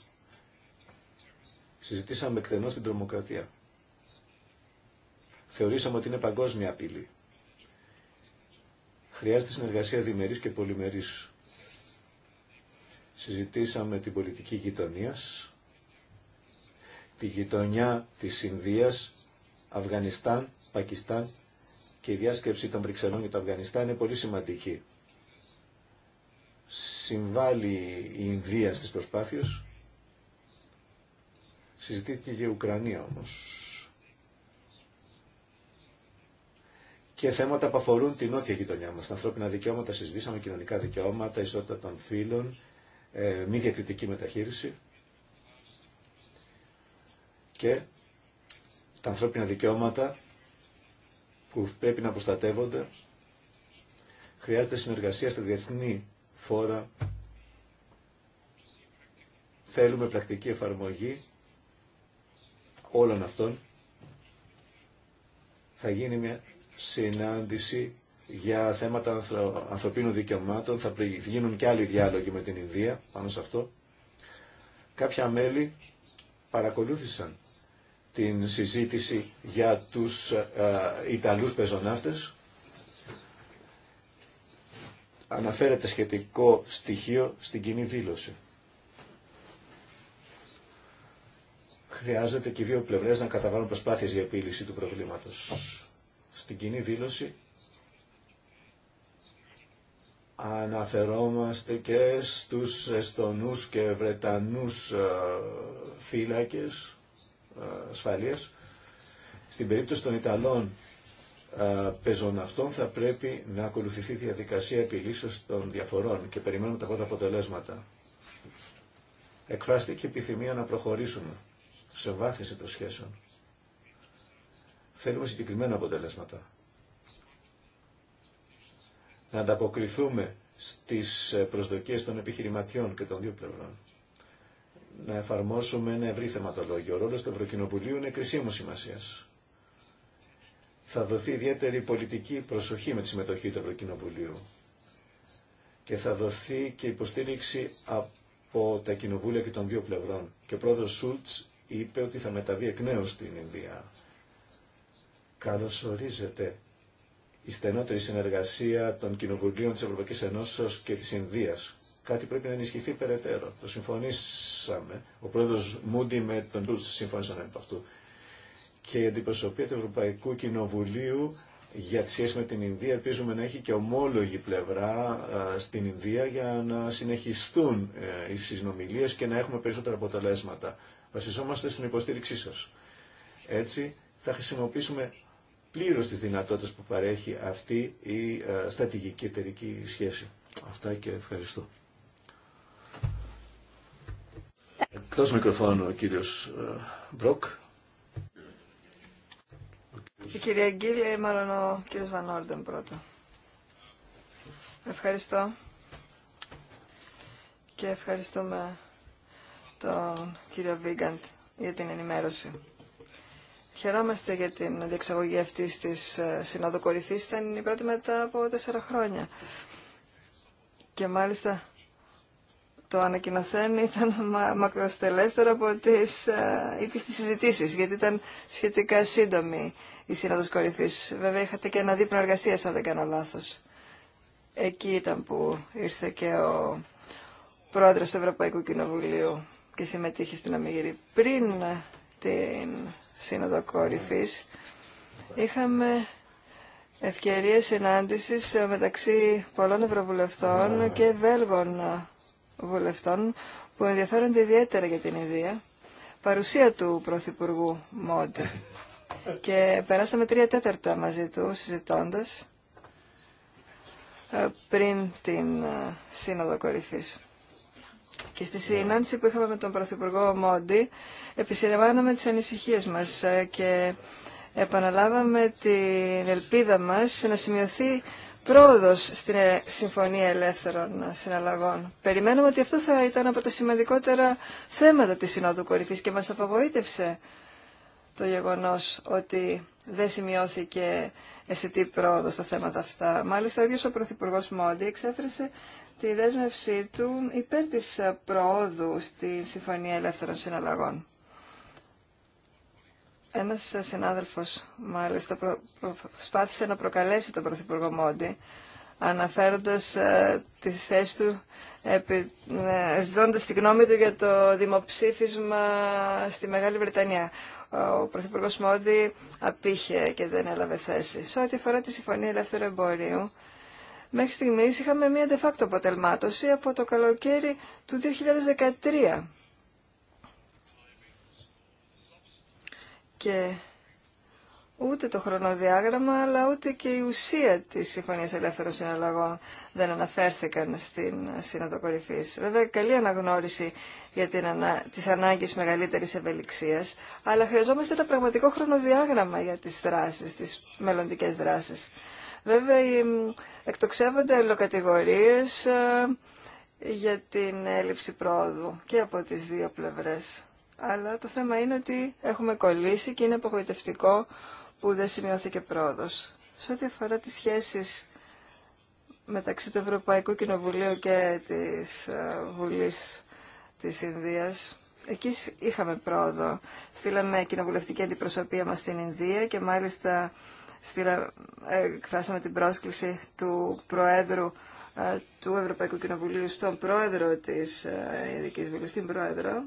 Συζητήσαμε εκτενώς την τρομοκρατία. Θεωρήσαμε ότι είναι παγκόσμια απειλή. Χρειάζεται συνεργασία διμερής και πολυμερής. Συζητήσαμε την πολιτική γειτονία, τη γειτονιά της Ινδίας, Αφγανιστάν, Πακιστάν και η διάσκεψη των Βρυξελών για το Αφγανιστάν είναι πολύ σημαντική. Συμβάλλει η Ινδία στις προσπάθειες. Συζητήθηκε και η Ουκρανία όμως. και θέματα που αφορούν την νότια γειτονιά μα. Τα ανθρώπινα δικαιώματα συζητήσαμε, κοινωνικά δικαιώματα, ισότητα των φύλων, ε, μη διακριτική μεταχείριση και τα ανθρώπινα δικαιώματα που πρέπει να προστατεύονται. Χρειάζεται συνεργασία στα διεθνή φόρα. Θέλουμε πρακτική εφαρμογή όλων αυτών θα γίνει μια συνάντηση για θέματα ανθρω... ανθρωπίνων δικαιωμάτων. Θα γίνουν και άλλοι διάλογοι με την Ινδία πάνω σε αυτό. Κάποια μέλη παρακολούθησαν την συζήτηση για τους α, ε, Ιταλούς πεζοναύτες. Αναφέρεται σχετικό στοιχείο στην κοινή δήλωση. χρειάζεται και οι δύο πλευρές να καταβάλουν προσπάθειες για επίλυση του προβλήματος. Στην κοινή δήλωση αναφερόμαστε και στους Εστονούς και Βρετανούς ε, φύλακες ε, ασφαλείας. Στην περίπτωση των Ιταλών ε, πεζοναυτών θα πρέπει να ακολουθηθεί διαδικασία επιλύσεως των διαφορών και περιμένουμε τα πρώτα αποτελέσματα. Εκφράστηκε επιθυμία να προχωρήσουμε σε βάθηση των σχέσεων. Θέλουμε συγκεκριμένα αποτελέσματα. Να ανταποκριθούμε στις προσδοκίες των επιχειρηματιών και των δύο πλευρών. Να εφαρμόσουμε ένα ευρύ θεματολόγιο. Ο ρόλος του Ευρωκοινοβουλίου είναι κρισίμου σημασία. Θα δοθεί ιδιαίτερη πολιτική προσοχή με τη συμμετοχή του Ευρωκοινοβουλίου και θα δοθεί και υποστήριξη από τα κοινοβούλια και των δύο πλευρών. Και ο πρόεδρος Σούλτς είπε ότι θα μεταβεί εκ νέου στην Ινδία. Καλωσορίζεται η στενότερη συνεργασία των κοινοβουλίων της Ευρωπαϊκής Ενώσεως και της Ινδίας. Κάτι πρέπει να ενισχυθεί περαιτέρω. Το συμφωνήσαμε. Ο πρόεδρος Μούντι με τον Τούλτς συμφωνήσαμε από αυτού. Και η αντιπροσωπεία του Ευρωπαϊκού Κοινοβουλίου για τη σχέση με την Ινδία ελπίζουμε να έχει και ομόλογη πλευρά στην Ινδία για να συνεχιστούν ε, οι συνομιλίες και να έχουμε περισσότερα αποτελέσματα. Βασιζόμαστε στην υποστήριξή σας. Έτσι θα χρησιμοποιήσουμε πλήρως τις δυνατότητες που παρέχει αυτή η ε, στατηγική εταιρική σχέση. Αυτά και ευχαριστώ. Εκτό μικροφώνου ο κύριος ε, Μπροκ. Η κυρία Γκίλη, μάλλον ο κύριος Βανόρντεν πρώτα. Ευχαριστώ. Και ευχαριστούμε τον κύριο Βίγκαντ για την ενημέρωση. Χαιρόμαστε για την διεξαγωγή αυτή τη ε, Συνόδου Κορυφή. Ήταν η πρώτη μετά από τέσσερα χρόνια. Και μάλιστα το ανακοινωθέν ήταν [laughs] μακροστελέστερο από τις, ε, ή τις συζητήσεις, γιατί ήταν σχετικά σύντομη η τι συζητησεις γιατι Κορυφής. η συνοδος κορυφη είχατε και ένα δείπνο εργασία, αν δεν κάνω λάθος. Εκεί ήταν που ήρθε και ο πρόεδρο του Ευρωπαϊκού Κοινοβουλίου και συμμετείχε στην Αμυγυρή. Πριν την Σύνοδο Κορυφής είχαμε ευκαιρίες συνάντησης μεταξύ πολλών ευρωβουλευτών και βέλγων βουλευτών που ενδιαφέρονται ιδιαίτερα για την ιδέα παρουσία του Πρωθυπουργού Μόντε. Και περάσαμε τρία τέταρτα μαζί του συζητώντας ε, πριν την ε, Σύνοδο Κορυφής. Και στη συνάντηση που είχαμε με τον Πρωθυπουργό Μόντι, επισηρεμάναμε τις ανησυχίες μας ε, και επαναλάβαμε την ελπίδα μας να σημειωθεί πρόοδος στην ε, Συμφωνία Ελεύθερων Συναλλαγών. Περιμένουμε ότι αυτό θα ήταν από τα σημαντικότερα θέματα της Συνόδου Κορυφής και μας απογοήτευσε το γεγονός ότι δεν σημειώθηκε αισθητή πρόοδο στα θέματα αυτά. Μάλιστα, ο ίδιος ο Πρωθυπουργός Μόντι εξέφρασε τη δέσμευσή του υπέρ της προόδου στη Συμφωνία Ελεύθερων Συναλλαγών. Ένας συνάδελφος μάλιστα προσπάθησε να προκαλέσει τον Πρωθυπουργό Μόντι αναφέροντας ε, τη θέση του, ε, ζητώντας τη γνώμη του για το δημοψήφισμα στη Μεγάλη Βρετανία. Ο Πρωθυπουργός Μόντι απήχε και δεν έλαβε θέση. Σε ό,τι αφορά τη Συμφωνία Ελεύθερου Εμπορίου, Μέχρι στιγμής είχαμε μία de facto αποτελμάτωση από το καλοκαίρι του 2013. Και ούτε το χρονοδιάγραμμα, αλλά ούτε και η ουσία της Συμφωνίας Ελεύθερων Συναλλαγών δεν αναφέρθηκαν στην Σύνοδο Κορυφής. Βέβαια, καλή αναγνώριση για την ανάγκε μεγαλύτερη ευελιξία, μεγαλύτερης αλλά χρειαζόμαστε ένα πραγματικό χρονοδιάγραμμα για τις δράσεις, τις μελλοντικές δράσεις. Βέβαια, εκτοξεύονται ολοκατηγορίες ε, για την έλλειψη πρόοδου και από τις δύο πλευρές. Αλλά το θέμα είναι ότι έχουμε κολλήσει και είναι απογοητευτικό που δεν σημειώθηκε πρόοδος. Σε ό,τι αφορά τις σχέσεις μεταξύ του Ευρωπαϊκού Κοινοβουλίου και της ε, Βουλής της Ινδίας, εκεί είχαμε πρόοδο. Στείλαμε κοινοβουλευτική αντιπροσωπεία μας στην Ινδία και μάλιστα ε, εκφράσαμε την πρόσκληση του Προέδρου ε, του Ευρωπαϊκού Κοινοβουλίου στον Πρόεδρο της ε, Ειδικής Βουλής, την Πρόεδρο,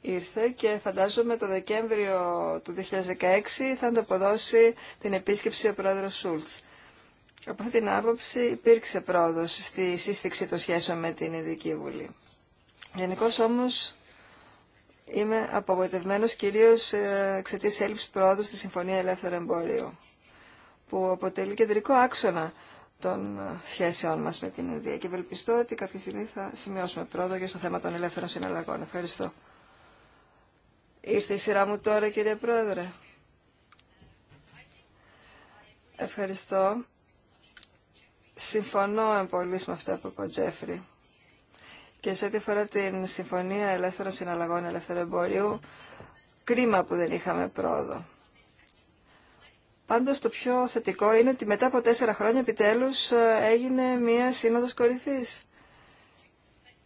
ήρθε και φαντάζομαι το Δεκέμβριο του 2016 θα ανταποδώσει την επίσκεψη ο Πρόεδρος Σούλτς. Από αυτή την άποψη υπήρξε πρόοδος στη σύσφυξη των σχέσεων με την Ειδική Βουλή. Γενικώ όμως είμαι απογοητευμένος κυρίως ε, εξαιτίας έλλειψη πρόοδου στη Συμφωνία Ελεύθερου Εμπορίου, που αποτελεί κεντρικό άξονα των ε, σχέσεών μας με την Ινδία. Και ευελπιστώ ότι κάποια στιγμή θα σημειώσουμε πρόοδο και στο θέμα των ελεύθερων συναλλαγών. Ευχαριστώ. Ήρθε η σειρά μου τώρα, κύριε Πρόεδρε. Ευχαριστώ. Συμφωνώ πολύ με αυτά που είπε ο Τζέφρι. Και σε ό,τι αφορά την Συμφωνία Ελεύθερων Συναλλαγών Ελεύθερου Εμπορίου, κρίμα που δεν είχαμε πρόοδο. Πάντω το πιο θετικό είναι ότι μετά από τέσσερα χρόνια επιτέλου ε, έγινε μία σύνοδο κορυφή.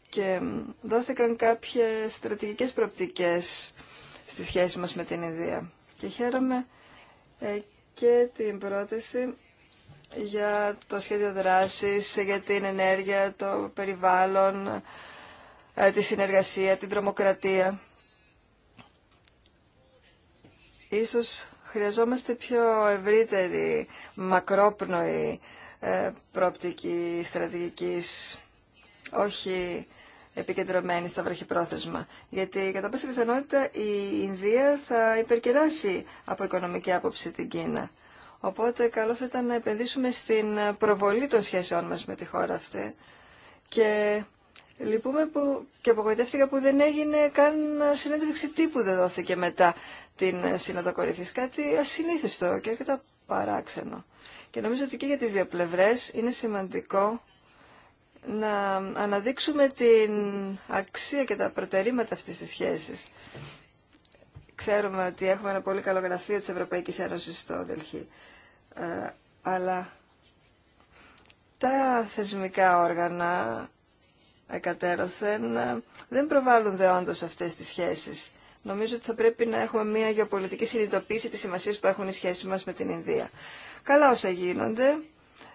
και δόθηκαν κάποιε στρατηγικέ προοπτικές στη σχέση μα με την Ινδία. Και χαίρομαι ε, και την πρόταση για το σχέδιο δράσης, για την ενέργεια, το περιβάλλον, ε, τη συνεργασία, την τρομοκρατία. Ίσως χρειαζόμαστε πιο ευρύτερη, μακρόπνοη ε, πρόπτικη στρατηγικής, όχι επικεντρωμένη στα βραχυπρόθεσμα. Γιατί κατά πάσα πιθανότητα η Ινδία θα υπερκεράσει από οικονομική άποψη την Κίνα. Οπότε καλό θα ήταν να επενδύσουμε στην προβολή των σχέσεών μας με τη χώρα αυτή. Και λυπούμε που και απογοητεύτηκα που δεν έγινε καν συνέντευξη τύπου δεν δόθηκε μετά την Σύνοδο Κορυφής. Κάτι ασυνήθιστο και αρκετά παράξενο. Και νομίζω ότι και για τις δύο πλευρές είναι σημαντικό να αναδείξουμε την αξία και τα προτερήματα αυτής της σχέσης. Ξέρουμε ότι έχουμε ένα πολύ καλό γραφείο της Ευρωπαϊκής Ένωσης στο Δελχή. Ε, αλλά τα θεσμικά όργανα εκατέρωθεν ε, δεν προβάλλουν δεόντως αυτές τις σχέσεις. Νομίζω ότι θα πρέπει να έχουμε μια γεωπολιτική συνειδητοποίηση της σημασίας που έχουν οι σχέσεις μας με την Ινδία. Καλά όσα γίνονται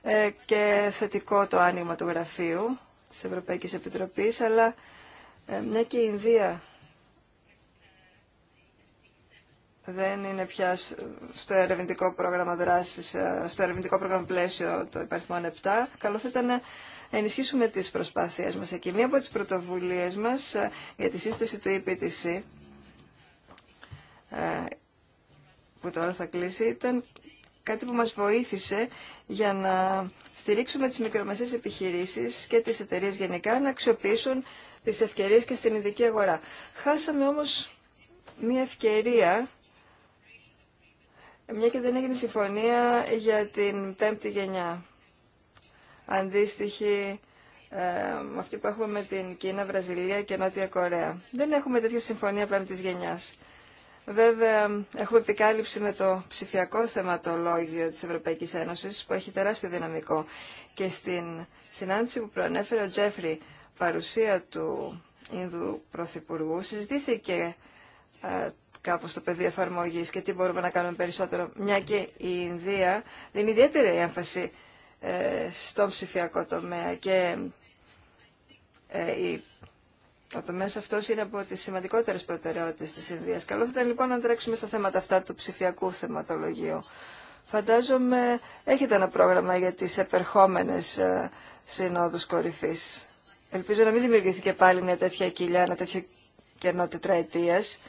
ε, και θετικό το άνοιγμα του γραφείου της Ευρωπαϊκής Επιτροπής, αλλά μια και η Ινδία δεν είναι πια στο ερευνητικό πρόγραμμα δράσης, ε, στο ερευνητικό πρόγραμμα πλαίσιο το υπαριθμών 7. Καλό θα ήταν να ενισχύσουμε τις προσπάθειές μας εκεί. Μία από τις πρωτοβουλίες μας ε, για τη σύσταση του EPTC, ε, που τώρα θα κλείσει, ήταν κάτι που μας βοήθησε για να στηρίξουμε τις μικρομεσαίες επιχειρήσεις και τις εταιρείες γενικά να αξιοποιήσουν τις ευκαιρίες και στην ειδική αγορά. Χάσαμε όμως μια ευκαιρία μια και δεν έγινε συμφωνία για την πέμπτη γενιά. Αντίστοιχη ε, αυτή που έχουμε με την Κίνα, Βραζιλία και Νότια Κορέα. Δεν έχουμε τέτοια συμφωνία πέμπτης γενιάς. Βέβαια, έχουμε επικάλυψη με το ψηφιακό θεματολόγιο της Ευρωπαϊκής Ένωσης που έχει τεράστιο δυναμικό. Και στην συνάντηση που προανέφερε ο Τζέφρι, παρουσία του Ινδου Πρωθυπουργού, συζητήθηκε ε, κάπως το πεδίο εφαρμογή και τι μπορούμε να κάνουμε περισσότερο, μια και η Ινδία δίνει ιδιαίτερη έμφαση ε, στον ψηφιακό τομέα και ε, ο τομέας αυτός είναι από τις σημαντικότερες προτεραιότητες της Ινδίας. Καλό θα ήταν λοιπόν να τρέξουμε στα θέματα αυτά του ψηφιακού θεματολογίου. Φαντάζομαι έχετε ένα πρόγραμμα για τις επερχόμενες ε, συνόδους κορυφής. Ελπίζω να μην δημιουργηθεί και πάλι μια τέτοια κοιλιά, ένα τέτοιο κενό τετραετίας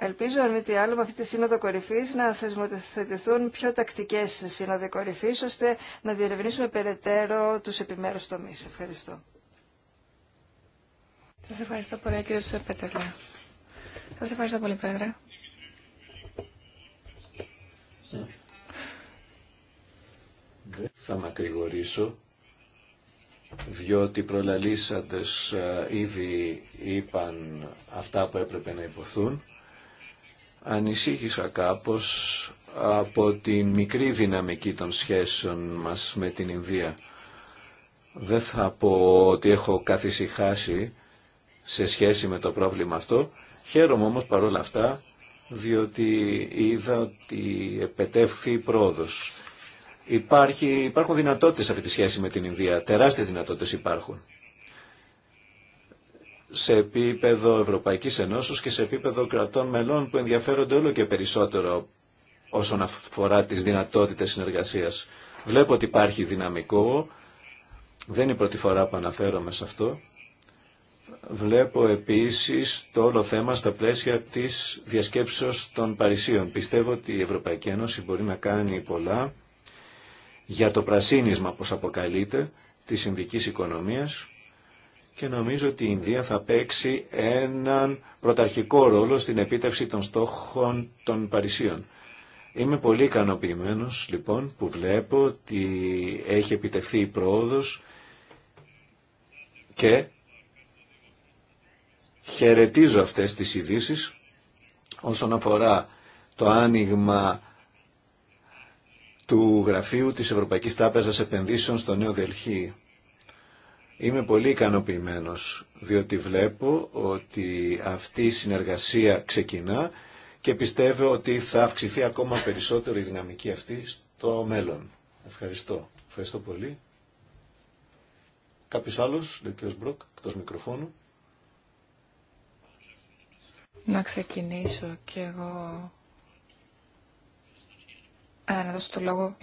Ελπίζω, αν μη τι άλλο, με αυτή τη Σύνοδο Κορυφή να θεσμοθετηθούν πιο τακτικέ σύνοδο Κορυφή, ώστε να διερευνήσουμε περαιτέρω του επιμέρου τομεί. Ευχαριστώ. Σα ευχαριστώ πολύ, κύριε Θα Σα ευχαριστώ πολύ, Πρόεδρε. Δεν θα ακρηγορήσω, διότι προλαλήσαντες ε, ήδη είπαν αυτά που έπρεπε να υποθούν ανησύχησα κάπως από τη μικρή δυναμική των σχέσεων μας με την Ινδία. Δεν θα πω ότι έχω καθησυχάσει σε σχέση με το πρόβλημα αυτό. Χαίρομαι όμως παρόλα αυτά διότι είδα ότι επετεύχθη η πρόοδος. Υπάρχει, υπάρχουν δυνατότητες αυτή τη σχέση με την Ινδία, τεράστιες δυνατότητες υπάρχουν σε επίπεδο Ευρωπαϊκής Ενώσεως και σε επίπεδο κρατών μελών που ενδιαφέρονται όλο και περισσότερο όσον αφορά τις δυνατότητες συνεργασίας. Βλέπω ότι υπάρχει δυναμικό, δεν είναι η πρώτη φορά που αναφέρομαι σε αυτό. Βλέπω επίσης το όλο θέμα στα πλαίσια της διασκέψεως των Παρισίων. Πιστεύω ότι η Ευρωπαϊκή Ένωση μπορεί να κάνει πολλά για το πρασίνισμα, όπως αποκαλείται, της συνδικής οικονομίας και νομίζω ότι η Ινδία θα παίξει έναν πρωταρχικό ρόλο στην επίτευξη των στόχων των Παρισίων. Είμαι πολύ ικανοποιημένο λοιπόν που βλέπω ότι έχει επιτευχθεί η πρόοδος και χαιρετίζω αυτές τις ειδήσει όσον αφορά το άνοιγμα του Γραφείου της Ευρωπαϊκής Τάπεζας Επενδύσεων στο Νέο Δελχή Είμαι πολύ ικανοποιημένος, διότι βλέπω ότι αυτή η συνεργασία ξεκινά και πιστεύω ότι θα αυξηθεί ακόμα περισσότερο η δυναμική αυτή στο μέλλον. Ευχαριστώ. Ευχαριστώ πολύ. Κάποιος άλλος, λέει ο κ. Μπροκ, εκτός μικροφώνου. Να ξεκινήσω κι εγώ. Ε, να δώσω το λόγο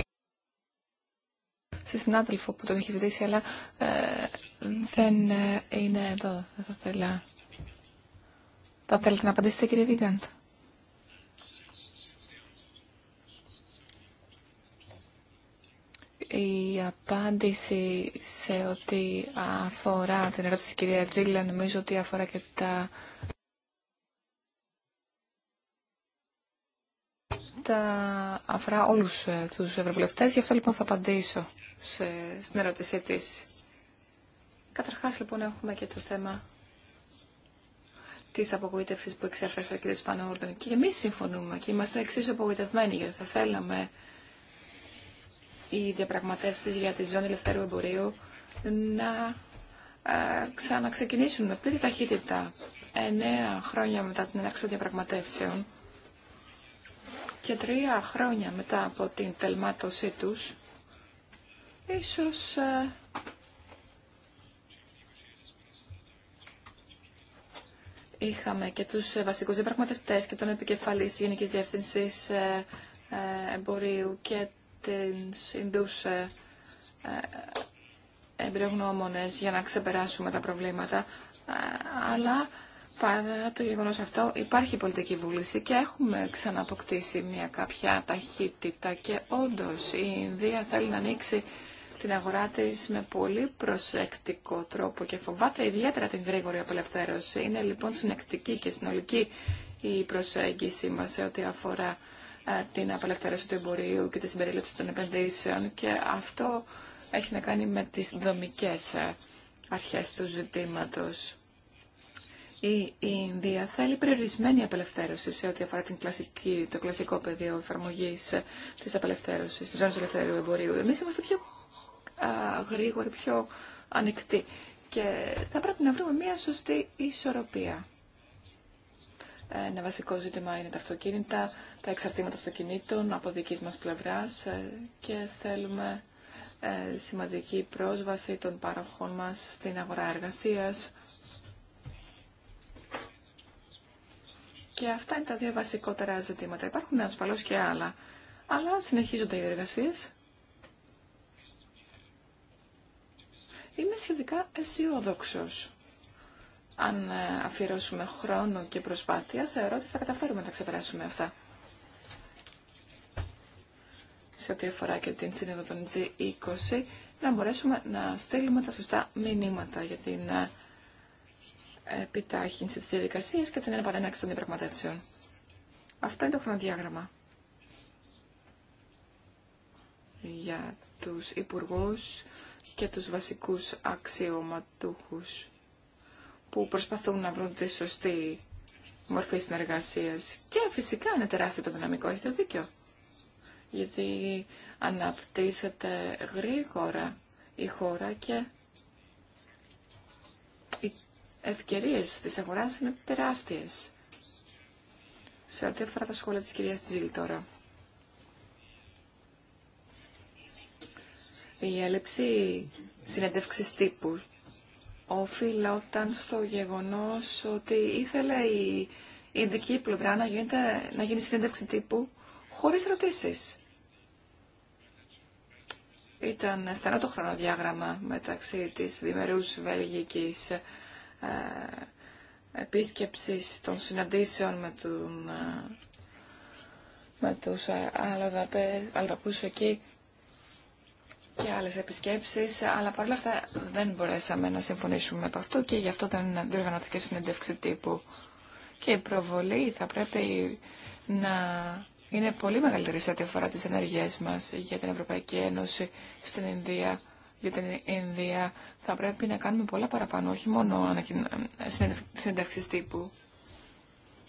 σε συνάδελφο που τον έχει ζητήσει, αλλά ε, δεν ε, είναι εδώ. Δεν θα θέλα. Θα θέλετε να απαντήσετε, κύριε Βίγκαντ. Η απάντηση σε ό,τι αφορά την ερώτηση της κυρία Τζίλα νομίζω ότι αφορά και τα αφορά όλους ε, τους ευρωβουλευτές, γι' αυτό λοιπόν θα απαντήσω σε, στην ερώτησή τη. Καταρχά λοιπόν έχουμε και το θέμα τη απογοήτευση που εξέφερε ο κ. Φανόρντον. Και εμεί συμφωνούμε και είμαστε εξίσου απογοητευμένοι, γιατί θα θέλαμε οι διαπραγματεύσει για τη ζώνη ελευθερού εμπορίου να ε, ξαναξεκινήσουν με πλήρη ταχύτητα εννέα χρόνια μετά την έναρξη των διαπραγματεύσεων και τρία χρόνια μετά από την τελμάτωσή τους Ίσως ε, είχαμε και τους ε, βασικούς διαπραγματευτές και τον επικεφαλής Γενικής Διεύθυνσης ε, Εμπορίου και την Ινδούς εμπειρογνώμονες για να ξεπεράσουμε τα προβλήματα. Αλλά παρά το γεγονός αυτό υπάρχει πολιτική βούληση και έχουμε ξαναποκτήσει μια κάποια ταχύτητα και όντως η Ινδία θέλει να ανοίξει την αγορά της με πολύ προσεκτικό τρόπο και φοβάται ιδιαίτερα την γρήγορη απελευθέρωση. Είναι λοιπόν συνεκτική και συνολική η προσέγγιση μας σε ό,τι αφορά ε, την απελευθέρωση του εμπορίου και τη συμπερίληψη των επενδύσεων και αυτό έχει να κάνει με τις δομικές ε, αρχές του ζητήματος. Η, Ινδία θέλει περιορισμένη απελευθέρωση σε ό,τι αφορά την κλασική, το κλασικό πεδίο εφαρμογή ε, τη απελευθέρωση, τη ζώνη ελευθερίου εμπορίου. Εμεί είμαστε πιο γρήγορη, πιο ανοιχτή. Και θα πρέπει να βρούμε μια σωστή ισορροπία. Ένα βασικό ζήτημα είναι τα αυτοκίνητα, τα εξαρτήματα αυτοκινήτων από δική μας πλευράς ε, και θέλουμε ε, σημαντική πρόσβαση των παροχών μας στην αγορά εργασίας. Και αυτά είναι τα δύο βασικότερα ζητήματα. Υπάρχουν ασφαλώς και άλλα, αλλά συνεχίζονται οι εργασίες σχετικά αισιόδοξο. Αν ε, αφιερώσουμε χρόνο και προσπάθεια, θεωρώ ότι θα καταφέρουμε να τα ξεπεράσουμε αυτά. Σε ό,τι αφορά και την σύνοδο των G20, να μπορέσουμε να στείλουμε τα σωστά μηνύματα για την ε, επιτάχυνση της διαδικασίας και την επανέναξη των διαπραγματεύσεων. Αυτό είναι το χρονοδιάγραμμα. Για τους υπουργούς και τους βασικούς αξιωματούχους που προσπαθούν να βρουν τη σωστή μορφή συνεργασίας. Και φυσικά είναι τεράστιο το δυναμικό, έχετε δίκιο. Γιατί αναπτύσσεται γρήγορα η χώρα και οι ευκαιρίες της αγοράς είναι τεράστιες. Σε ό,τι αφορά τα σχόλια της κυρίας Τζίλ τώρα. Η έλλειψη συνέντευξης τύπου όταν στο γεγονός ότι ήθελε η ειδική πλευρά να, γίνεται, να γίνει συνέντευξη τύπου χωρίς ρωτήσεις. Ήταν στενό το χρονοδιάγραμμα μεταξύ της διμερούς βελγικής ε, επίσκεψης των συναντήσεων με, τον, ε, με τους ε, εκεί και άλλες επισκέψεις, αλλά όλα αυτά δεν μπορέσαμε να συμφωνήσουμε από αυτό και γι' αυτό δεν διοργανώθηκε συνέντευξη τύπου. Και η προβολή θα πρέπει να είναι πολύ μεγαλύτερη σε ό,τι αφορά τις ενεργειές μας για την Ευρωπαϊκή Ένωση στην Ινδία. Για την Ινδία θα πρέπει να κάνουμε πολλά παραπάνω, όχι μόνο συνέντευξη τύπου.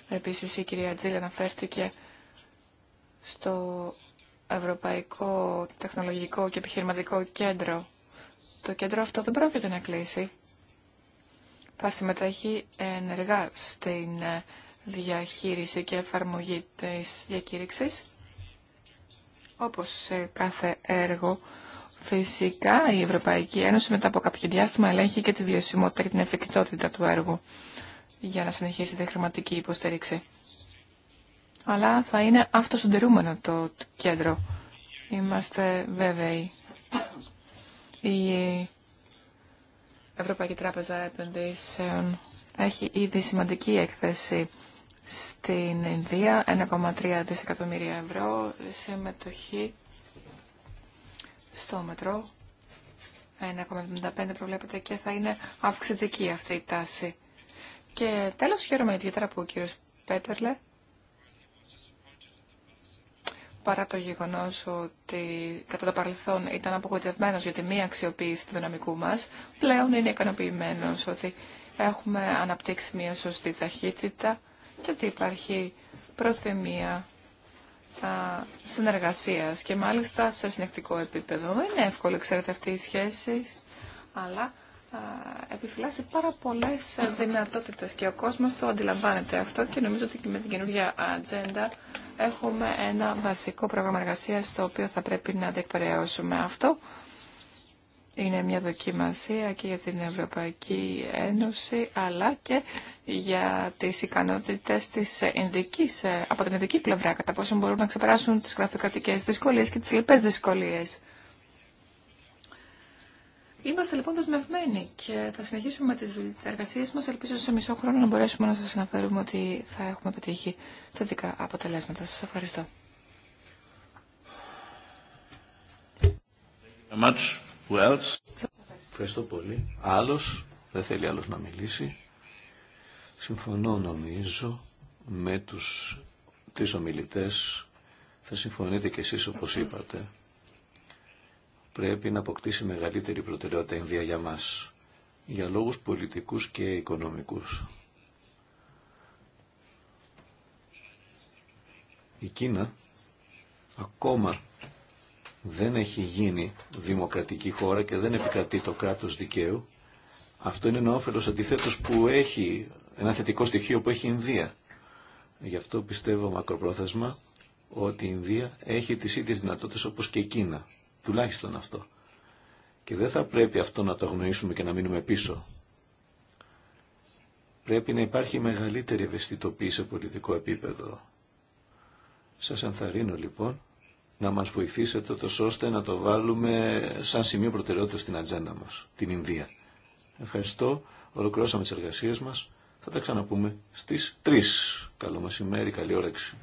Επίσης η κυρία Τζίλ αναφέρθηκε στο Ευρωπαϊκό Τεχνολογικό και Επιχειρηματικό Κέντρο. Το κέντρο αυτό δεν πρόκειται να κλείσει. Θα συμμετέχει ενεργά στην διαχείριση και εφαρμογή της διακήρυξης. Όπως σε κάθε έργο, φυσικά η Ευρωπαϊκή Ένωση μετά από κάποιο διάστημα ελέγχει και τη βιωσιμότητα και την εφικτότητα του έργου για να συνεχίσει τη χρηματική υποστήριξη αλλά θα είναι αυτοσυντηρούμενο το κέντρο. Είμαστε βέβαιοι. Η Ευρωπαϊκή Τράπεζα Επενδύσεων έχει ήδη σημαντική έκθεση στην Ινδία, 1,3 δισεκατομμύρια ευρώ, συμμετοχή στο μετρό, 1,75 προβλέπεται και θα είναι αυξητική αυτή η τάση. Και τέλος χαίρομαι ιδιαίτερα που ο κύριος Πέτερλε παρά το γεγονός ότι κατά το παρελθόν ήταν απογοητευμένος για τη μία αξιοποίηση του δυναμικού μας, πλέον είναι ικανοποιημένο ότι έχουμε αναπτύξει μία σωστή ταχύτητα και ότι υπάρχει προθεμία συνεργασία και μάλιστα σε συνεκτικό επίπεδο. Δεν είναι εύκολο, ξέρετε, αυτή η σχέση, αλλά επιφυλάσσει πάρα πολλέ δυνατότητες και ο κόσμος το αντιλαμβάνεται αυτό και νομίζω ότι με την καινούργια ατζέντα έχουμε ένα βασικό πρόγραμμα εργασία το οποίο θα πρέπει να διεκπαιρεώσουμε αυτό. Είναι μια δοκιμασία και για την Ευρωπαϊκή Ένωση αλλά και για τις ικανότητες της ε, από την ειδική πλευρά κατά πόσο μπορούν να ξεπεράσουν τις γραφειοκρατικές δυσκολίες και τις λοιπές δυσκολίες. Είμαστε λοιπόν δεσμευμένοι και θα συνεχίσουμε τις εργασίες μας. Ελπίζω σε μισό χρόνο να μπορέσουμε να σας αναφέρουμε ότι θα έχουμε πετύχει θετικά αποτελέσματα. Σας ευχαριστώ. Ευχαριστώ πολύ. Άλλος, δεν θέλει άλλος να μιλήσει. Συμφωνώ νομίζω με τους τρεις ομιλητές. Θα συμφωνείτε κι εσείς όπως είπατε πρέπει να αποκτήσει μεγαλύτερη προτεραιότητα η Ινδία για μας, για λόγους πολιτικούς και οικονομικούς. Η Κίνα ακόμα δεν έχει γίνει δημοκρατική χώρα και δεν επικρατεί το κράτος δικαίου. Αυτό είναι ένα όφελος αντιθέτως που έχει ένα θετικό στοιχείο που έχει η Ινδία. Γι' αυτό πιστεύω μακροπρόθεσμα ότι η Ινδία έχει τις ίδιες δυνατότητες όπως και η Κίνα Τουλάχιστον αυτό. Και δεν θα πρέπει αυτό να το αγνοήσουμε και να μείνουμε πίσω. Πρέπει να υπάρχει μεγαλύτερη ευαισθητοποίηση σε πολιτικό επίπεδο. Σας ενθαρρύνω λοιπόν να μας βοηθήσετε τόσο ώστε να το βάλουμε σαν σημείο προτεραιότητα στην ατζέντα μας, την Ινδία. Ευχαριστώ, ολοκληρώσαμε τις εργασίες μας. Θα τα ξαναπούμε στις 3. Καλό μεσημέρι, καλή όρεξη.